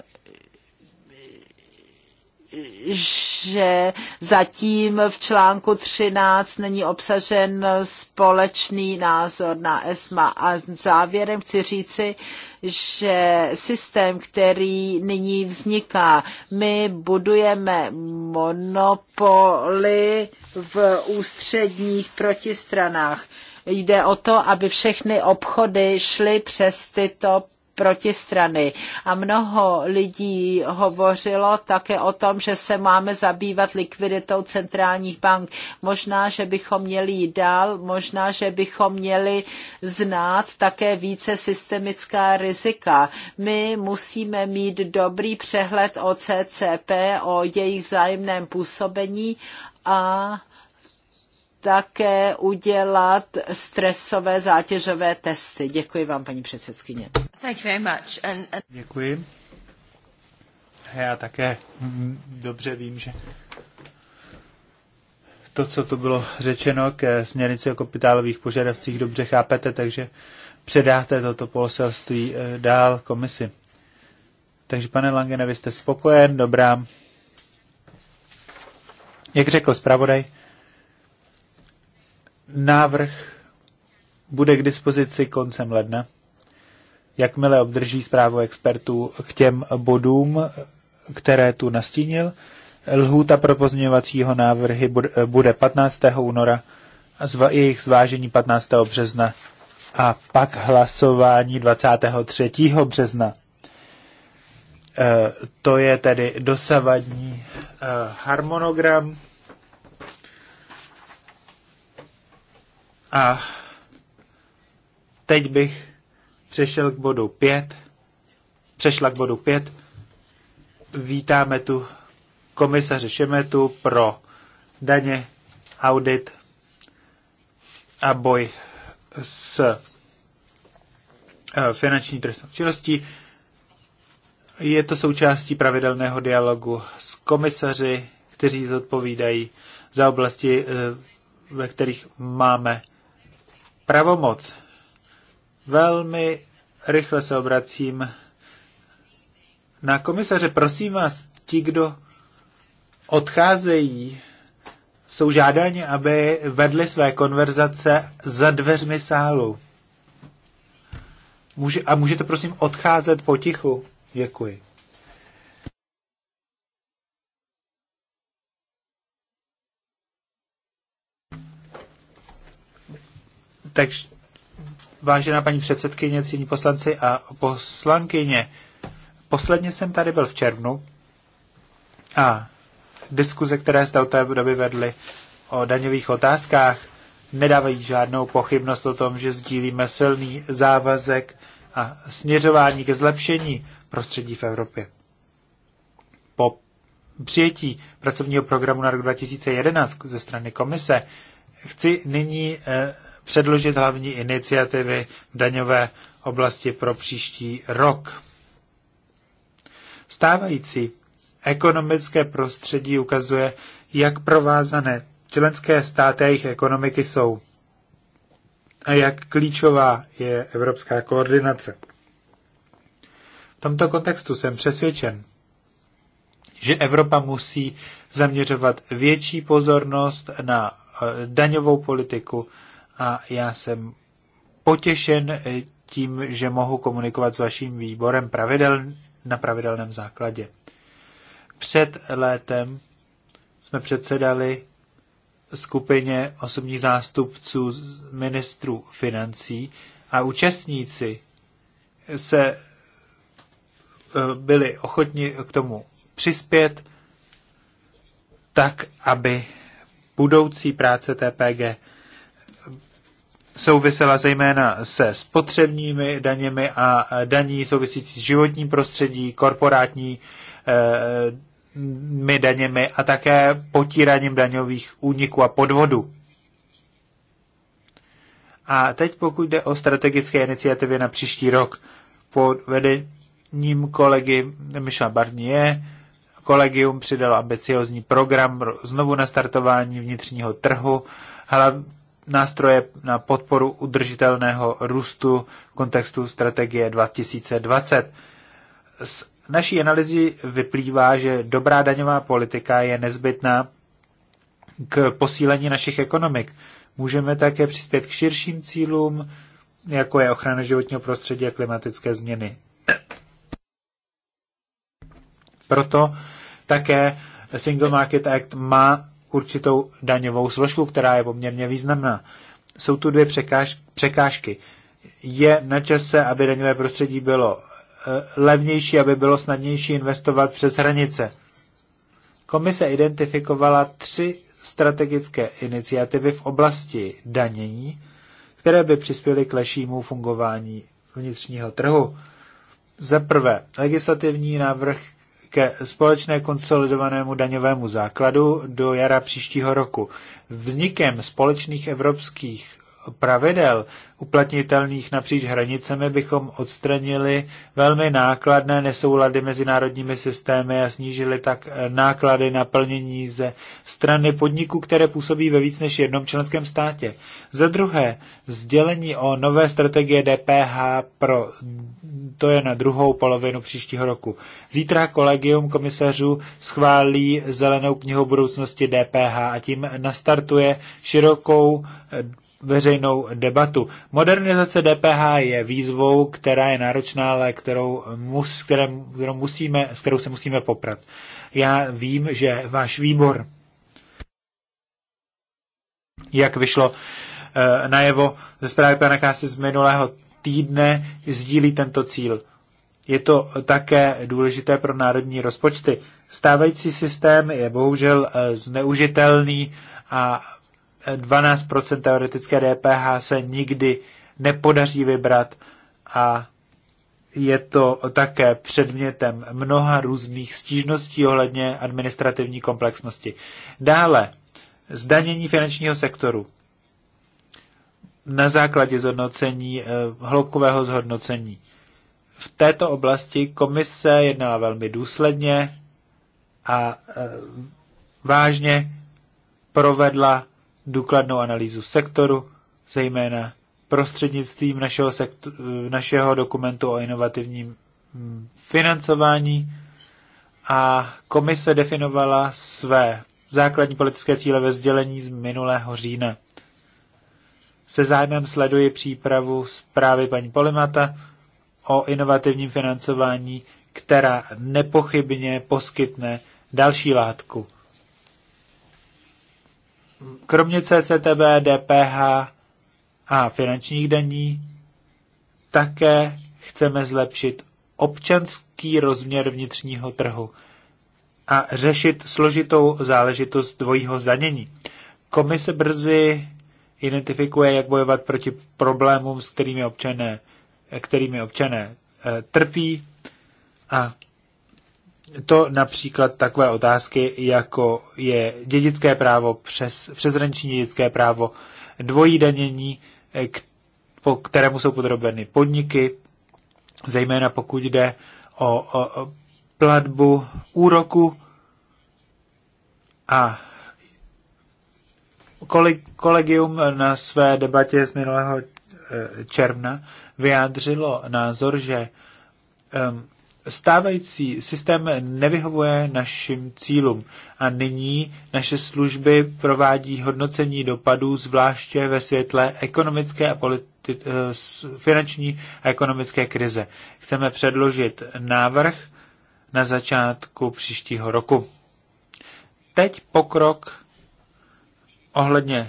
že zatím v článku 13 není obsažen společný názor na ESMA. A závěrem chci říci, že systém, který nyní vzniká, my budujeme monopoly v ústředních protistranách. Jde o to, aby všechny obchody šly přes tyto protistrany. A mnoho lidí hovořilo také o tom, že se máme zabývat likviditou centrálních bank. Možná, že bychom měli jít dál, možná, že bychom měli znát také více systemická rizika. My musíme mít dobrý přehled o CCP, o jejich vzájemném působení a také udělat stresové zátěžové testy. Děkuji vám, paní předsedkyně. Děkuji. Já také dobře vím, že to, co tu bylo řečeno ke směrnici o kapitálových požadavcích, dobře chápete, takže předáte toto poselství eh, dál komisi. Takže pane Langene, vy jste spokojen, dobrá. Jak řekl zpravodaj, návrh bude k dispozici koncem ledna jakmile obdrží zprávu expertů k těm bodům, které tu nastínil. Lhůta pro pozměňovacího návrhy bude 15. února, jejich zvážení 15. března a pak hlasování 23. března. Eh, to je tedy dosavadní eh, harmonogram. A teď bych přešel k bodu 5, přešla k bodu 5. Vítáme tu komisaře Šemetu pro daně, audit a boj s eh, finanční trestnou činností. Je to součástí pravidelného dialogu s komisaři, kteří zodpovídají za oblasti, eh, ve kterých máme pravomoc. Velmi rychle se obracím na komisaře. Prosím vás, ti, kdo odcházejí, jsou žádáni, aby vedli své konverzace za dveřmi sálu. Může, a můžete prosím odcházet potichu. Děkuji. Takže vážená paní předsedkyně, cíní poslanci a poslankyně. Posledně jsem tady byl v červnu a diskuze, které jste od té doby vedli o daňových otázkách, nedávají žádnou pochybnost o tom, že sdílíme silný závazek a směřování ke zlepšení prostředí v Evropě. Po přijetí pracovního programu na rok 2011 ze strany komise chci nyní eh, předložit hlavní iniciativy v daňové oblasti pro příští rok. Stávající ekonomické prostředí ukazuje, jak provázané členské státy a jejich ekonomiky jsou a jak klíčová je evropská koordinace. V tomto kontextu jsem přesvědčen, že Evropa musí zaměřovat větší pozornost na eh, daňovou politiku, a já jsem potěšen eh, tím, že mohu komunikovat s vaším výborem pravidel, na pravidelném základě. Před létem jsme předsedali skupině osobních zástupců ministrů financí a účastníci se eh, byli ochotni k tomu přispět, tak aby budoucí práce TPG souvisela zejména se spotřebními daněmi a daní souvisící s životním prostředí, korporátními eh, daněmi a také potíraním daňových úniků a podvodů. A teď pokud jde o strategické iniciativy na příští rok, pod vedením kolegy Michel Barnier kolegium přidalo ambiciozní program znovu nastartování vnitřního trhu, nástroje na podporu udržitelného růstu v kontextu strategie 2020. Z naší analýzy vyplývá, že dobrá daňová politika je nezbytná k posílení našich ekonomik. Můžeme také přispět k širším cílům, jako je ochrana životního prostředí a klimatické změny. Proto také Single Market Act má určitou daňovou složku, která je poměrně významná. Jsou tu dvě překážky. Je na čase, aby daňové prostředí bylo eh, levnější, aby bylo snadnější investovat přes hranice. Komise identifikovala tři strategické iniciativy v oblasti danění, které by přispěly k lešímu fungování vnitřního trhu. Za prvé, legislativní návrh, ke společné konsolidovanému daňovému základu do jara příštího roku. Vznikem společných evropských pravidel uplatnitelných napříč hranicemi bychom odstranili velmi nákladné nesoulady mezi národními systémy a snížili tak eh, náklady na plnění ze strany podniků, které působí ve víc než jednom členském státě. Za druhé, sdělení o nové strategie DPH pro to je na druhou polovinu příštího roku. Zítra kolegium komisařů schválí zelenou knihu budoucnosti DPH a tím nastartuje širokou eh, veřejnou debatu. Modernizace DPH je výzvou, která je náročná, ale kterou, mus, které, kterou musíme, s kterou se musíme poprat. Já vím, že váš výbor, jak vyšlo e, najevo ze zprávy pana Kásy z minulého týdne, sdílí tento cíl. Je to také důležité pro národní rozpočty. Stávající systém je bohužel eh, zneužitelný a 12% teoretické DPH se nikdy nepodaří vybrat a je to také předmětem mnoha různých stížností ohledně administrativní komplexnosti. Dále, zdanění finančního sektoru. Na základě zhodnocení, eh, hloukového zhodnocení. V této oblasti komise jednala velmi důsledně a eh, vážně provedla důkladnou analýzu sektoru, zejména prostřednictvím našeho, sektu, našeho dokumentu o inovativním mm, financování a komise definovala své základní politické cíle ve sdělení z minulého října. Se zájmem sleduji přípravu zprávy paní Polimata o inovativním financování, která nepochybně poskytne další látku kromě CCTB, DPH a finančních daní také chceme zlepšit občanský rozměr vnitřního trhu a řešit složitou záležitost dvojího zdanění. Komise brzy identifikuje, jak bojovat proti problémům, s kterými občané, kterými občané eh, trpí a to například takové otázky, jako je dědické právo, přes, přezranční dědické právo, dvojí danění, eh, k, po kterému jsou podrobeny podniky, zejména pokud jde o, o, o platbu úroku a kolegium na své debatě z minulého eh, června vyjádřilo názor, že stávající systém nevyhovuje našim cílům a nyní naše služby provádí hodnocení dopadů, zvláště ve světle ekonomické a eh, finanční a ekonomické krize. Chceme předložit návrh na začátku příštího roku. Teď pokrok ohledně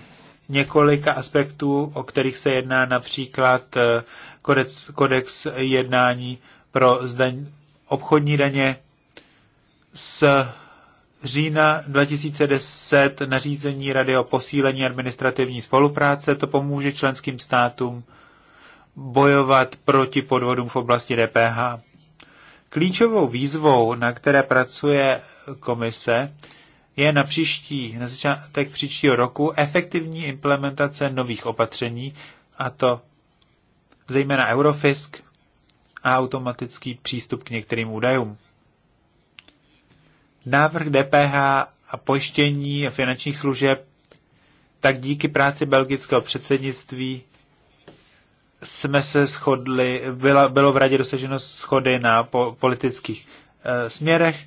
několika aspektů, o kterých se jedná například eh, kodex, kodex jednání pro zdaň, obchodní daně z října 2010 nařízení Rady o posílení administrativní spolupráce. To pomůže členským státům bojovat proti podvodům v oblasti DPH. Klíčovou výzvou, na které pracuje komise, je na příští, na začátek příštího roku efektivní implementace nových opatření, a to zejména Eurofisk, a automatický přístup k některým údajům. Návrh DPH a pojištění a finančních služeb tak díky práci belgického předsednictví jsme se shodli, byla, bylo v radě dosaženo schody na po, politických e, směrech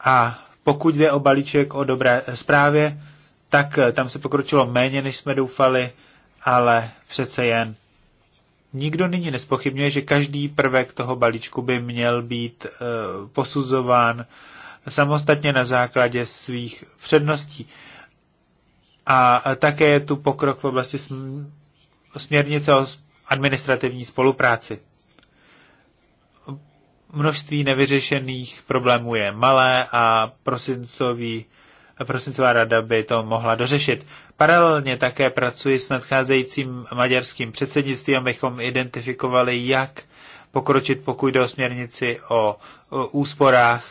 a pokud jde o balíček o dobré zprávě, tak eh, tam se pokročilo méně, než jsme doufali, ale přece jen Nikdo nyní nespochybňuje, že každý prvek toho balíčku by měl být eh, posuzován samostatně na základě svých předností. A také je tu pokrok v oblasti směrnice o administrativní spolupráci. Množství nevyřešených problémů je malé a prosincový prosincová rada by to mohla dořešit. Paralelně také pracuji s nadcházejícím maďarským předsednictvím, abychom identifikovali, jak pokročit, pokud jde o směrnici o úsporách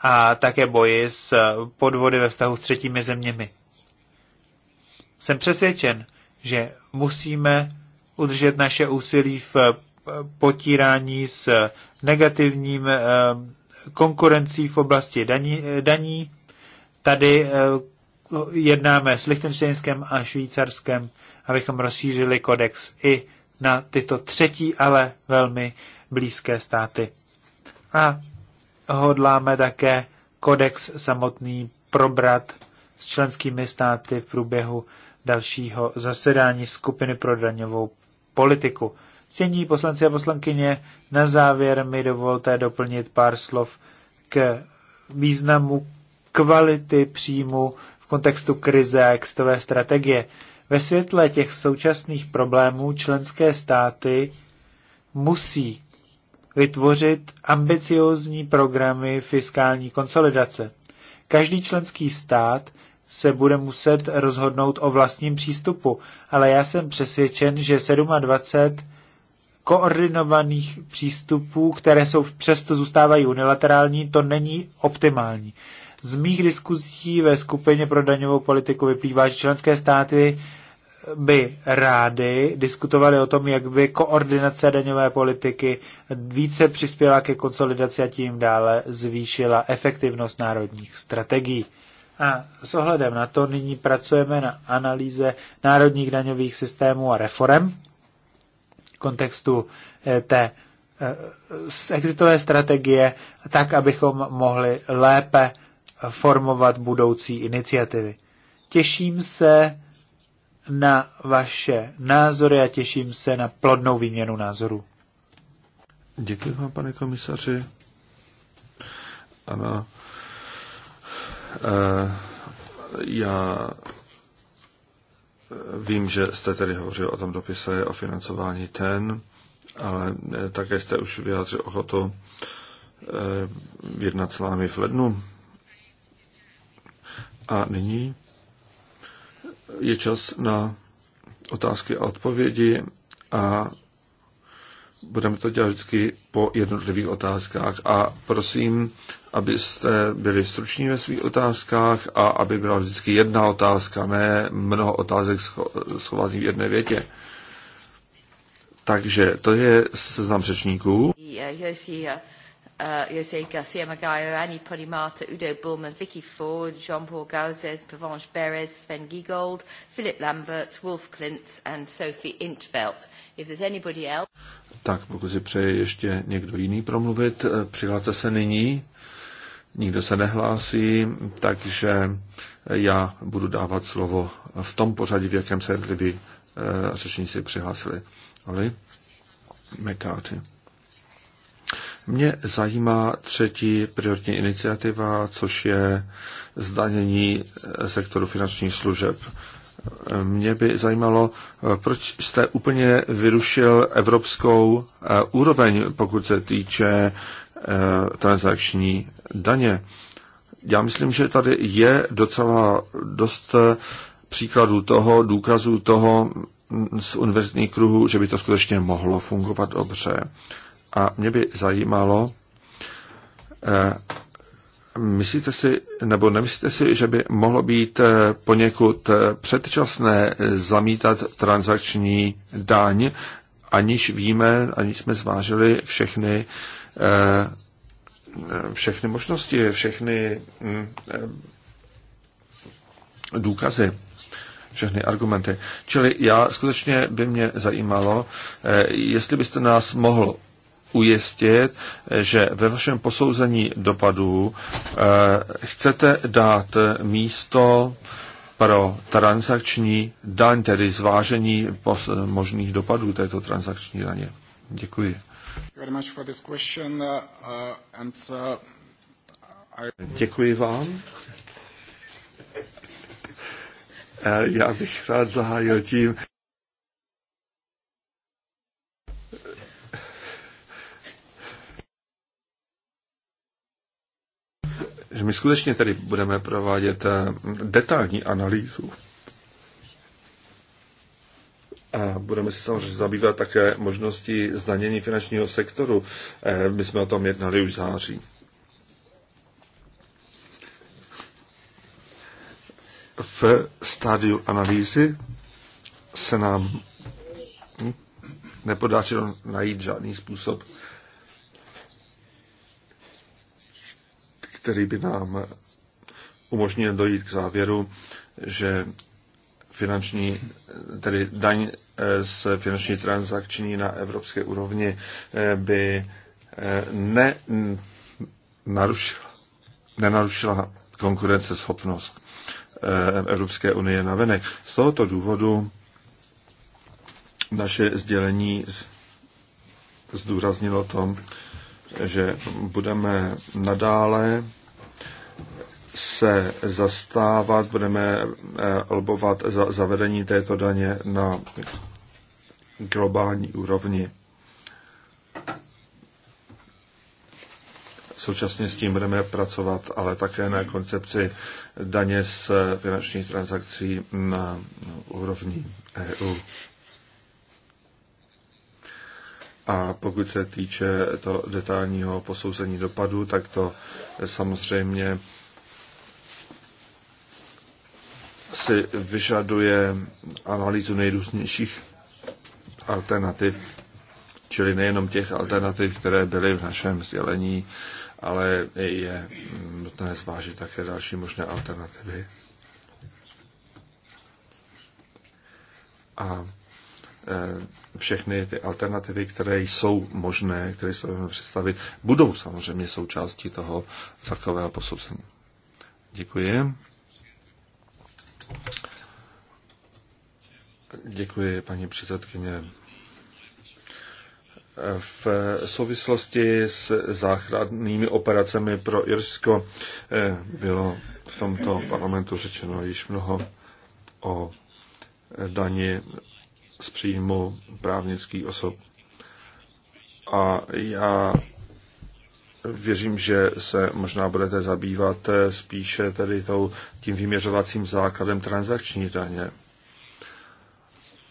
a také boji s podvody ve vztahu s třetími zeměmi. Jsem přesvědčen, že musíme udržet naše úsilí v potírání s negativním eh, konkurencí v oblasti daní, daní Tady eh, jednáme s Lichtensteinskem a Švýcarskem, abychom rozšířili kodex i na tyto třetí, ale velmi blízké státy. A hodláme také kodex samotný probrat s členskými státy v průběhu dalšího zasedání skupiny pro daňovou politiku. Stění poslanci a poslankyně, na závěr mi dovolte doplnit pár slov k významu kvality příjmu v kontextu krize a exitové strategie. Ve světle těch současných problémů členské státy musí vytvořit ambiciozní programy fiskální konsolidace. Každý členský stát se bude muset rozhodnout o vlastním přístupu, ale já jsem přesvědčen, že 27 koordinovaných přístupů, které jsou přesto zůstávají unilaterální, to není optimální. Z mých diskuzí ve skupině pro daňovou politiku vyplývá, že členské státy by rády diskutovali o tom, jak by koordinace daňové politiky více přispěla ke konsolidaci a tím dále zvýšila efektivnost národních strategií. A s ohledem na to nyní pracujeme na analýze národních daňových systémů a reform v kontextu eh, té eh, exitové strategie, tak abychom mohli lépe formovat budoucí iniciativy. Těším se na vaše názory a těším se na plodnou výměnu názorů. Děkuji vám, pane komisaři. Ano. Eh, já vím, že jste tedy hovořil o tom dopise o financování ten, ale eh, také jste už vyjádřil ochotu eh, jednat s námi v lednu. A nyní je čas na otázky a odpovědi a budeme to dělat vždycky po jednotlivých otázkách. A prosím, abyste byli struční ve svých otázkách a aby byla vždycky jedna otázka, ne mnoho otázek schovaných v jedné větě. Takže to je seznam řečníků. Yeah, Jose Garcia Magallo, Annie Podimata, Udo Bullman, Vicky Ford, Jean-Paul Gauzes, Provence Beres, Sven Giegold, Philip Lamberts, Wolf Klintz and Sophie Intveld. If there's anybody else... Tak, pokud si přeje ještě někdo jiný promluvit, eh, přihlaste se nyní. Nikdo se nehlásí, takže eh, já budu dávat slovo v tom pořadí, v jakém se jednotliví eh, řečníci přihlásili. Ali? McCarthy. Mě zajímá třetí prioritní iniciativa, což je zdanění eh, sektoru finančních služeb. Mě by zajímalo, eh, proč jste úplně vyrušil evropskou eh, úroveň, pokud se týče transakční daně. Já myslím, že tady je docela dost příkladů toho, důkazů toho mm, z univerzitních kruhů, že by to skutečně mohlo fungovat dobře. A mě by zajímalo, eh, myslíte si, nebo nemyslíte si, že by mohlo být eh, poněkud eh, předčasné zamítat transakční daň, aniž víme, aniž jsme zvážili všechny všechny možnosti, všechny hm, důkazy, všechny argumenty. Čili já skutečně by mě zajímalo, jestli byste nás mohl ujistit, že ve vašem posouzení dopadů eh, chcete dát místo pro transakční daň, tedy zvážení možných dopadů této transakční daně. Děkuji. Uh, uh, uh, Děkuji vám. Eh, já bych rád zahájil tím, My skutečně tedy budeme provádět eh, detailní analýzu a budeme se samozřejmě zabývat také možností zdanění finančního sektoru. Eh, my jsme o tom jednali už v září. V stádiu analýzy se nám hm, nepodařilo najít žádný způsob, který by nám umožnil dojít k závěru, že finanční, tedy daň eh, z finanční transakční na evropské úrovni eh, by eh, ne, narušila, nenarušila konkurenceschopnost Evropské unie na venek. Z tohoto důvodu naše sdělení zdůraznilo tom, že budeme nadále se zastávat, budeme eh, lobovat za zavedení této daně na globální úrovni. Současně s tím budeme pracovat, ale také na koncepci daně z finančních transakcí na úrovni EU. A pokud se týče to detailního posouzení dopadu, tak to samozřejmě si vyžaduje analýzu nejrůznějších alternativ, čili nejenom těch alternativ, které byly v našem sdělení, ale je nutné zvážit také další možné alternativy. A Eh, všechny ty alternativy, které jsou možné, které si budeme představit, budou samozřejmě součástí toho celkového posouzení. Děkuji. Děkuji, paní předsedkyně. V souvislosti s záchrannými operacemi pro Irsko eh, bylo v tomto parlamentu řečeno již mnoho o dani z příjmu právnických osob. A já věřím, že se možná budete zabývat eh, spíše tedy tou, tím vyměřovacím základem transakční daně.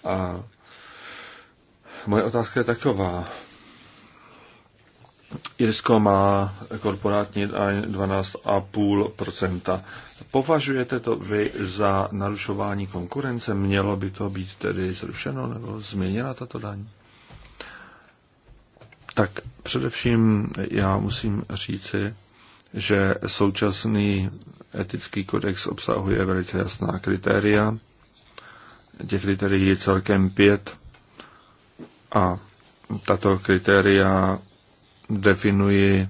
A moje otázka je taková. Irsko má korporátní daň 12,5%. Považujete to vy za narušování konkurence? Mělo by to být tedy zrušeno nebo změněna tato daň? Tak především já musím říci, že současný etický kodex obsahuje velice jasná kritéria. Těch kritérií je celkem pět a tato kritéria definují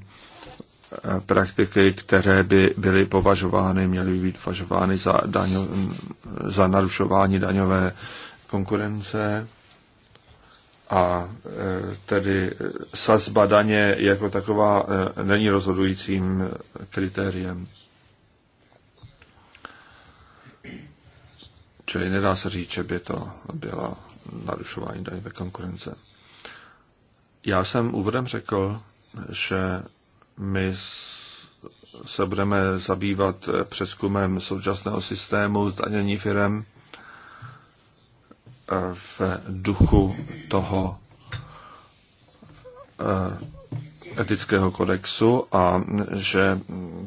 praktiky, které by byly považovány, měly by být považovány za, daňo, za narušování daňové konkurence a e, tedy sazba daně jako taková e, není rozhodujícím kritériem. Čili nedá se říct, že by to byla narušování daňové konkurence. Já jsem úvodem řekl, že my se budeme zabývat eh, přeskumem současného systému zdanění firem eh, v duchu toho eh, etického kodexu a že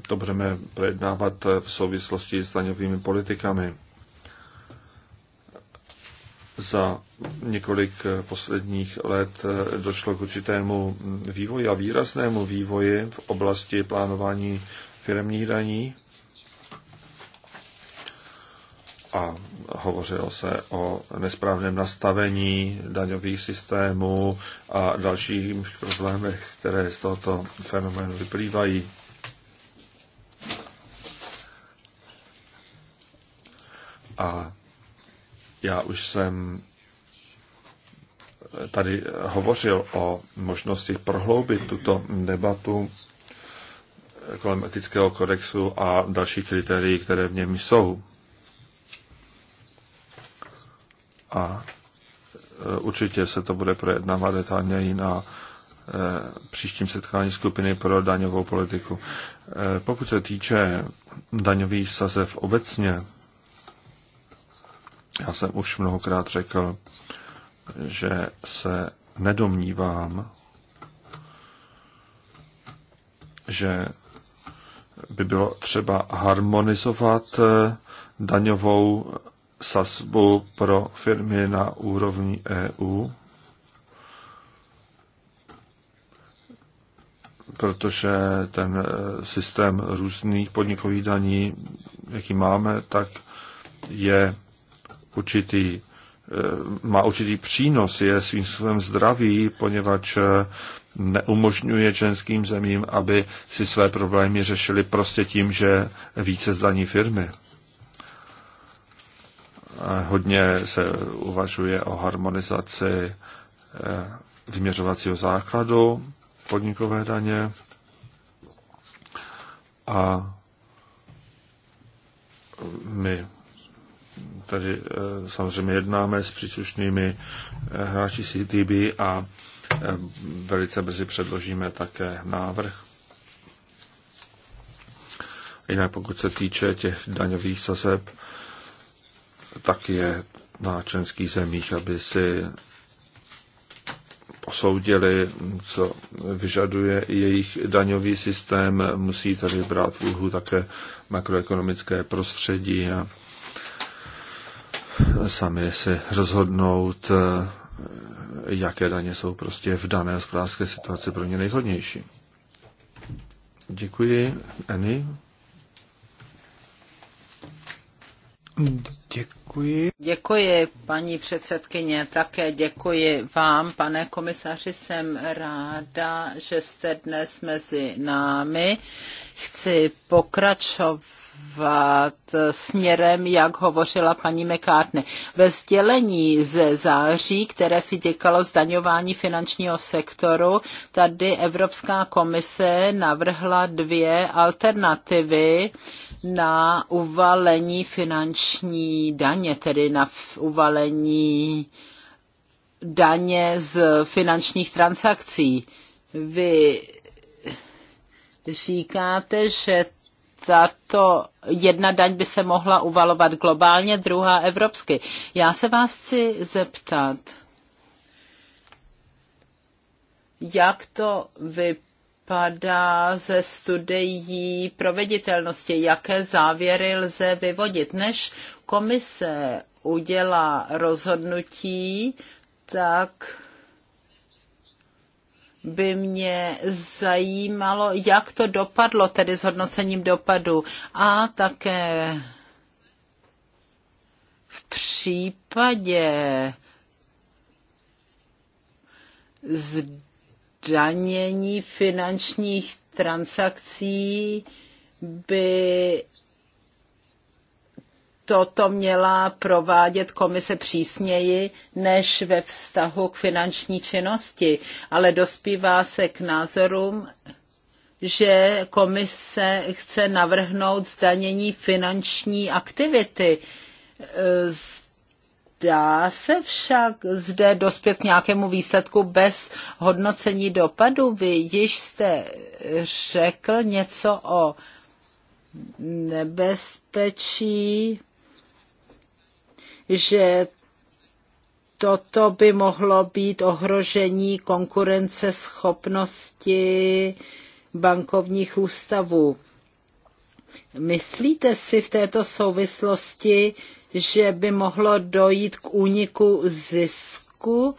to budeme projednávat v souvislosti s daňovými politikami za několik eh, posledních let eh, došlo k určitému vývoji a výraznému vývoji v oblasti plánování firmních daní. A hovořilo se o nesprávném nastavení daňových systémů a dalších problémech, které z tohoto fenoménu vyplývají. A já už jsem tady hovořil o možnosti prohloubit tuto debatu kolem etického kodexu a dalších kritérií, které v něm jsou. A e, určitě se to bude projednávat detailněji na e, příštím setkání skupiny pro daňovou politiku. E, pokud se týče daňových sazev obecně, já jsem už mnohokrát řekl, že se nedomnívám, že by bylo třeba harmonizovat eh, daňovou sazbu pro firmy na úrovni EU, protože ten eh, systém různých podnikových daní, jaký máme, tak je určitý, eh, má určitý přínos, je svým způsobem zdravý, poněvadž eh, neumožňuje ženským zemím, aby si své problémy řešili prostě tím, že více zdaní firmy. Hodně se uvažuje o harmonizaci eh, vyměřovacího základu podnikové daně a my tady eh, samozřejmě jednáme s příslušnými eh, hráči CTB a eh, velice brzy předložíme také návrh. Jinak pokud se týče těch daňových sazeb, tak je na členských zemích, aby si posoudili, co vyžaduje jejich daňový systém. Musí tady brát v úhlu také makroekonomické prostředí a sami si rozhodnout, eh, jaké daně jsou prostě v dané hospodářské situaci pro ně nejvhodnější. Děkuji. Annie? Děkuji. Děkuji, paní předsedkyně, také děkuji vám, pane komisaři. Jsem ráda, že jste dnes mezi námi. Chci pokračovat pokračovat směrem, jak hovořila paní McCartney. Ve sdělení ze září, které si týkalo zdaňování finančního sektoru, tady Evropská komise navrhla dvě alternativy na uvalení finanční daně, tedy na uvalení daně z finančních transakcí. Vy říkáte, že tato jedna daň by se mohla uvalovat globálně, druhá evropsky. Já se vás chci zeptat, jak to vypadá ze studií proveditelnosti, jaké závěry lze vyvodit. Než komise udělá rozhodnutí, tak by mě zajímalo, jak to dopadlo tedy s hodnocením dopadu a také v případě zdanění finančních transakcí by toto měla provádět komise přísněji než ve vztahu k finanční činnosti, ale dospívá se k názorům, že komise chce navrhnout zdanění finanční aktivity. Dá se však zde dospět k nějakému výsledku bez hodnocení dopadu. Vy již jste řekl něco o nebezpečí že toto by mohlo být ohrožení konkurence schopnosti bankovních ústavů. Myslíte si v této souvislosti, že by mohlo dojít k úniku zisku,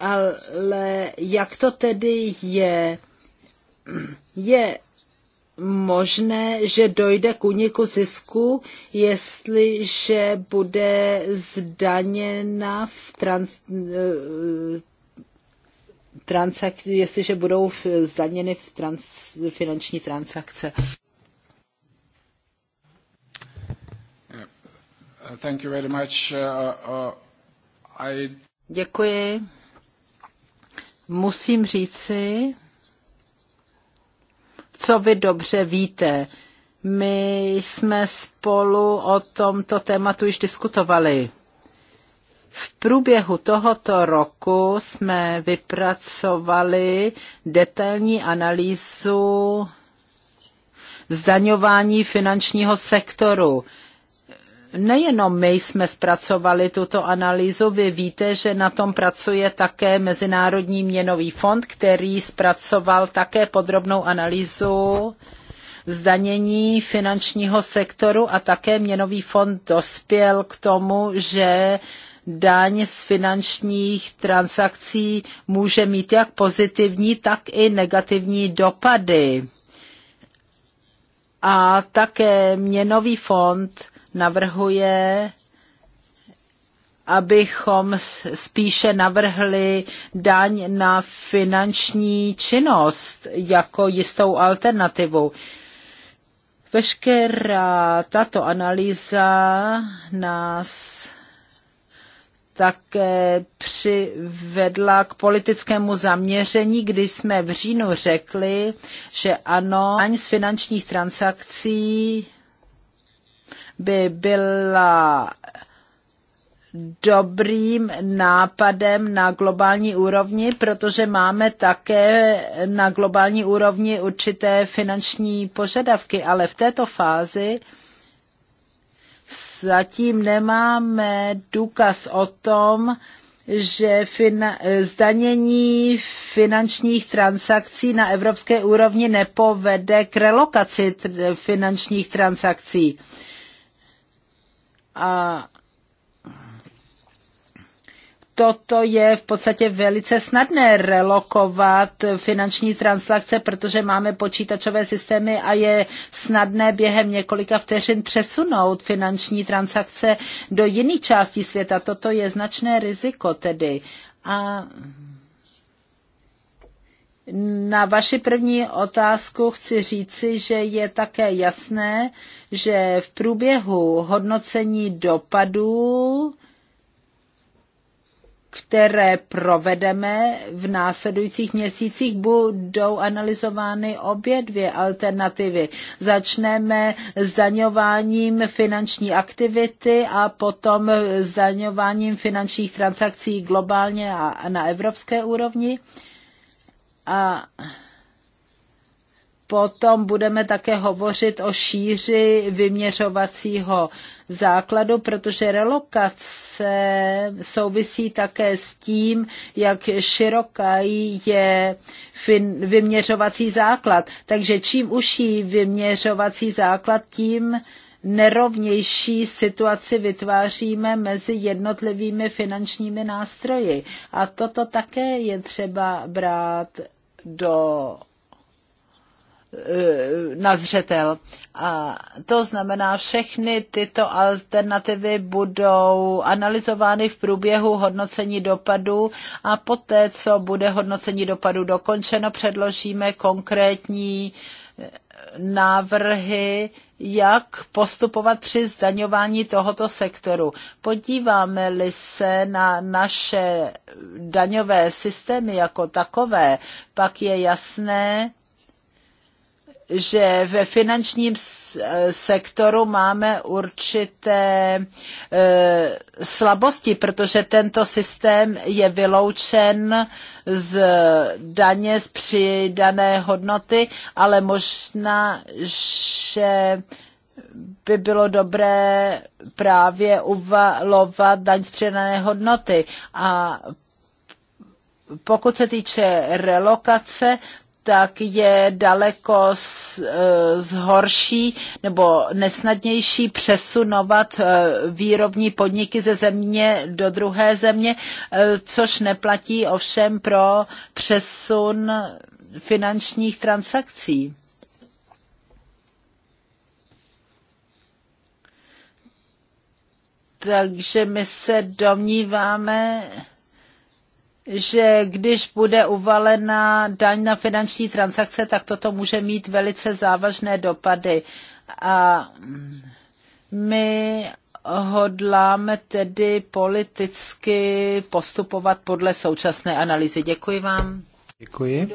ale jak to tedy je? Je možné, že dojde k úniku zisku, jestliže bude zdaněna v trans, eh, transak, jestliže budou zdaněny v trans, finanční transakce. Uh, thank you very much. Uh, uh, I... Děkuji. Musím říci, co vy dobře víte. My jsme spolu o tomto tématu již diskutovali. V průběhu tohoto roku jsme vypracovali detailní analýzu zdaňování finančního sektoru Nejenom my jsme zpracovali tuto analýzu, vy víte, že na tom pracuje také Mezinárodní měnový fond, který zpracoval také podrobnou analýzu zdanění finančního sektoru a také měnový fond dospěl k tomu, že daň z finančních transakcí může mít jak pozitivní, tak i negativní dopady. A také měnový fond navrhuje, abychom spíše navrhli daň na finanční činnost jako jistou alternativu. Veškerá tato analýza nás také přivedla k politickému zaměření, kdy jsme v říjnu řekli, že ano, ani z finančních transakcí by byla dobrým nápadem na globální úrovni, protože máme také na globální úrovni určité finanční požadavky, ale v této fázi zatím nemáme důkaz o tom, že fina- zdanění finančních transakcí na evropské úrovni nepovede k relokaci finančních transakcí a toto je v podstatě velice snadné relokovat finanční transakce, protože máme počítačové systémy a je snadné během několika vteřin přesunout finanční transakce do jiných částí světa. Toto je značné riziko tedy. A na vaši první otázku chci říci, že je také jasné, že v průběhu hodnocení dopadů, které provedeme v následujících měsících, budou analyzovány obě dvě alternativy. Začneme zdaňováním finanční aktivity a potom zdaňováním finančních transakcí globálně a na evropské úrovni. A Potom budeme také hovořit o šíři vyměřovacího základu, protože relokace souvisí také s tím, jak široká je vyměřovací základ. Takže čím užší vyměřovací základ, tím nerovnější situaci vytváříme mezi jednotlivými finančními nástroji. A toto také je třeba brát do eh, na zřetel. A to znamená, všechny tyto alternativy budou analyzovány v průběhu hodnocení dopadu a poté, co bude hodnocení dopadu dokončeno, předložíme konkrétní uh, návrhy, jak postupovat při zdaňování tohoto sektoru. Podíváme-li se na naše daňové systémy jako takové, pak je jasné, že ve finančním eh, sektoru máme určité eh, slabosti, protože tento systém je vyloučen z daně z přidané hodnoty, ale možná, že by bylo dobré právě uvalovat daň z přidané hodnoty. A pokud se týče relokace, tak je daleko eh, zhorší nebo nesnadnější přesunovat eh, výrobní podniky ze země do druhé země, eh, což neplatí ovšem pro přesun finančních transakcí. Takže my se domníváme, že když bude uvalena daň na finanční transakce, tak toto může mít velice závažné dopady. A my hodláme tedy politicky postupovat podle současné analýzy. Děkuji vám. Děkuji.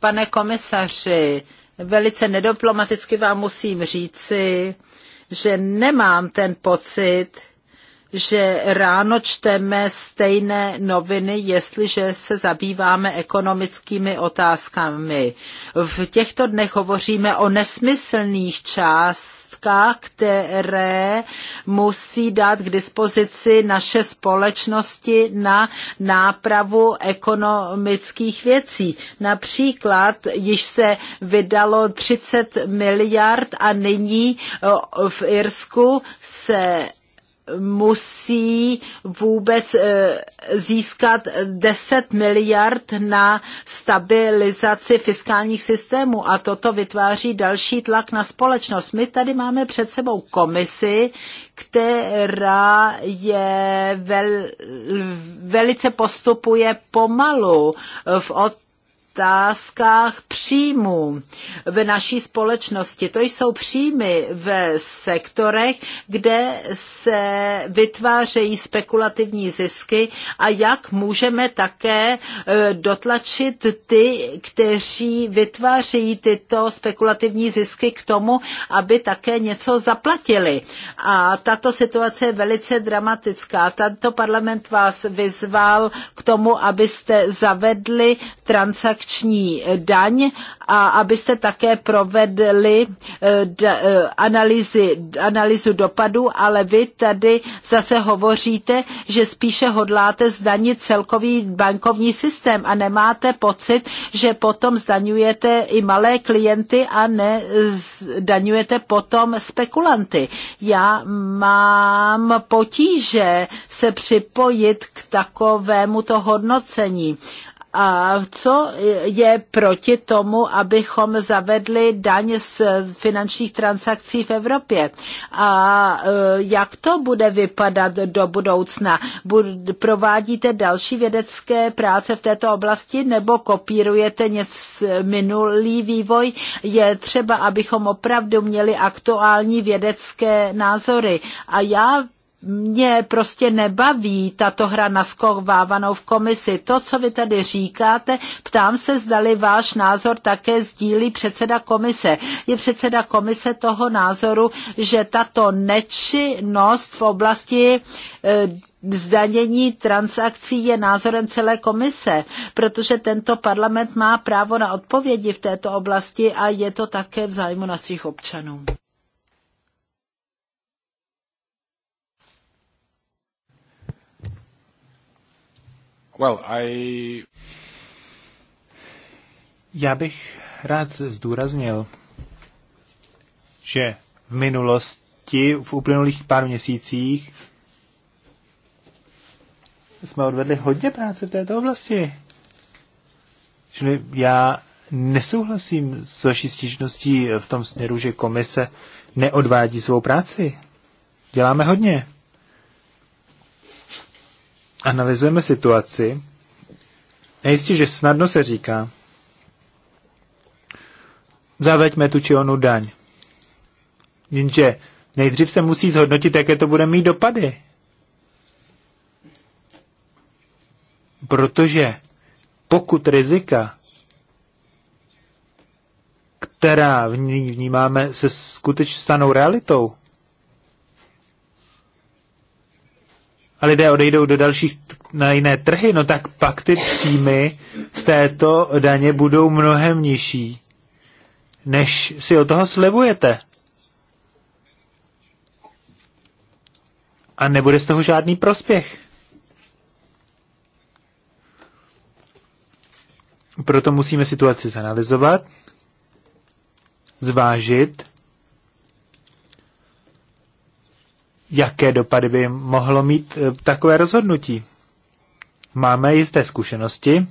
Pane komisaři, velice nedoplomaticky vám musím říci, že nemám ten pocit, že ráno čteme stejné noviny, jestliže se zabýváme ekonomickými otázkami. V těchto dnech hovoříme o nesmyslných částkách, které musí dát k dispozici naše společnosti na nápravu ekonomických věcí. Například již se vydalo 30 miliard a nyní eh, v Irsku se musí vůbec eh, získat 10 miliard na stabilizaci fiskálních systémů a toto vytváří další tlak na společnost. My tady máme před sebou komisi, která je vel, velice postupuje pomalu v od otázkách příjmů v naší společnosti. To jsou příjmy v sektorech, kde se vytvářejí spekulativní zisky a jak můžeme také e, dotlačit ty, kteří vytvářejí tyto spekulativní zisky k tomu, aby také něco zaplatili. A tato situace je velice dramatická. Tento parlament vás vyzval k tomu, abyste zavedli transakce transakční daň a abyste také provedli eh, eh, analýzy, analýzu dopadu, ale vy tady zase hovoříte, že spíše hodláte zdanit celkový bankovní systém a nemáte pocit, že potom zdaňujete i malé klienty a ne zdaňujete potom spekulanty. Já mám potíže se připojit k takovému to hodnocení. A co je proti tomu, abychom zavedli daň z finančních transakcí v Evropě? A e, jak to bude vypadat do budoucna? Provádíte další vědecké práce v této oblasti nebo kopírujete něco minulý vývoj? Je třeba, abychom opravdu měli aktuální vědecké názory. A já mě prostě nebaví tato hra na v komisi. To, co vy tady říkáte, ptám se, zdali váš názor také sdílí předseda komise. Je předseda komise toho názoru, že tato nečinnost v oblasti e, zdanění transakcí je názorem celé komise, protože tento parlament má právo na odpovědi v této oblasti a je to také v zájmu našich občanů. Well, I... Já bych rád zdůraznil, že v minulosti, v uplynulých pár měsících, jsme odvedli hodně práce v této oblasti. Čili já nesouhlasím s vaší stížností v tom směru, že komise neodvádí svou práci. Děláme hodně analyzujeme situaci, a jistě, že snadno se říká, zaveďme tu či onu daň. Jenže nejdřív se musí zhodnotit, jaké to bude mít dopady. Protože pokud rizika, která v ní vnímáme, se skutečně stanou realitou, a lidé odejdou do dalších na jiné trhy, no tak pak ty příjmy z této daně budou mnohem nižší, než si od toho slibujete. A nebude z toho žádný prospěch. Proto musíme situaci zanalizovat, zvážit, jaké dopady by mohlo mít eh, takové rozhodnutí. Máme jisté zkušenosti.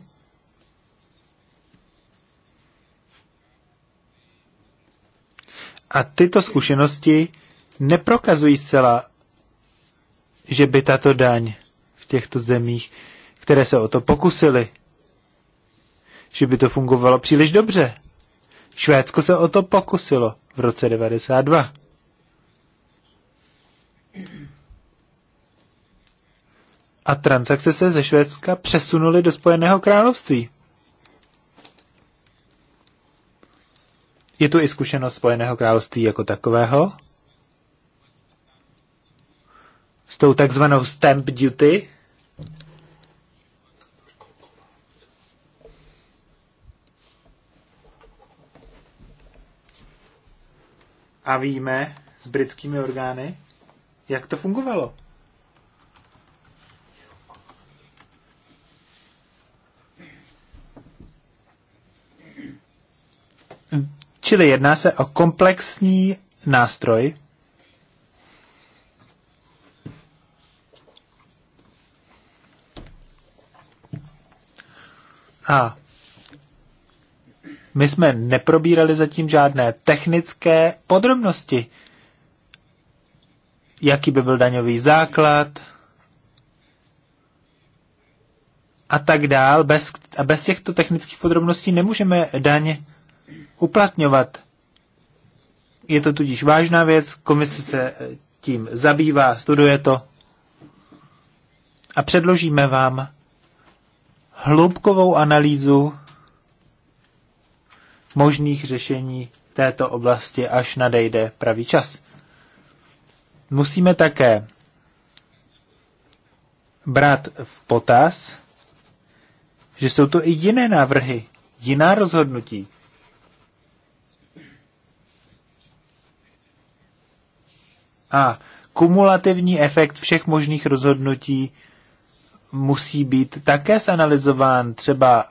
A tyto zkušenosti neprokazují zcela, že by tato daň v těchto zemích, které se o to pokusily, že by to fungovalo příliš dobře. Švédsko se o to pokusilo v roce 92. a transakce se ze Švédska přesunuly do Spojeného království. Je tu i zkušenost Spojeného království jako takového? S tou takzvanou stamp duty? A víme s britskými orgány, jak to fungovalo. Čili jedná se o komplexní nástroj, A my jsme neprobírali zatím žádné technické podrobnosti. Jaký by byl daňový základ a tak dál. Bez, a bez těchto technických podrobností nemůžeme daň uplatňovat. Je to tudíž vážná věc, komise se eh, tím zabývá, studuje to a předložíme vám hloubkovou analýzu možných řešení této oblasti, až nadejde pravý čas. Musíme také brát v potaz, že jsou to i jiné návrhy, jiná rozhodnutí, a kumulativní efekt všech možných rozhodnutí musí být také zanalizován. Třeba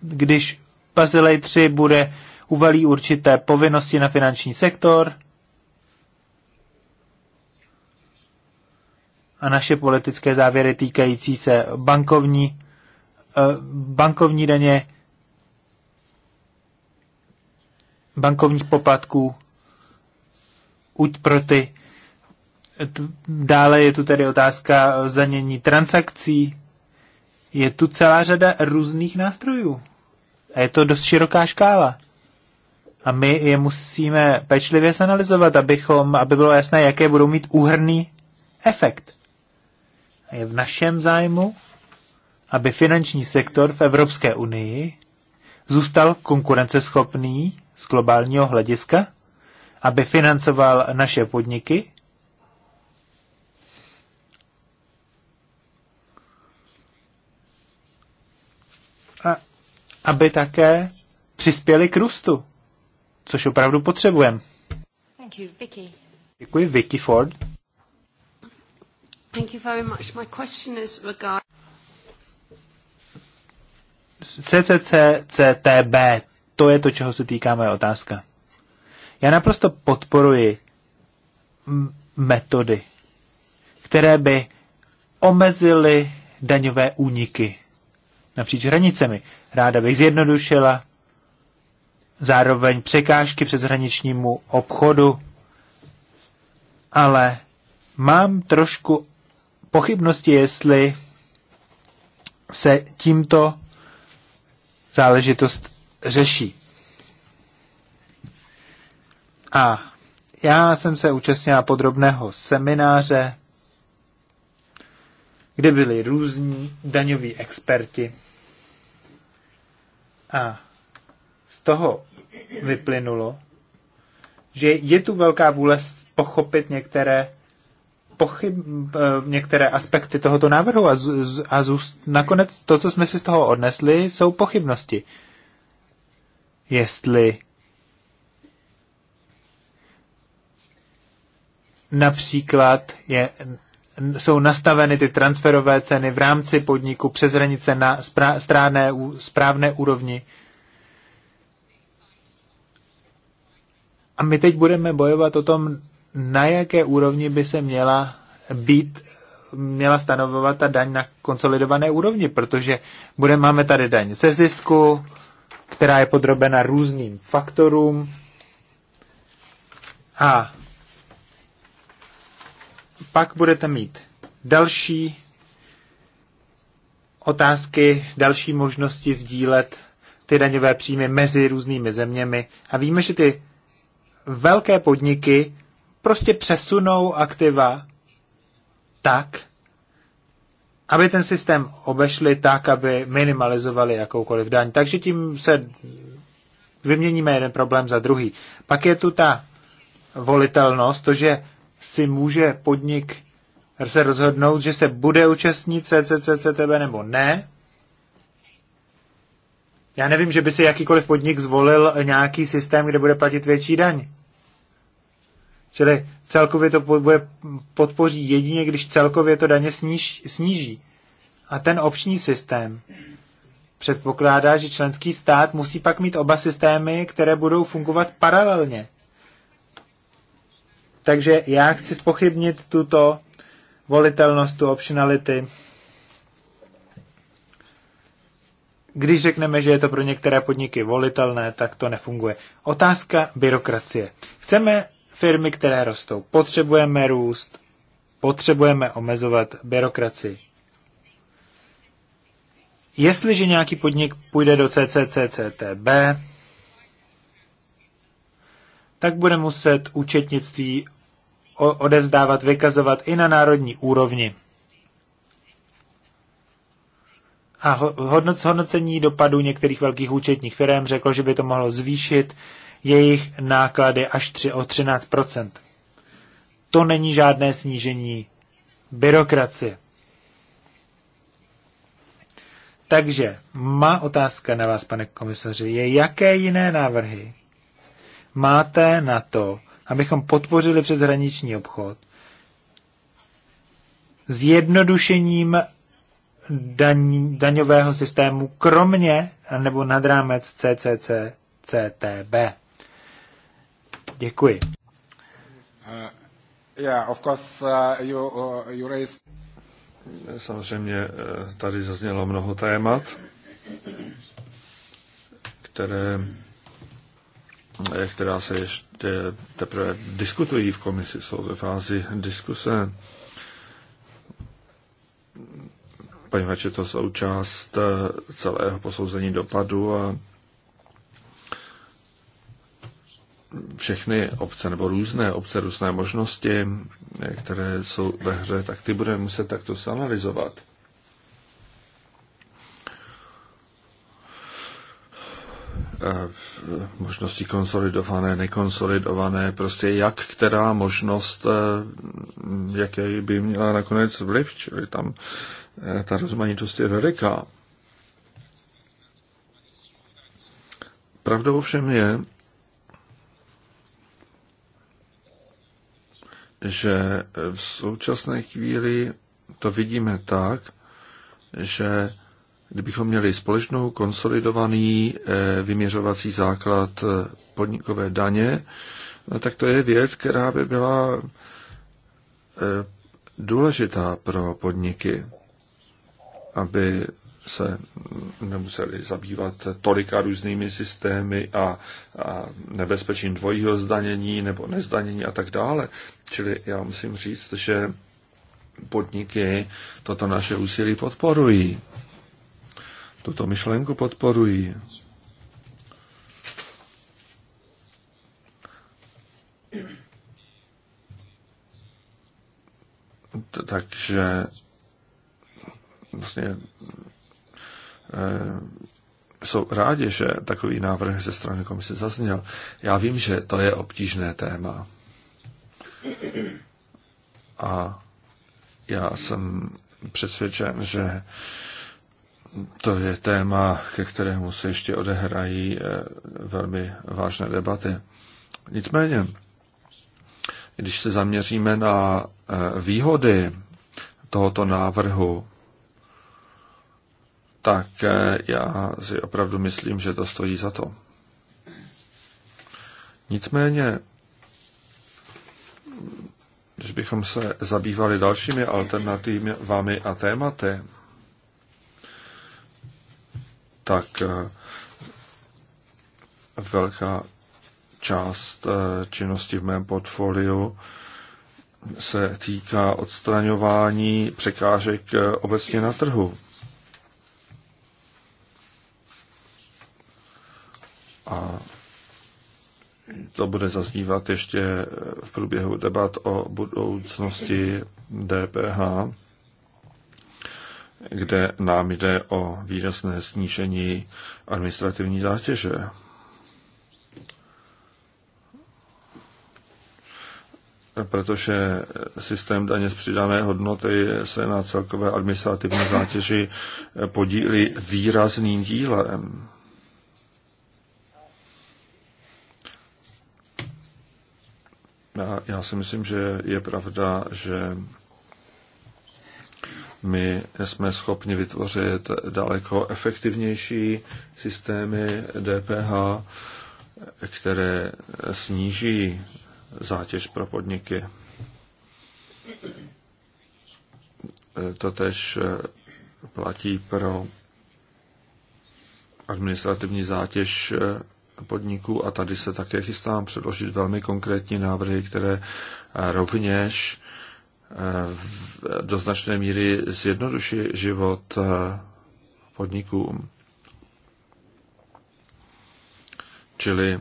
když Pazilej 3 bude uvalí určité povinnosti na finanční sektor a naše politické závěry týkající se bankovní, eh, bankovní daně, bankovních poplatků pro ty. Dále je tu tedy otázka zdanění transakcí. Je tu celá řada různých nástrojů. A je to dost široká škála. A my je musíme pečlivě analyzovat, abychom, aby bylo jasné, jaké budou mít úhrný efekt. A je v našem zájmu, aby finanční sektor v Evropské unii zůstal konkurenceschopný z globálního hlediska aby financoval naše podniky. A aby také přispěli k růstu, což opravdu potřebujeme. Děkuji, Vicky Ford. Thank you very much. My question is regard... CCCCTB, to je to, čeho se týká moje otázka. Já naprosto podporuji metody, které by omezily daňové úniky napříč hranicemi. Ráda bych zjednodušila zároveň překážky hraničnímu obchodu, ale mám trošku pochybnosti, jestli se tímto záležitost řeší. A já jsem se účastnila podrobného semináře, kde byli různí daňoví experti. A z toho vyplynulo, že je tu velká vůle pochopit některé, pochyb, eh, některé aspekty tohoto návrhu a, z, a z, nakonec to, co jsme si z toho odnesli, jsou pochybnosti. Jestli například je, jsou nastaveny ty transferové ceny v rámci podniku přes hranice na správné, správné úrovni. A my teď budeme bojovat o tom, na jaké úrovni by se měla být, měla stanovovat ta daň na konsolidované úrovni, protože bude, máme tady daň ze zisku, která je podrobena různým faktorům. A pak budete mít další otázky, další možnosti sdílet ty daňové příjmy mezi různými zeměmi. A víme, že ty velké podniky prostě přesunou aktiva tak, aby ten systém obešli tak, aby minimalizovali jakoukoliv daň. Takže tím se vyměníme jeden problém za druhý. Pak je tu ta volitelnost, to, že si může podnik se rozhodnout, že se bude účastnit CCCCTB nebo ne. Já nevím, že by si jakýkoliv podnik zvolil nějaký systém, kde bude platit větší daň. Čili celkově to bude podpoří jedině, když celkově to daně sníž, sníží. A ten obční systém předpokládá, že členský stát musí pak mít oba systémy, které budou fungovat paralelně. Takže já chci spochybnit tuto volitelnost, tu optionality. Když řekneme, že je to pro některé podniky volitelné, tak to nefunguje. Otázka byrokracie. Chceme firmy, které rostou. Potřebujeme růst, potřebujeme omezovat byrokracii. Jestliže nějaký podnik půjde do CCCCTB, tak bude muset účetnictví odevzdávat, vykazovat i na národní úrovni. A hodnocení dopadů některých velkých účetních firm řeklo, že by to mohlo zvýšit jejich náklady až 3 o 13 To není žádné snížení byrokracie. Takže má otázka na vás, pane komisaři, je jaké jiné návrhy máte na to, abychom potvořili přeshraniční obchod zjednodušením daň, daňového systému, kromě nebo nad rámec CCC, CTB. Děkuji. Uh, yeah, of course, uh, you, uh, you raised... Samozřejmě eh, tady zaznělo mnoho témat, které Eh, která se ještě teprve diskutují v komisi, jsou ve fázi diskuse, poněvadž je to součást eh, celého posouzení dopadu a všechny obce nebo různé obce, různé možnosti, eh, které jsou ve hře, tak ty budeme muset takto analyzovat. Eh, možnosti konsolidované, nekonsolidované, prostě jak která možnost, eh, jaký by měla nakonec vliv, čili tam eh, ta rozmanitost je veliká. Pravdou všem je, že v současné chvíli to vidíme tak, že kdybychom měli společnou konsolidovaný eh, vyměřovací základ eh, podnikové daně, no, tak to je věc, která by byla eh, důležitá pro podniky, aby se nemuseli zabývat tolika různými systémy a, a nebezpečím dvojího zdanění nebo nezdanění a tak dále. Čili já musím říct, že podniky toto naše úsilí podporují tuto myšlenku podporují. Takže vlastně eh, jsou rádi, že takový návrh ze strany komise zazněl. Já vím, že to je obtížné téma. A já jsem přesvědčen, že to je téma, ke kterému se ještě odehrají eh, velmi vážné debaty. Nicméně, když se zaměříme na eh, výhody tohoto návrhu, tak eh, já si opravdu myslím, že to stojí za to. Nicméně, když bychom se zabývali dalšími alternativami a tématy, tak eh, velká část eh, činnosti v mém portfoliu se týká odstraňování překážek eh, obecně na trhu. A to bude zaznívat ještě v průběhu debat o budoucnosti DPH kde nám jde o výrazné snížení administrativní zátěže. protože systém daně z přidané hodnoty se na celkové administrativní zátěži podílí výrazným dílem. Já, já si myslím, že je pravda, že my jsme schopni vytvořit daleko efektivnější systémy DPH, které sníží zátěž pro podniky. To tež platí pro administrativní zátěž podniků a tady se také chystám předložit velmi konkrétní návrhy, které rovněž Eh, do značné míry zjednoduší život eh, podnikům. Čili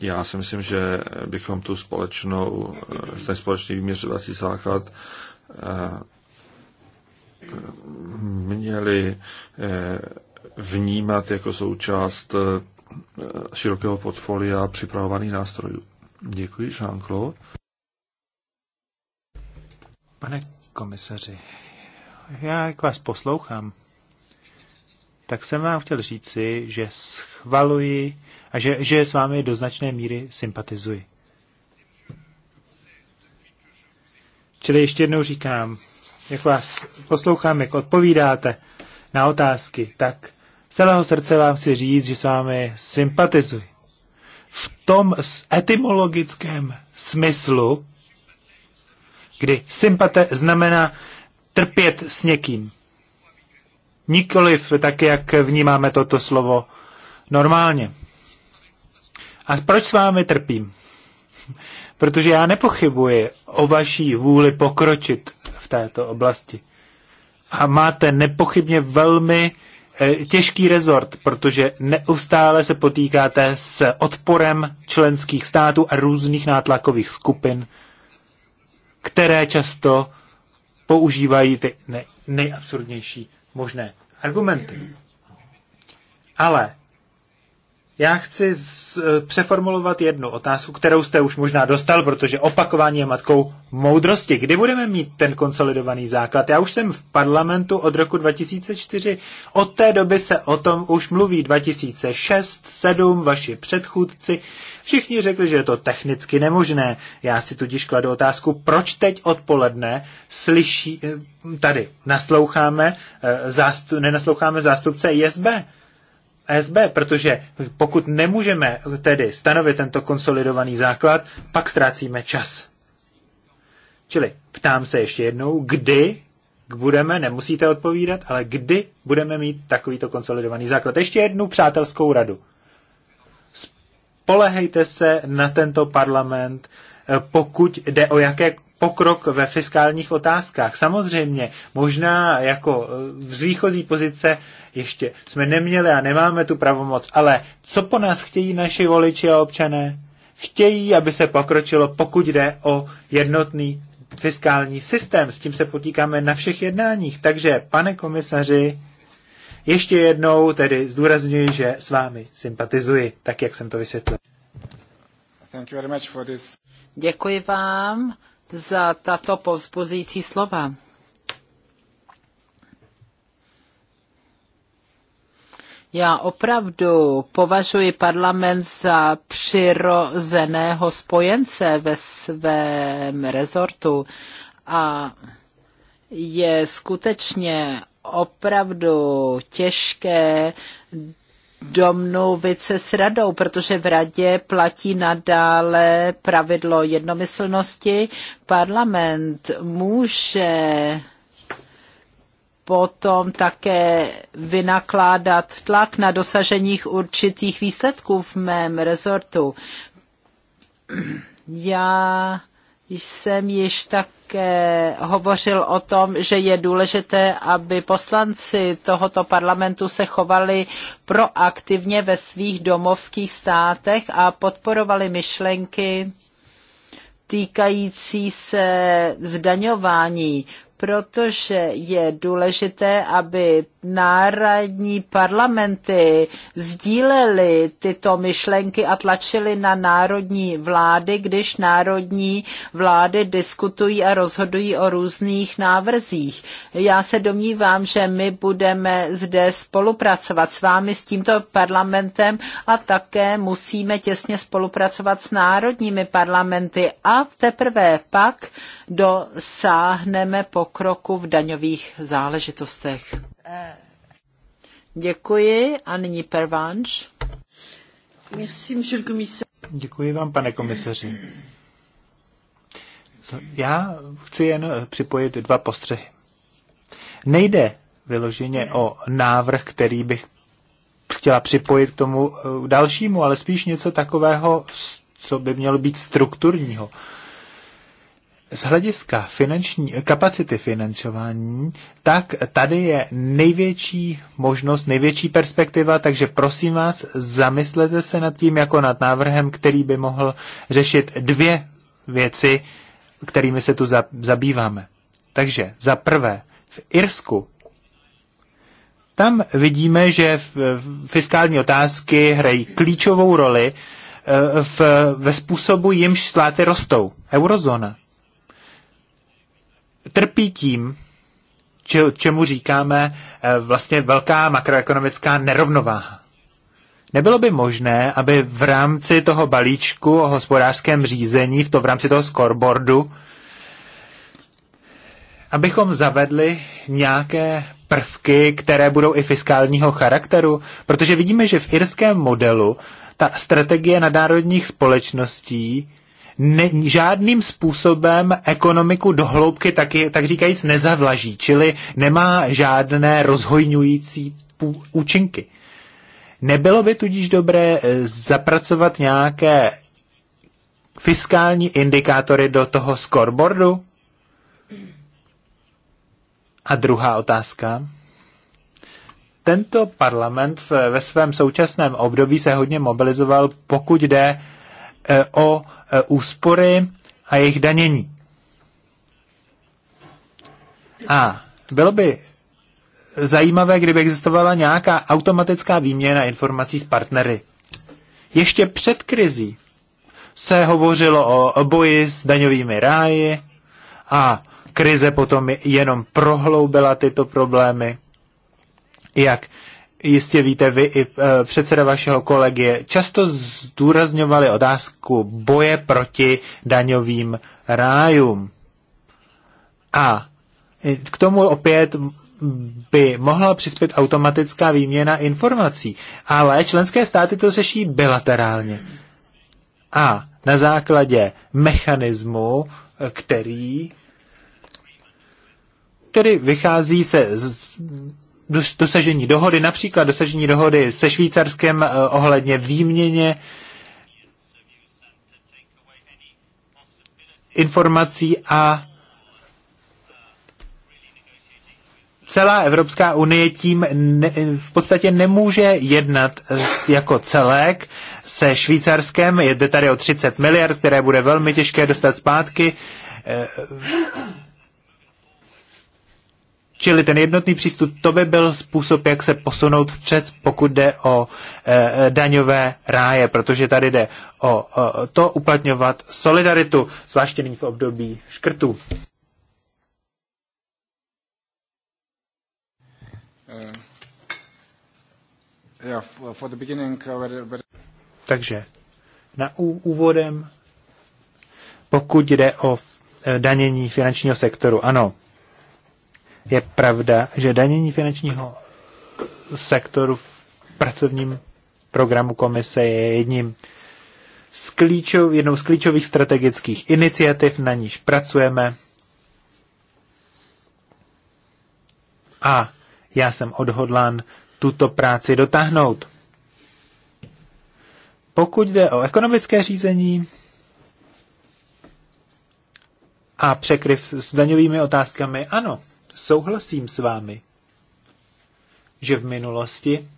já si myslím, že bychom tu společnou, eh, ten společný vyměřovací základ měli vnímat jako součást širokého portfolia připravovaných nástrojů. Děkuji, Jean-Claude. Pane komisaři, já jak vás poslouchám, tak jsem vám chtěl říci, že schvaluji a že, že s vámi do značné míry sympatizuji. Čili ještě jednou říkám, jak vás poslouchám, jak odpovídáte na otázky, tak celého srdce vám chci říct, že s vámi sympatizuji. V tom etymologickém smyslu, kdy sympate znamená trpět s někým. Nikoliv tak, jak vnímáme toto slovo normálně. A proč s vámi trpím? [LAUGHS] Protože já nepochybuji o vaší vůli pokročit v této oblasti. A máte nepochybně velmi eh, těžký rezort, protože neustále se potýkáte s odporem členských států a různých nátlakových skupin které často používají ty nej, nejabsurdnější možné argumenty. Ale já chci z, eh, přeformulovat jednu otázku, kterou jste už možná dostal, protože opakování je matkou moudrosti. Kdy budeme mít ten konsolidovaný základ? Já už jsem v parlamentu od roku 2004. Od té doby se o tom už mluví 2006, 7, vaši předchůdci. Všichni řekli, že je to technicky nemožné. Já si tudíž kladu otázku, proč teď odpoledne slyší, eh, tady nasloucháme, eh, zástup, nenasloucháme zástupce ISB SB, protože pokud nemůžeme tedy stanovit tento konsolidovaný základ, pak ztrácíme čas. Čili ptám se ještě jednou, kdy budeme, nemusíte odpovídat, ale kdy budeme mít takovýto konsolidovaný základ. Ještě jednu přátelskou radu. Spolehejte se na tento parlament, eh, pokud jde o jaké pokrok ve fiskálních otázkách. Samozřejmě, možná jako e, v výchozí pozice ještě jsme neměli a nemáme tu pravomoc, ale co po nás chtějí naši voliči a občané? Chtějí, aby se pokročilo, pokud jde o jednotný fiskální systém. S tím se potýkáme na všech jednáních. Takže, pane komisaři, ještě jednou tedy zdůrazňuji, že s vámi sympatizuji, tak jak jsem to vysvětlil. Děkuji vám za tato povzbuzující slova. Já opravdu považuji parlament za přirozeného spojence ve svém rezortu a je skutečně opravdu těžké domluvit se s radou, protože v radě platí nadále pravidlo jednomyslnosti. Parlament může potom také vynakládat tlak na dosaženích určitých výsledků v mém rezortu. Já jsem již také hovořil o tom, že je důležité, aby poslanci tohoto parlamentu se chovali proaktivně ve svých domovských státech a podporovali myšlenky týkající se zdaňování protože je důležité, aby národní parlamenty sdílely tyto myšlenky a tlačily na národní vlády, když národní vlády diskutují a rozhodují o různých návrzích. Já se domnívám, že my budeme zde spolupracovat s vámi, s tímto parlamentem a také musíme těsně spolupracovat s národními parlamenty a teprve pak dosáhneme pokud pokroku v daňových záležitostech. Děkuji a nyní pervanč. Děkuji vám, pane komisaři. Já chci jen eh, připojit dva postřehy. Nejde vyloženě o návrh, který bych chtěla připojit k tomu eh, dalšímu, ale spíš něco takového, co by mělo být strukturního z hlediska finanční, kapacity financování, tak tady je největší možnost, největší perspektiva, takže prosím vás, zamyslete se nad tím jako nad návrhem, který by mohl řešit dvě věci, kterými se tu zabýváme. Takže za prvé, v Irsku tam vidíme, že fiskální otázky hrají klíčovou roli eh, v, ve způsobu, jimž sláty rostou. Eurozóna trpí tím, či, čemu říkáme eh, vlastně velká makroekonomická nerovnováha. Nebylo by možné, aby v rámci toho balíčku o hospodářském řízení, v, to, v rámci toho scoreboardu, abychom zavedli nějaké prvky, které budou i fiskálního charakteru, protože vidíme, že v irském modelu ta strategie nadnárodních společností ne, žádným způsobem ekonomiku dohloubky tak, tak říkajíc nezavlaží, čili nemá žádné rozhojňující účinky. Nebylo by tudíž dobré eh, zapracovat nějaké fiskální indikátory do toho scoreboardu? A druhá otázka. Tento parlament ve svém současném období se hodně mobilizoval, pokud jde eh, o Eh, úspory a jejich danění. A bylo by zajímavé, kdyby existovala nějaká automatická výměna informací s partnery. Ještě před krizí se hovořilo o boji s daňovými ráji a krize potom jenom prohloubila tyto problémy. Jak jistě víte vy i eh, předseda vašeho kolegie, často zdůrazňovali otázku boje proti daňovým rájům. A k tomu opět by mohla přispět automatická výměna informací, ale členské státy to řeší bilaterálně. A na základě mechanismu, eh, který který vychází se z, dosažení dohody, například dosažení dohody se Švýcarskem eh, ohledně výměně informací a celá Evropská unie tím ne, v podstatě nemůže jednat jako celek se Švýcarskem. Jde tady o 30 miliard, které bude velmi těžké dostat zpátky. Eh, Čili ten jednotný přístup, to by byl způsob, jak se posunout vpřed, pokud jde o e, daňové ráje, protože tady jde o, o to uplatňovat solidaritu, zvláště nyní v období škrtů. Uh, yeah, for the beginning, uh, where, where... Takže na úvodem, pokud jde o eh, danění finančního sektoru, ano, je pravda, že danění finančního sektoru v pracovním programu komise je jedním z klíčov, jednou z klíčových strategických iniciativ, na níž pracujeme. A já jsem odhodlán tuto práci dotáhnout. Pokud jde o ekonomické řízení a překryv s daňovými otázkami, ano, souhlasím s vámi, že v minulosti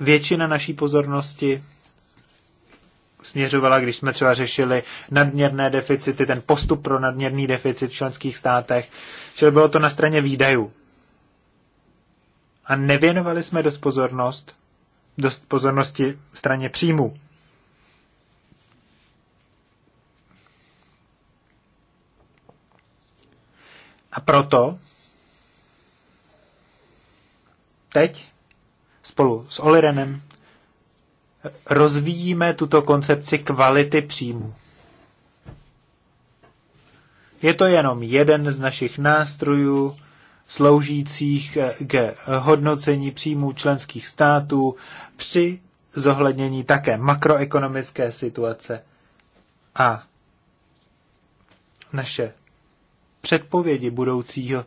většina naší pozornosti směřovala, když jsme třeba řešili nadměrné deficity, ten postup pro nadměrný deficit v členských státech, že bylo to na straně výdajů. A nevěnovali jsme dost pozornost, dost pozornosti straně příjmů. A proto teď spolu s Olirenem rozvíjíme tuto koncepci kvality příjmu. Je to jenom jeden z našich nástrojů sloužících eh, k hodnocení příjmů členských států při zohlednění také makroekonomické situace a naše předpovědi budoucího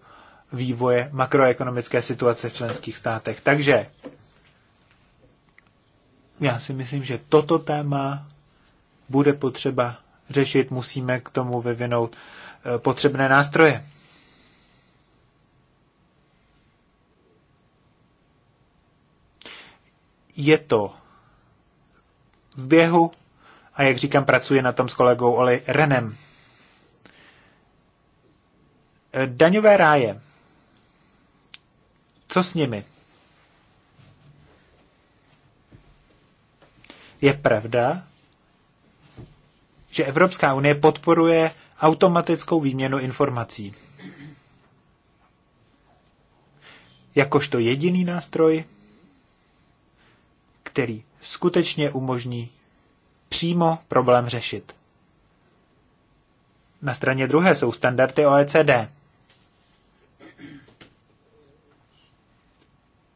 vývoje makroekonomické situace v členských státech. Takže já si myslím, že toto téma bude potřeba řešit, musíme k tomu vyvinout eh, potřebné nástroje. Je to v běhu a jak říkám, pracuje na tom s kolegou Oli Renem. Eh, daňové ráje. Co s nimi? Je pravda, že Evropská unie podporuje automatickou výměnu informací. Jakožto jediný nástroj, který skutečně umožní přímo problém řešit. Na straně druhé jsou standardy OECD.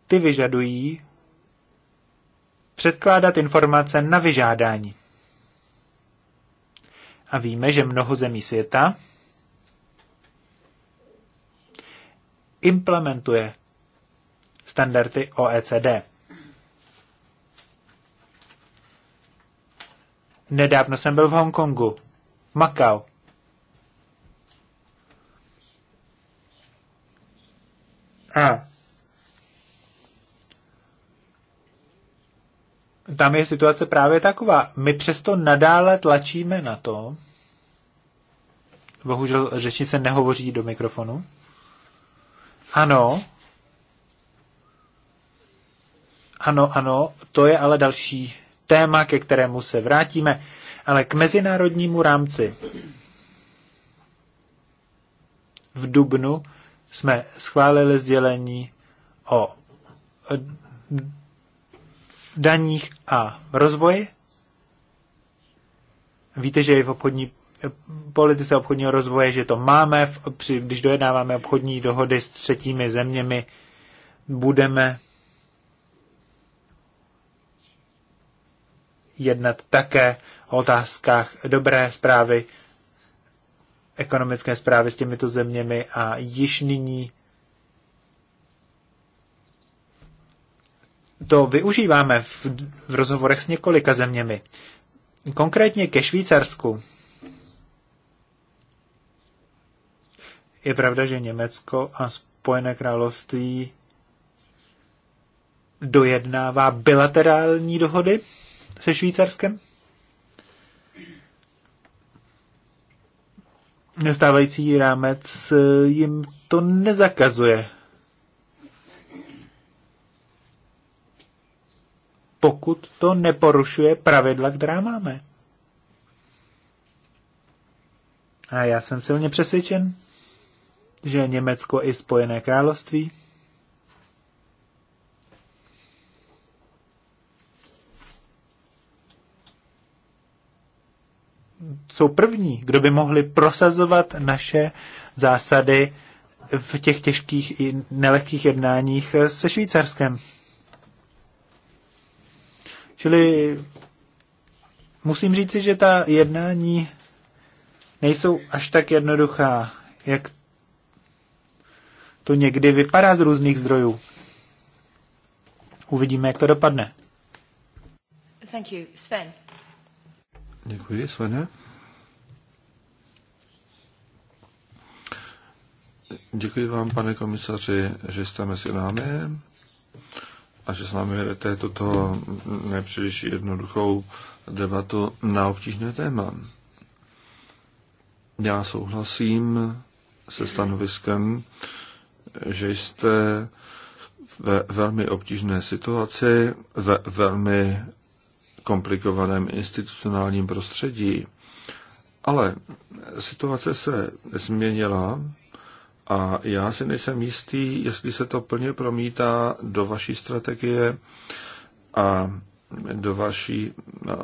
ty vyžadují předkládat informace na vyžádání. A víme, že mnoho zemí světa implementuje standardy OECD. Nedávno jsem byl v Hongkongu, v Makau. A tam je situace právě taková. My přesto nadále tlačíme na to, bohužel řečnice nehovoří do mikrofonu. Ano, ano, ano, to je ale další téma, ke kterému se vrátíme, ale k mezinárodnímu rámci. V Dubnu jsme schválili sdělení o v daních a rozvoji. Víte, že i v obchodní politice obchodního rozvoje, že to máme, v, při, když dojednáváme obchodní dohody s třetími zeměmi, budeme jednat také o otázkách dobré zprávy, ekonomické zprávy s těmito zeměmi a již nyní to využíváme v, v rozhovorech s několika zeměmi. Konkrétně ke Švýcarsku. Je pravda, že Německo a Spojené království dojednává bilaterální dohody se Švýcarskem? Nestávající rámec eh, jim to nezakazuje. pokud to neporušuje pravidla, která máme. A já jsem silně přesvědčen, že Německo i Spojené království jsou první, kdo by mohli prosazovat naše zásady v těch těžkých i nelehkých jednáních se Švýcarskem. Čili musím říci, že ta jednání nejsou až tak jednoduchá, jak to někdy vypadá z různých zdrojů. Uvidíme, jak to dopadne. Thank you. Sven. Děkuji, Svene. Děkuji vám, pane komisaři, že jste mezi námi a že s námi vedete tuto nepříliš jednoduchou debatu na obtížné téma. Já souhlasím se stanoviskem, že jste ve velmi obtížné situaci, ve velmi komplikovaném institucionálním prostředí. Ale situace se změnila a já si nejsem jistý, jestli se to plně promítá do vaší strategie a do, vaší,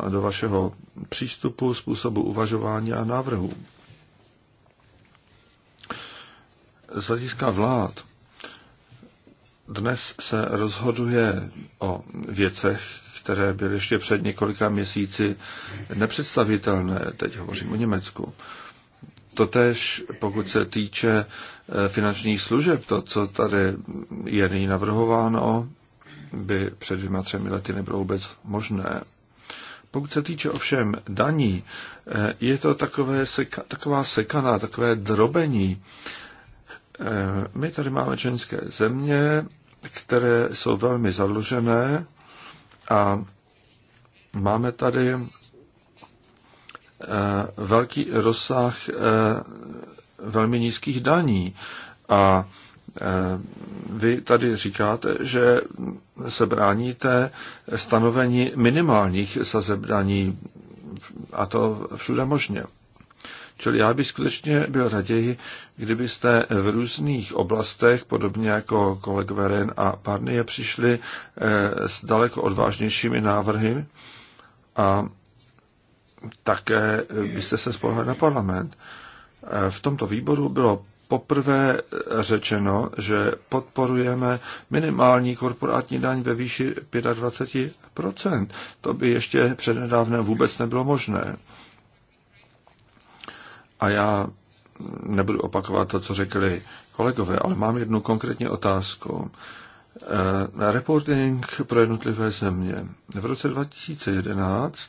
do vašeho přístupu, způsobu uvažování a návrhu. Z hlediska vlád dnes se rozhoduje o věcech, které byly ještě před několika měsíci nepředstavitelné, teď hovořím o Německu. Totež pokud se týče e, finančních služeb, to, co tady je nyní navrhováno, by před dvěma třemi lety nebylo vůbec možné. Pokud se týče ovšem daní, e, je to takové seka, taková sekaná, takové drobení. E, my tady máme členské země, které jsou velmi zadlužené a máme tady Eh, velký rozsah eh, velmi nízkých daní. A eh, vy tady říkáte, že se bráníte stanovení minimálních sazeb daní a to všude možně. Čili já bych skutečně byl raději, kdybyste v různých oblastech, podobně jako kolegové Ren a Parnie, přišli s daleko odvážnějšími návrhy a také byste eh, se spolehli na parlament. Eh, v tomto výboru bylo poprvé eh, řečeno, že podporujeme minimální korporátní daň ve výši 25%. To by ještě přednedávnem vůbec nebylo možné. A já hm, nebudu opakovat to, co řekli kolegové, ale mám jednu konkrétní otázku. na reporting pro jednotlivé země. V roce 2011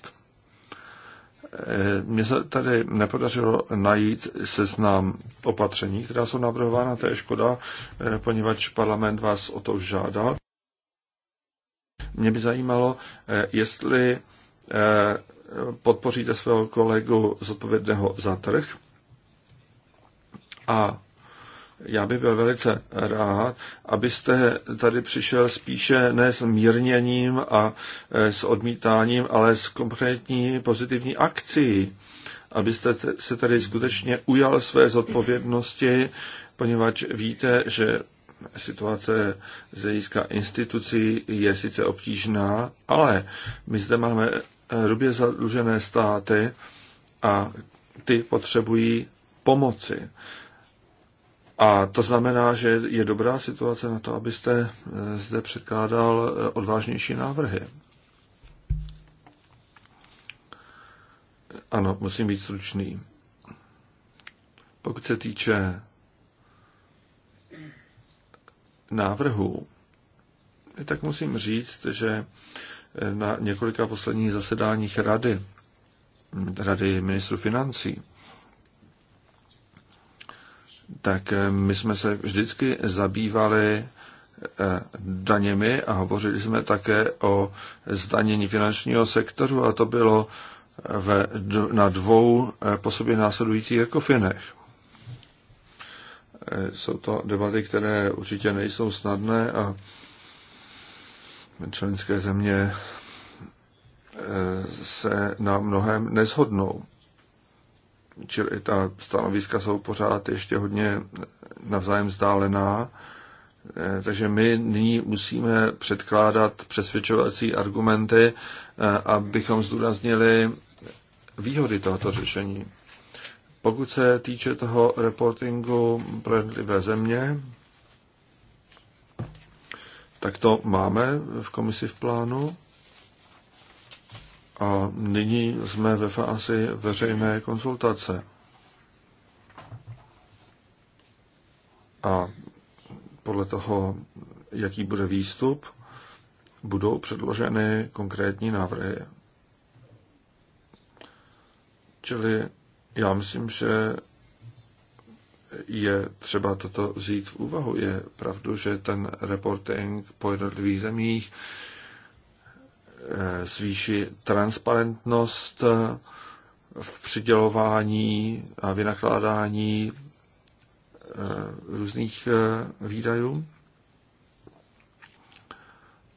mně se tady nepodařilo najít seznam opatření, která jsou navrhována, to je škoda, eh, poněvadž parlament vás o to už žádal. Mě by zajímalo, eh, jestli eh, podpoříte svého kolegu zodpovědného za trh a já bych byl velice rád, abyste tady přišel spíše ne s mírněním a e, s odmítáním, ale s konkrétní pozitivní akcí, abyste se tady skutečně ujal své zodpovědnosti, poněvadž víte, že situace z hlediska institucí je sice obtížná, ale my zde máme e, rubě zadlužené státy a ty potřebují pomoci. A to znamená, že je dobrá situace na to, abyste eh, zde předkládal eh, odvážnější návrhy. Ano, musím být stručný. Pokud se týče návrhu, tak musím říct, že eh, na několika posledních zasedáních rady, rady ministru financí, tak eh, my jsme se vždycky zabývali eh, daněmi a hovořili jsme také o zdanění finančního sektoru a to bylo eh, ve, na dvou po sobě následujících ekofinech. Jsou to debaty, které určitě nejsou snadné a členské země se na mnohem nezhodnou čili ta stanoviska jsou pořád ještě hodně navzájem vzdálená, eh, takže my nyní musíme předkládat přesvědčovací argumenty, eh, abychom zdůraznili výhody tohoto řešení. Pokud se týče toho reportingu pro jednotlivé země, tak to máme v komisi v plánu. A nyní jsme ve fázi veřejné konzultace. A podle toho, jaký bude výstup, budou předloženy konkrétní návrhy. Čili já myslím, že je třeba toto vzít v úvahu. Je pravdu, že ten reporting po jednotlivých zemích Eh, zvýší transparentnost eh, v přidělování a vynakládání eh, různých výdajů,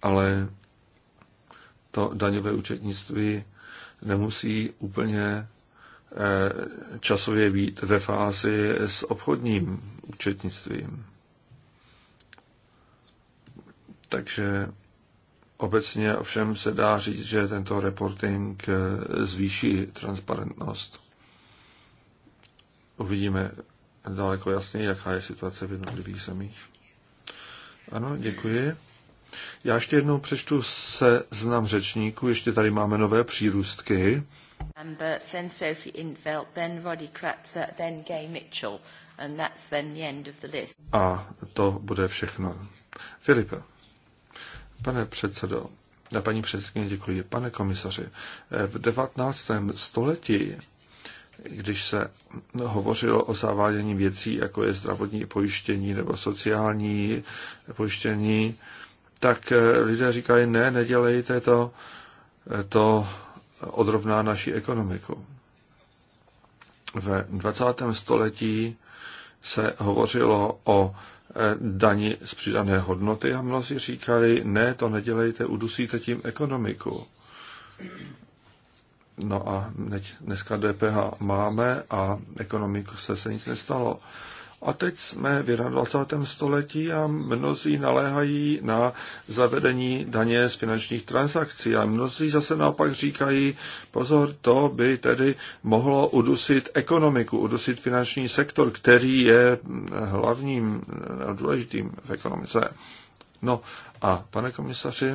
ale to daňové účetnictví nemusí úplně časově být ve fázi s obchodním účetnictvím. Takže Obecně ovšem se dá říct, že tento reporting eh, zvýší transparentnost. Uvidíme daleko jasněji, jaká je situace v jednotlivých zemích. Ano, děkuji. Já ještě jednou přečtu se znam řečníků, ještě tady máme nové přírůstky. A to bude všechno. Filipe. Pane předsedo, a paní předsedkyně, děkuji. Pane komisaři, v 19. století, když se hovořilo o zavádění věcí, jako je zdravotní pojištění nebo sociální pojištění, tak lidé říkají, ne, nedělejte to, to odrovná naši ekonomiku. Ve 20. století se hovořilo o dani z přidané hodnoty a mnozí říkali, ne, to nedělejte, udusíte tím ekonomiku. No a dneska DPH máme a ekonomiku se, se nic nestalo. A teď jsme v 21. století a mnozí naléhají na zavedení daně z finančních transakcí. A mnozí zase naopak říkají, pozor, to by tedy mohlo udusit ekonomiku, udusit finanční sektor, který je hlavním důležitým v ekonomice. No a pane komisaři,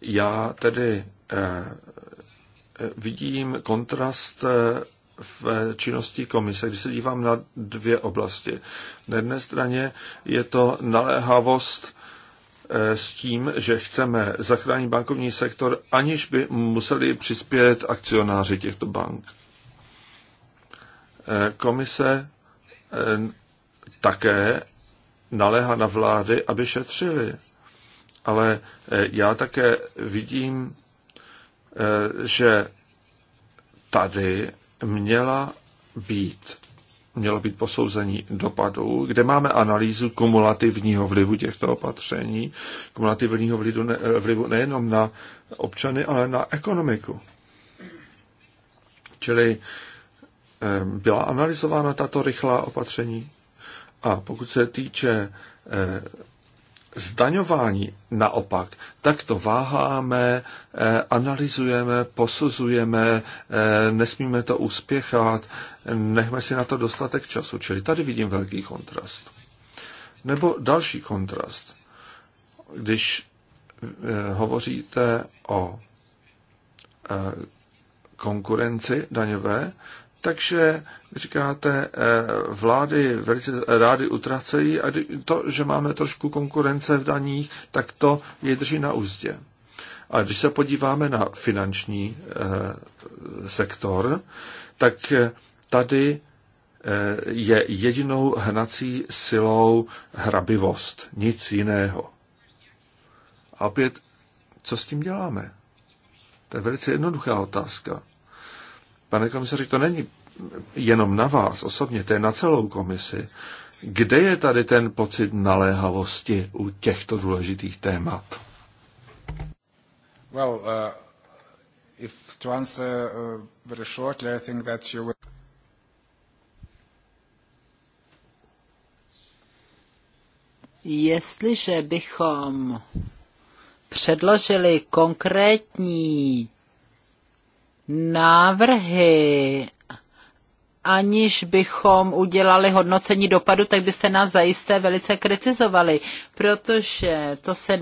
já tedy eh, eh, vidím kontrast eh, v činnosti komise, když se dívám na dvě oblasti. Na jedné straně je to naléhavost eh, s tím, že chceme zachránit bankovní sektor, aniž by museli přispět akcionáři těchto bank. Eh, komise eh, také naléhá na vlády, aby šetřili. Ale já také vidím, že tady měla být, mělo být posouzení dopadů, kde máme analýzu kumulativního vlivu těchto opatření, kumulativního vlivu, ne, vlivu nejenom na občany, ale na ekonomiku. Čili eh, byla analyzována tato rychlá opatření. A pokud se týče eh, zdaňování naopak, tak to váháme, eh, analyzujeme, posuzujeme, eh, nesmíme to uspěchat, nechme si na to dostatek času. Čili tady vidím velký kontrast. Nebo další kontrast. Když eh, hovoříte o konkurenci daňové, takže říkáte, eh, vlády velice rády utracejí a to, že máme trošku konkurence v daních, tak to je drží na úzdě. A když se podíváme na finanční eh, sektor, tak eh, tady je jedinou hnací silou hrabivost, nic jiného. A opět, co s tím děláme? To je velice jednoduchá otázka. Pane komisaři, to není jenom na vás osobně, to je na celou komisi. Kde je tady ten pocit naléhavosti u těchto důležitých témat? Well, uh, if to answer uh, very shortly, I think that you will... Jestliže bychom předložili konkrétní návrhy, aniž bychom udělali hodnocení dopadu, tak byste nás zajisté velice kritizovali, protože to se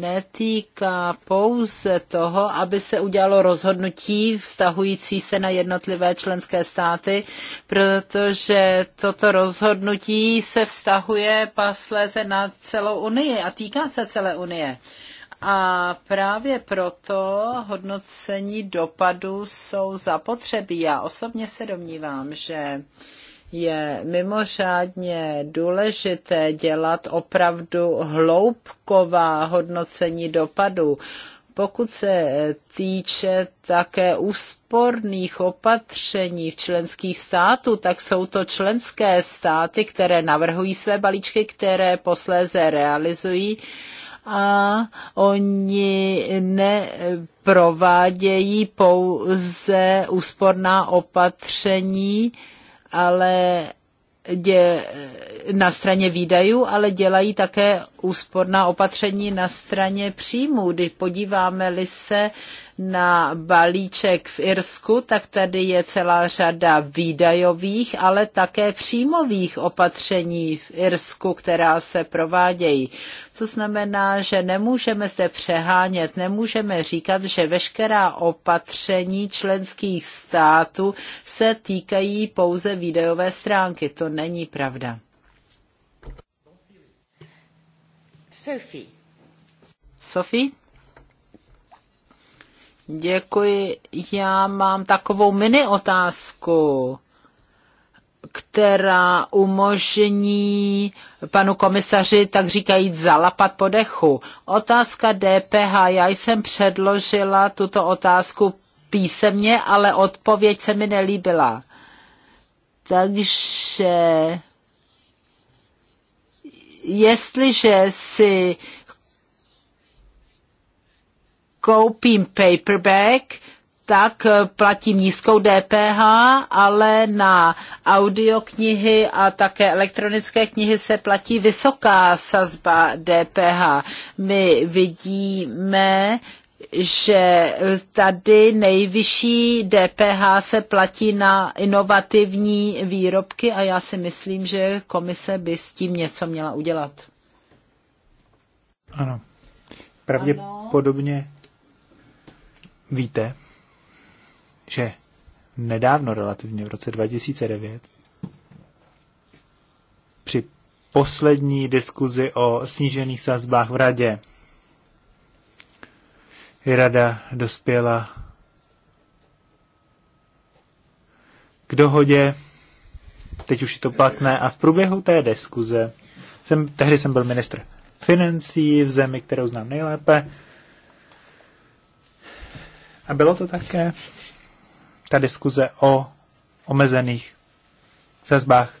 netýká pouze toho, aby se udělalo rozhodnutí vztahující se na jednotlivé členské státy, protože toto rozhodnutí se vztahuje pasléze na celou Unii a týká se celé Unie. A právě proto hodnocení dopadů jsou zapotřebí. Já osobně se domnívám, že je mimořádně důležité dělat opravdu hloubková hodnocení dopadů. Pokud se týče také úsporných opatření v členských států, tak jsou to členské státy, které navrhují své balíčky, které posléze realizují a oni neprovádějí pouze úsporná opatření, ale dě, na straně výdajů, ale dělají také úsporná opatření na straně příjmů. Když podíváme-li se na balíček v Irsku, tak tady je celá řada výdajových, ale také příjmových opatření v Irsku, která se provádějí. To znamená, že nemůžeme zde přehánět, nemůžeme říkat, že veškerá opatření členských států se týkají pouze výdajové stránky. To není pravda. Sophie. Sophie? Děkuji. Já mám takovou mini otázku, která umožní panu komisaři, tak říkajíc, zalapat po dechu. Otázka DPH. Já jsem předložila tuto otázku písemně, ale odpověď se mi nelíbila. Takže jestliže si koupím paperback, tak eh, platím nízkou DPH, ale na audioknihy a také elektronické knihy se platí vysoká sazba DPH. My vidíme, že tady nejvyšší DPH se platí na inovativní výrobky a já si myslím, že komise by s tím něco měla udělat. Ano. Pravděpodobně víte, že nedávno relativně, v roce 2009, při poslední diskuzi o snížených sazbách v radě, rada dospěla k dohodě, teď už je to platné, a v průběhu té diskuze, jsem, tehdy jsem byl ministr financí v zemi, kterou znám nejlépe, a bylo to také ta diskuze o omezených sezbách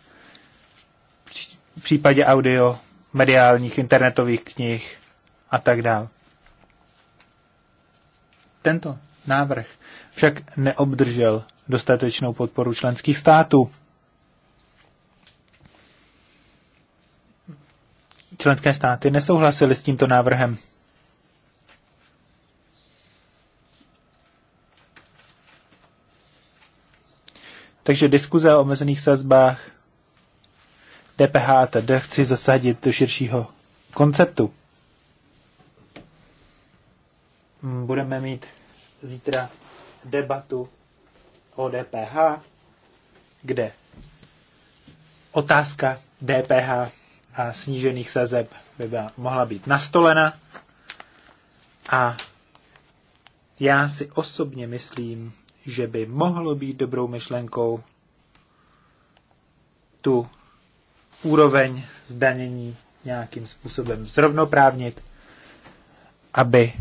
v případě audio, mediálních, internetových knih a tak dále. Tento návrh však neobdržel dostatečnou podporu členských států. Členské státy nesouhlasily s tímto návrhem. Takže diskuze o omezených sazbách DPH a TD chci zasadit do širšího konceptu. Hmm, budeme mít zítra debatu o DPH, kde otázka DPH a snížených sazeb by byla, mohla být nastolena. A já si osobně myslím, že by mohlo být dobrou myšlenkou tu úroveň zdanění nějakým způsobem zrovnoprávnit, aby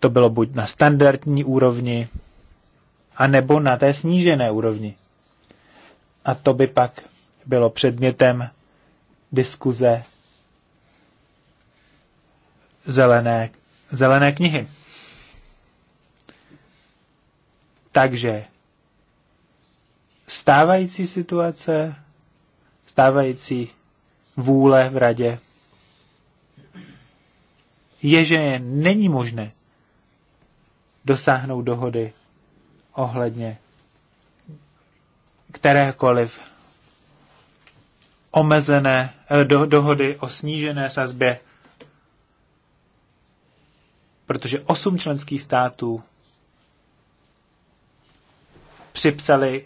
to bylo buď na standardní úrovni, anebo na té snížené úrovni. A to by pak bylo předmětem diskuze zelené, zelené knihy. Takže stávající situace, stávající vůle v radě je, že není možné dosáhnout dohody ohledně kterékoliv omezené eh, do, dohody o snížené sazbě, protože osm členských států připsali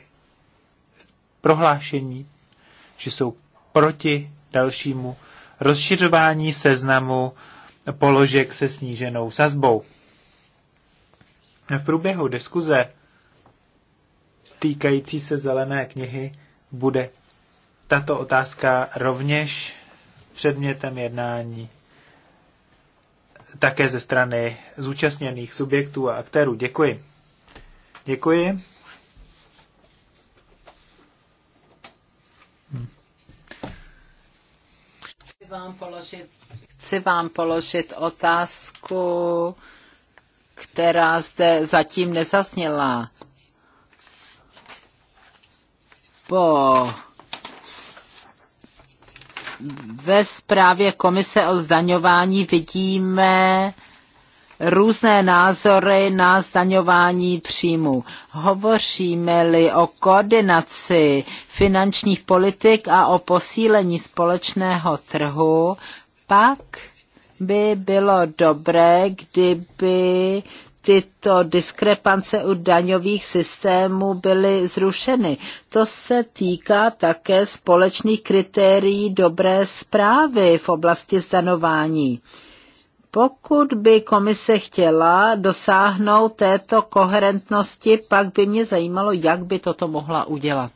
prohlášení, že jsou proti dalšímu rozšiřování seznamu položek se sníženou sazbou. V průběhu diskuze týkající se zelené knihy bude tato otázka rovněž předmětem jednání také ze strany zúčastněných subjektů a aktérů. Děkuji. Děkuji. vám položit, chci vám položit otázku, která zde zatím nezazněla. Po ve zprávě Komise o zdaňování vidíme různé názory na zdaňování příjmů. Hovoříme-li o koordinaci finančních politik a o posílení společného trhu, pak by bylo dobré, kdyby tyto diskrepance u daňových systémů byly zrušeny. To se týká také společných kritérií dobré zprávy v oblasti zdanování. Pokud by komise chtěla dosáhnout této koherentnosti, pak by mě zajímalo, jak by toto mohla udělat.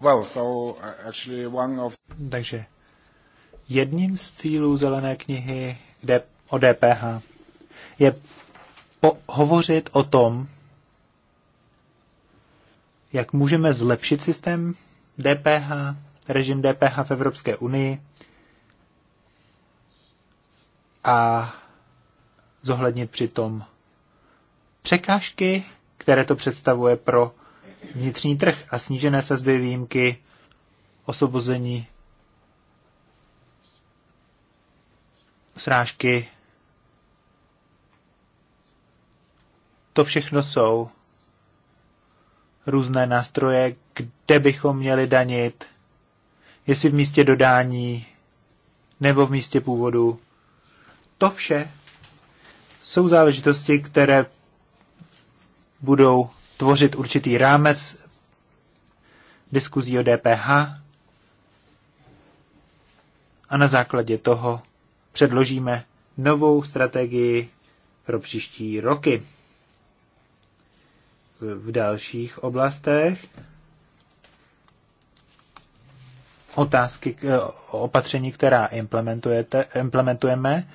Well, so uh, actually one of... Takže jedním z cílů zelené knihy o DPH je hovořit o tom, jak můžeme zlepšit systém DPH, režim DPH v Evropské unii a zohlednit přitom překážky, které to představuje pro vnitřní trh a snížené sazby výjimky, osvobození srážky. To všechno jsou různé nástroje, kde bychom měli danit, jestli v místě dodání nebo v místě původu. To vše jsou záležitosti, které budou tvořit určitý rámec diskuzí o DPH a na základě toho předložíme novou strategii pro příští roky v dalších oblastech. Otázky, eh, opatření, která implementujete, implementujeme,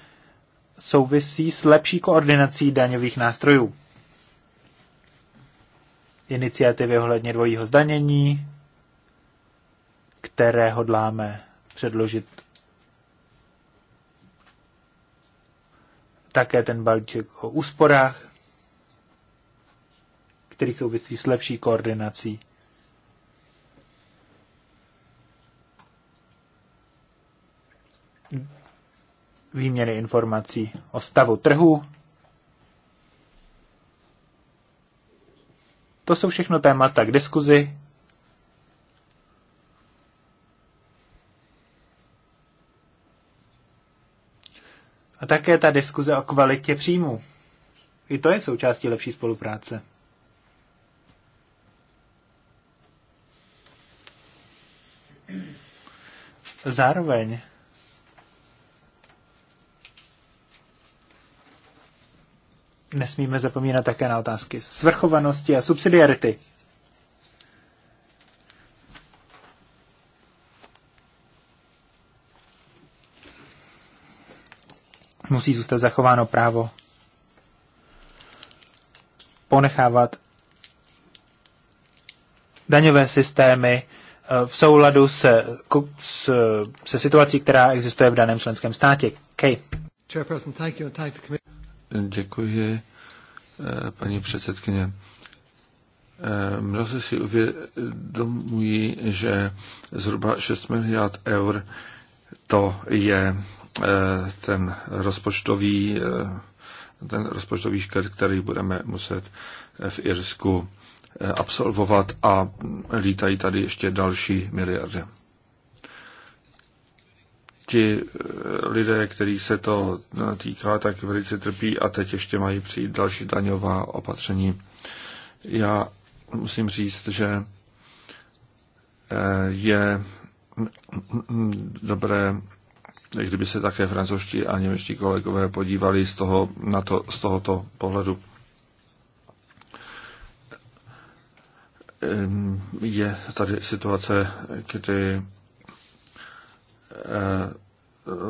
souvisí s lepší koordinací daňových nástrojů. Iniciativy ohledně dvojího zdanění, které hodláme předložit také ten balíček o úsporách který souvisí s lepší koordinací. výměny informací o stavu trhu. To jsou všechno témata k diskuzi. A také ta diskuze o kvalitě příjmů. I to je součástí lepší spolupráce. Zároveň nesmíme zapomínat také na otázky svrchovanosti a subsidiarity. Musí zůstat zachováno právo ponechávat daňové systémy Eh, v souladu se, s, se situací, která existuje v daném členském státě. Kay. Děkuji, eh, paní předsedkyně. Eh, Mnozí si uvědomují, že zhruba 6 miliard eur to je ten rozpočtový, ten rozpočtový škrt, který budeme muset v Irsku absolvovat a lítají tady ještě další miliardy. Ti eh, lidé, který se to eh, týká, tak velice trpí a teď ještě mají přijít další daňová opatření. Já musím říct, že eh, je dobré, kdyby se také francouzští a němečtí kolegové podívali z, toho, na to, z tohoto pohledu. Ehm, je tady situace, kdy eh,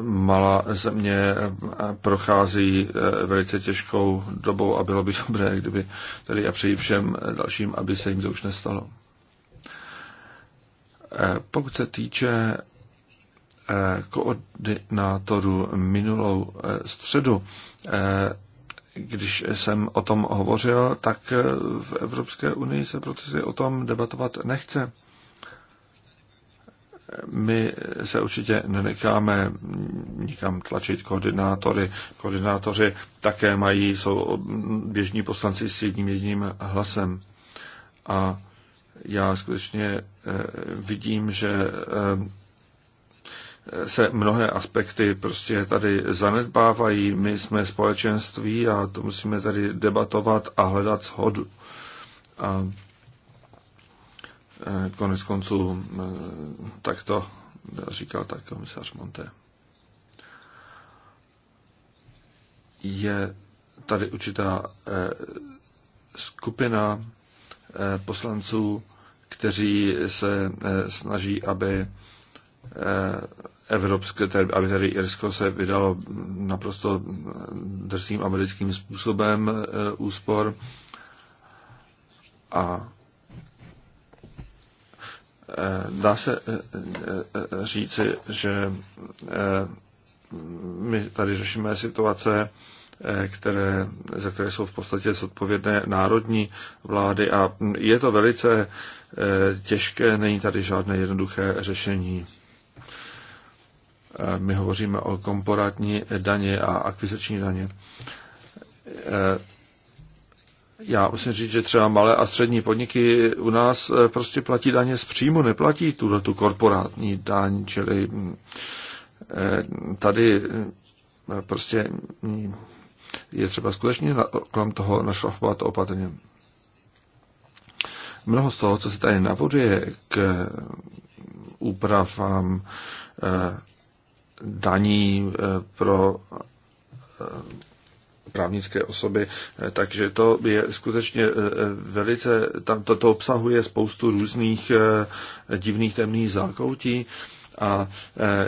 malá země eh, prochází eh, velice těžkou dobou a bylo by dobré, kdyby tady a přeji všem dalším, aby se jim to už nestalo. Pokud se týče koordinátorů minulou středu, když jsem o tom hovořil, tak v Evropské unii se protože o tom debatovat nechce. My se určitě nenecháme nikam tlačit koordinátory. Koordinátoři také mají, jsou běžní poslanci s jedním jedním hlasem. A já skutečně eh, vidím, že eh, se mnohé aspekty prostě tady zanedbávají. My jsme společenství a to musíme tady debatovat a hledat shodu. A eh, konec konců eh, tak to říkal tak komisař Monte. Je tady určitá eh, skupina poslanců, kteří se snaží, aby Eh, evropské, aby tady Irsko se vydalo naprosto drsným americkým způsobem eh, úspor a eh, dá se říci, že my tady řešíme situace, které, za které jsou v podstatě zodpovědné národní vlády a je to velice těžké, není tady žádné jednoduché řešení. Eh, my hovoříme o komporátní daně a akviziční daně. Eh, já musím říct, že třeba malé a střední podniky u nás eh, prostě platí daně z příjmu, neplatí tuto tu korporátní daň, čili tady prostě mm, je třeba skutečně kolem toho našlachovat opatrně. Mnoho z toho, co se tady navoduje k úpravám daní eh, pro eh, právnické osoby, eh, takže to je skutečně velice, tam to, to obsahuje spoustu různých divných temných zákoutí a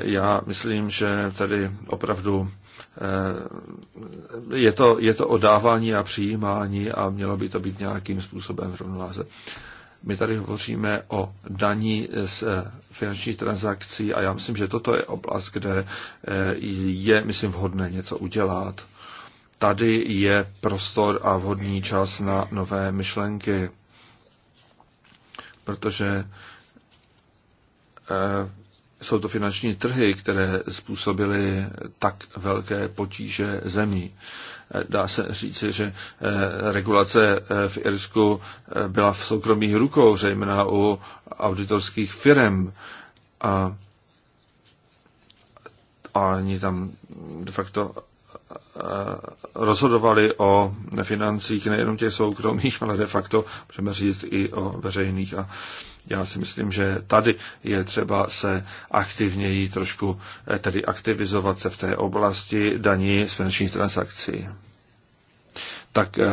já myslím, že tady opravdu je to, je to odávání a přijímání a mělo by to být nějakým způsobem v rovnováze. My tady hovoříme o daní z eh, finančních transakcí a já myslím, že toto je oblast, kde eh, je, myslím, vhodné něco udělat. Tady je prostor a vhodný čas na nové myšlenky, protože eh, jsou to finanční trhy, které způsobily tak velké potíže zemí. Dá se říci, že eh, regulace eh, v Irsku eh, byla v soukromých rukou, zejména u auditorských firm. A, a oni tam de facto rozhodovali o financích nejenom těch soukromých, ale de facto můžeme říct i o veřejných. A já si myslím, že tady je třeba se aktivněji trošku tedy aktivizovat se v té oblasti daní z finančních transakcí tak eh,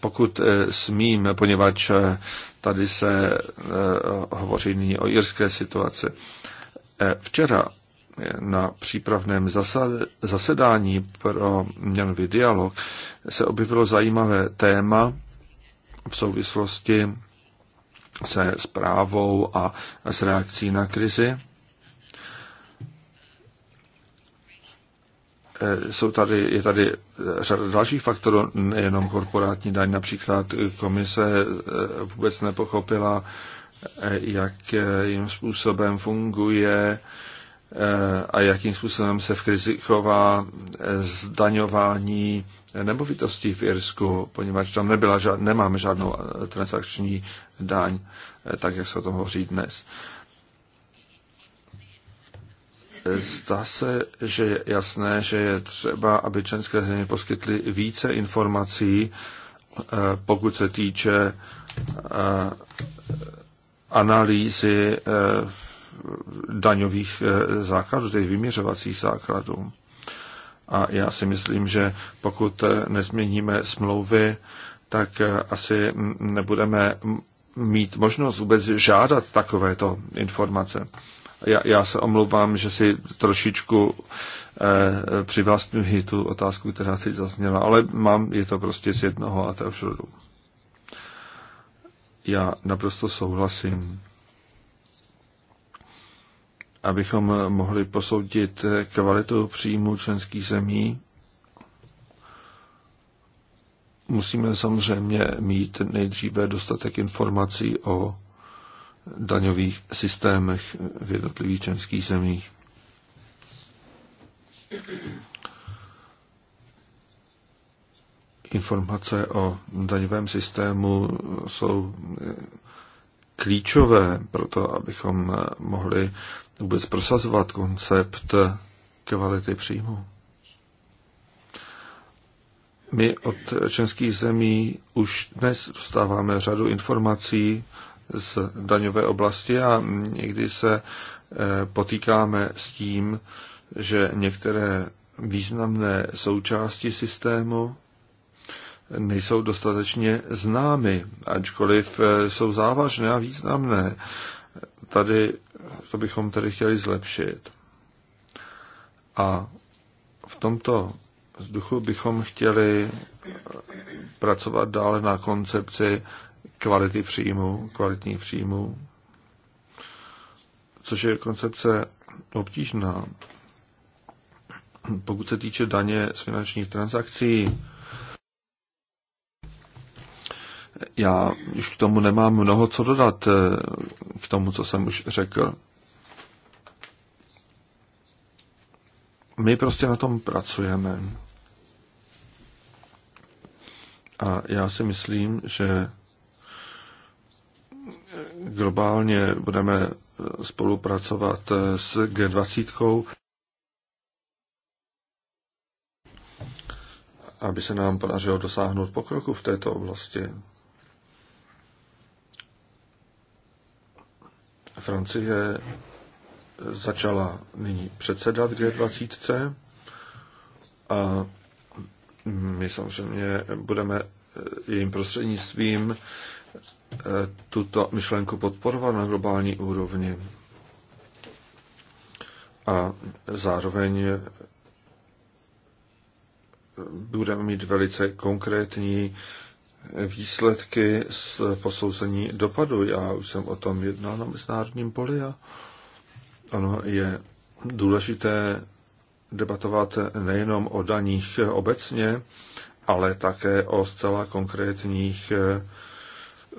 pokud eh, smím, poněvadž eh, tady se hovoří nyní o jirské situaci. Včera na přípravném zasedání pro měnový dialog se objevilo zajímavé téma v souvislosti se zprávou a s reakcí na krizi. Eh, jsou tady, je tady eh, řada dalších faktorů, nejenom korporátní daň. Například eh, komise vůbec nepochopila, jakým způsobem funguje a jakým způsobem se v krizi chová zdaňování nemovitostí v Irsku, poněvadž tam nebyla žád, nemáme žádnou transakční daň, tak jak se o tom hovoří dnes. Zdá se, že je jasné, že je třeba, aby členské země poskytly více informací, eh, pokud se týče eh, analýzy eh, daňových základů, těch vyměřovacích základů. A já si myslím, že pokud nezměníme smlouvy, tak asi nebudeme mít možnost vůbec žádat takovéto informace. Já, já se omlouvám, že si trošičku eh, přivlastňuji tu otázku, která teď zazněla, ale mám, je to prostě z jednoho a to už Já naprosto souhlasím. Abychom mohli posoudit kvalitu příjmu členských zemí, musíme samozřejmě mít nejdříve dostatek informací o daňových systémech v jednotlivých členských zemích. Informace o daňovém systému jsou klíčové pro to, abychom mohli vůbec prosazovat koncept kvality příjmu. My od členských zemí už dnes dostáváme řadu informací z daňové oblasti a někdy se e, potýkáme s tím, že některé významné součásti systému nejsou dostatečně známy, ačkoliv e, jsou závažné a významné. Tady to bychom tedy chtěli zlepšit. A v tomto duchu bychom chtěli pracovat dále na koncepci kvality příjmu, kvalitních příjmů, což je koncepce obtížná. Pokud se týče daně z finančních transakcí, já už k tomu nemám mnoho co dodat, eh, k tomu, co jsem už řekl. My prostě na tom pracujeme. A já si myslím, že globálně budeme spolupracovat s G20, aby se nám podařilo dosáhnout pokroku v této oblasti. Francie začala nyní předsedat G20 a my samozřejmě budeme jejím prostřednictvím tuto myšlenku podporovat na globální úrovni a zároveň budeme mít velice konkrétní výsledky z posouzení dopadu. Já už jsem o tom jednal na mezinárodním poli a ono je důležité debatovat nejenom o daních obecně, ale také o zcela konkrétních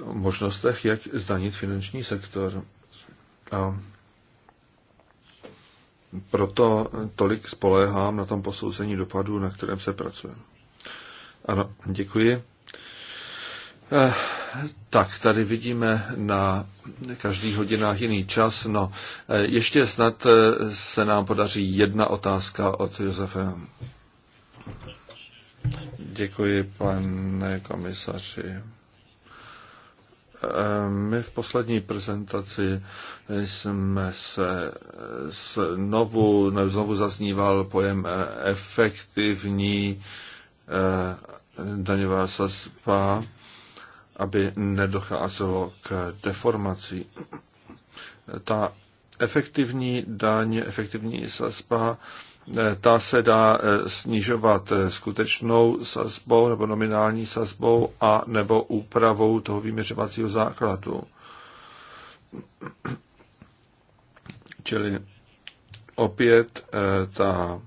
možnostech, jak zdanit finanční sektor. A proto tolik spoléhám na tom posouzení dopadů, na kterém se pracuje. Ano, děkuji. Eh, tak, tady vidíme na každých hodinách jiný čas. No, eh, ještě snad eh, se nám podaří jedna otázka od Josefa. Děkuji, pane komisaři. My v poslední prezentaci jsme se znovu, znovu zazníval pojem efektivní eh, daňová sazba, aby nedocházelo k deformaci. Ta efektivní daň, efektivní sazba Eh, ta se dá eh, snižovat eh, skutečnou sazbou nebo nominální sazbou a nebo úpravou toho vyměřovacího základu. [CLEARS THROAT] Čili opět ta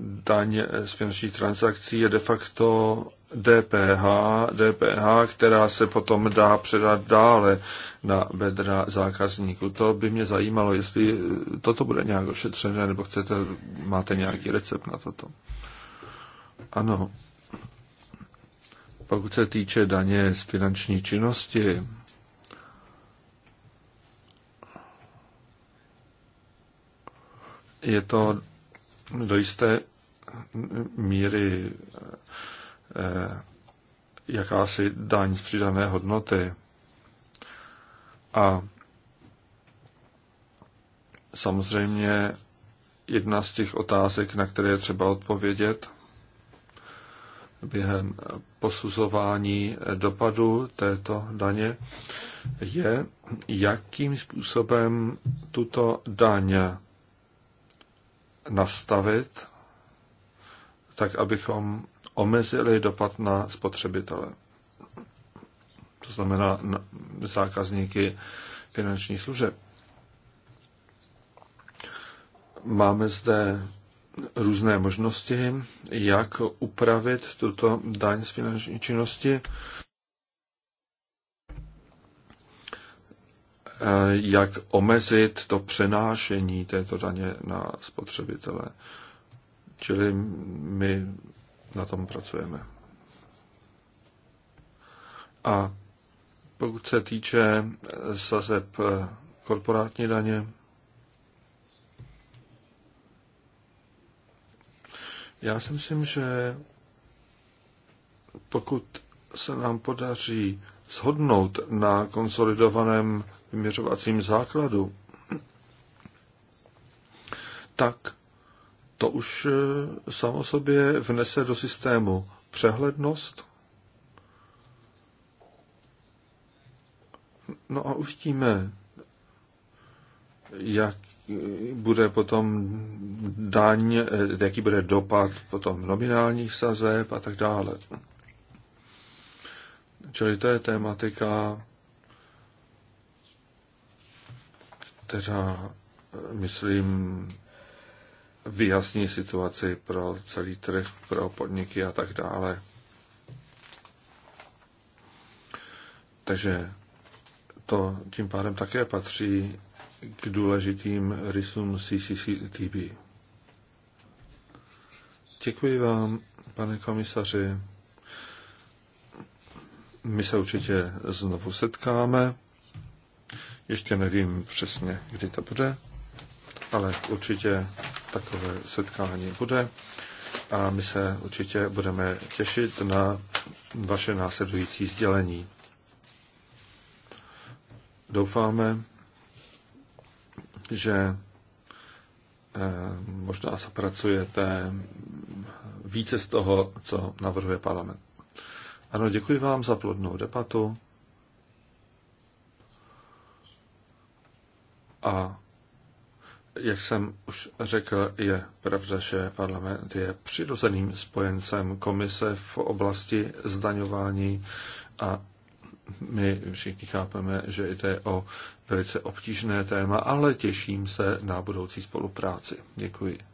daň z finančních transakcí je de facto DPH, DPH, která se potom dá předat dále na bedra zákazníku. To by mě zajímalo, jestli toto bude nějak ošetřené, nebo chcete, máte nějaký recept na toto. Ano. Pokud se týče daně z finanční činnosti, je to do jisté míry Eh, jakási daň z přidané hodnoty. A samozřejmě jedna z těch otázek, na které je třeba odpovědět během posuzování dopadu této daně, je, jakým způsobem tuto daň nastavit, tak abychom omezili dopad na spotřebitele. To znamená na zákazníky finančních služeb. Máme zde různé možnosti, jak upravit tuto daň z finanční činnosti. jak omezit to přenášení této daně na spotřebitele. Čili my na tom pracujeme. A pokud se týče sazeb korporátní daně, já si myslím, že pokud se nám podaří shodnout na konsolidovaném vyměřovacím základu, tak to už e, samo sobě vnese do systému přehlednost. No a uvidíme, jak bude potom daň, e, jaký bude dopad potom nominálních sazeb a tak dále. Čili to je tématika, která, e, myslím, vyjasní situaci pro celý trh, pro podniky a tak dále. Takže to tím pádem také patří k důležitým rysům CCCTB. Děkuji vám, pane komisaři. My se určitě znovu setkáme. Ještě nevím přesně, kdy to bude ale určitě takové setkání bude a my se určitě budeme těšit na vaše následující sdělení. Doufáme, že eh, možná zapracujete více z toho, co navrhuje parlament. Ano, děkuji vám za plodnou debatu. A jak jsem už řekl, je pravda, že parlament je přirozeným spojencem komise v oblasti zdaňování a my všichni chápeme, že jde o velice obtížné téma, ale těším se na budoucí spolupráci. Děkuji.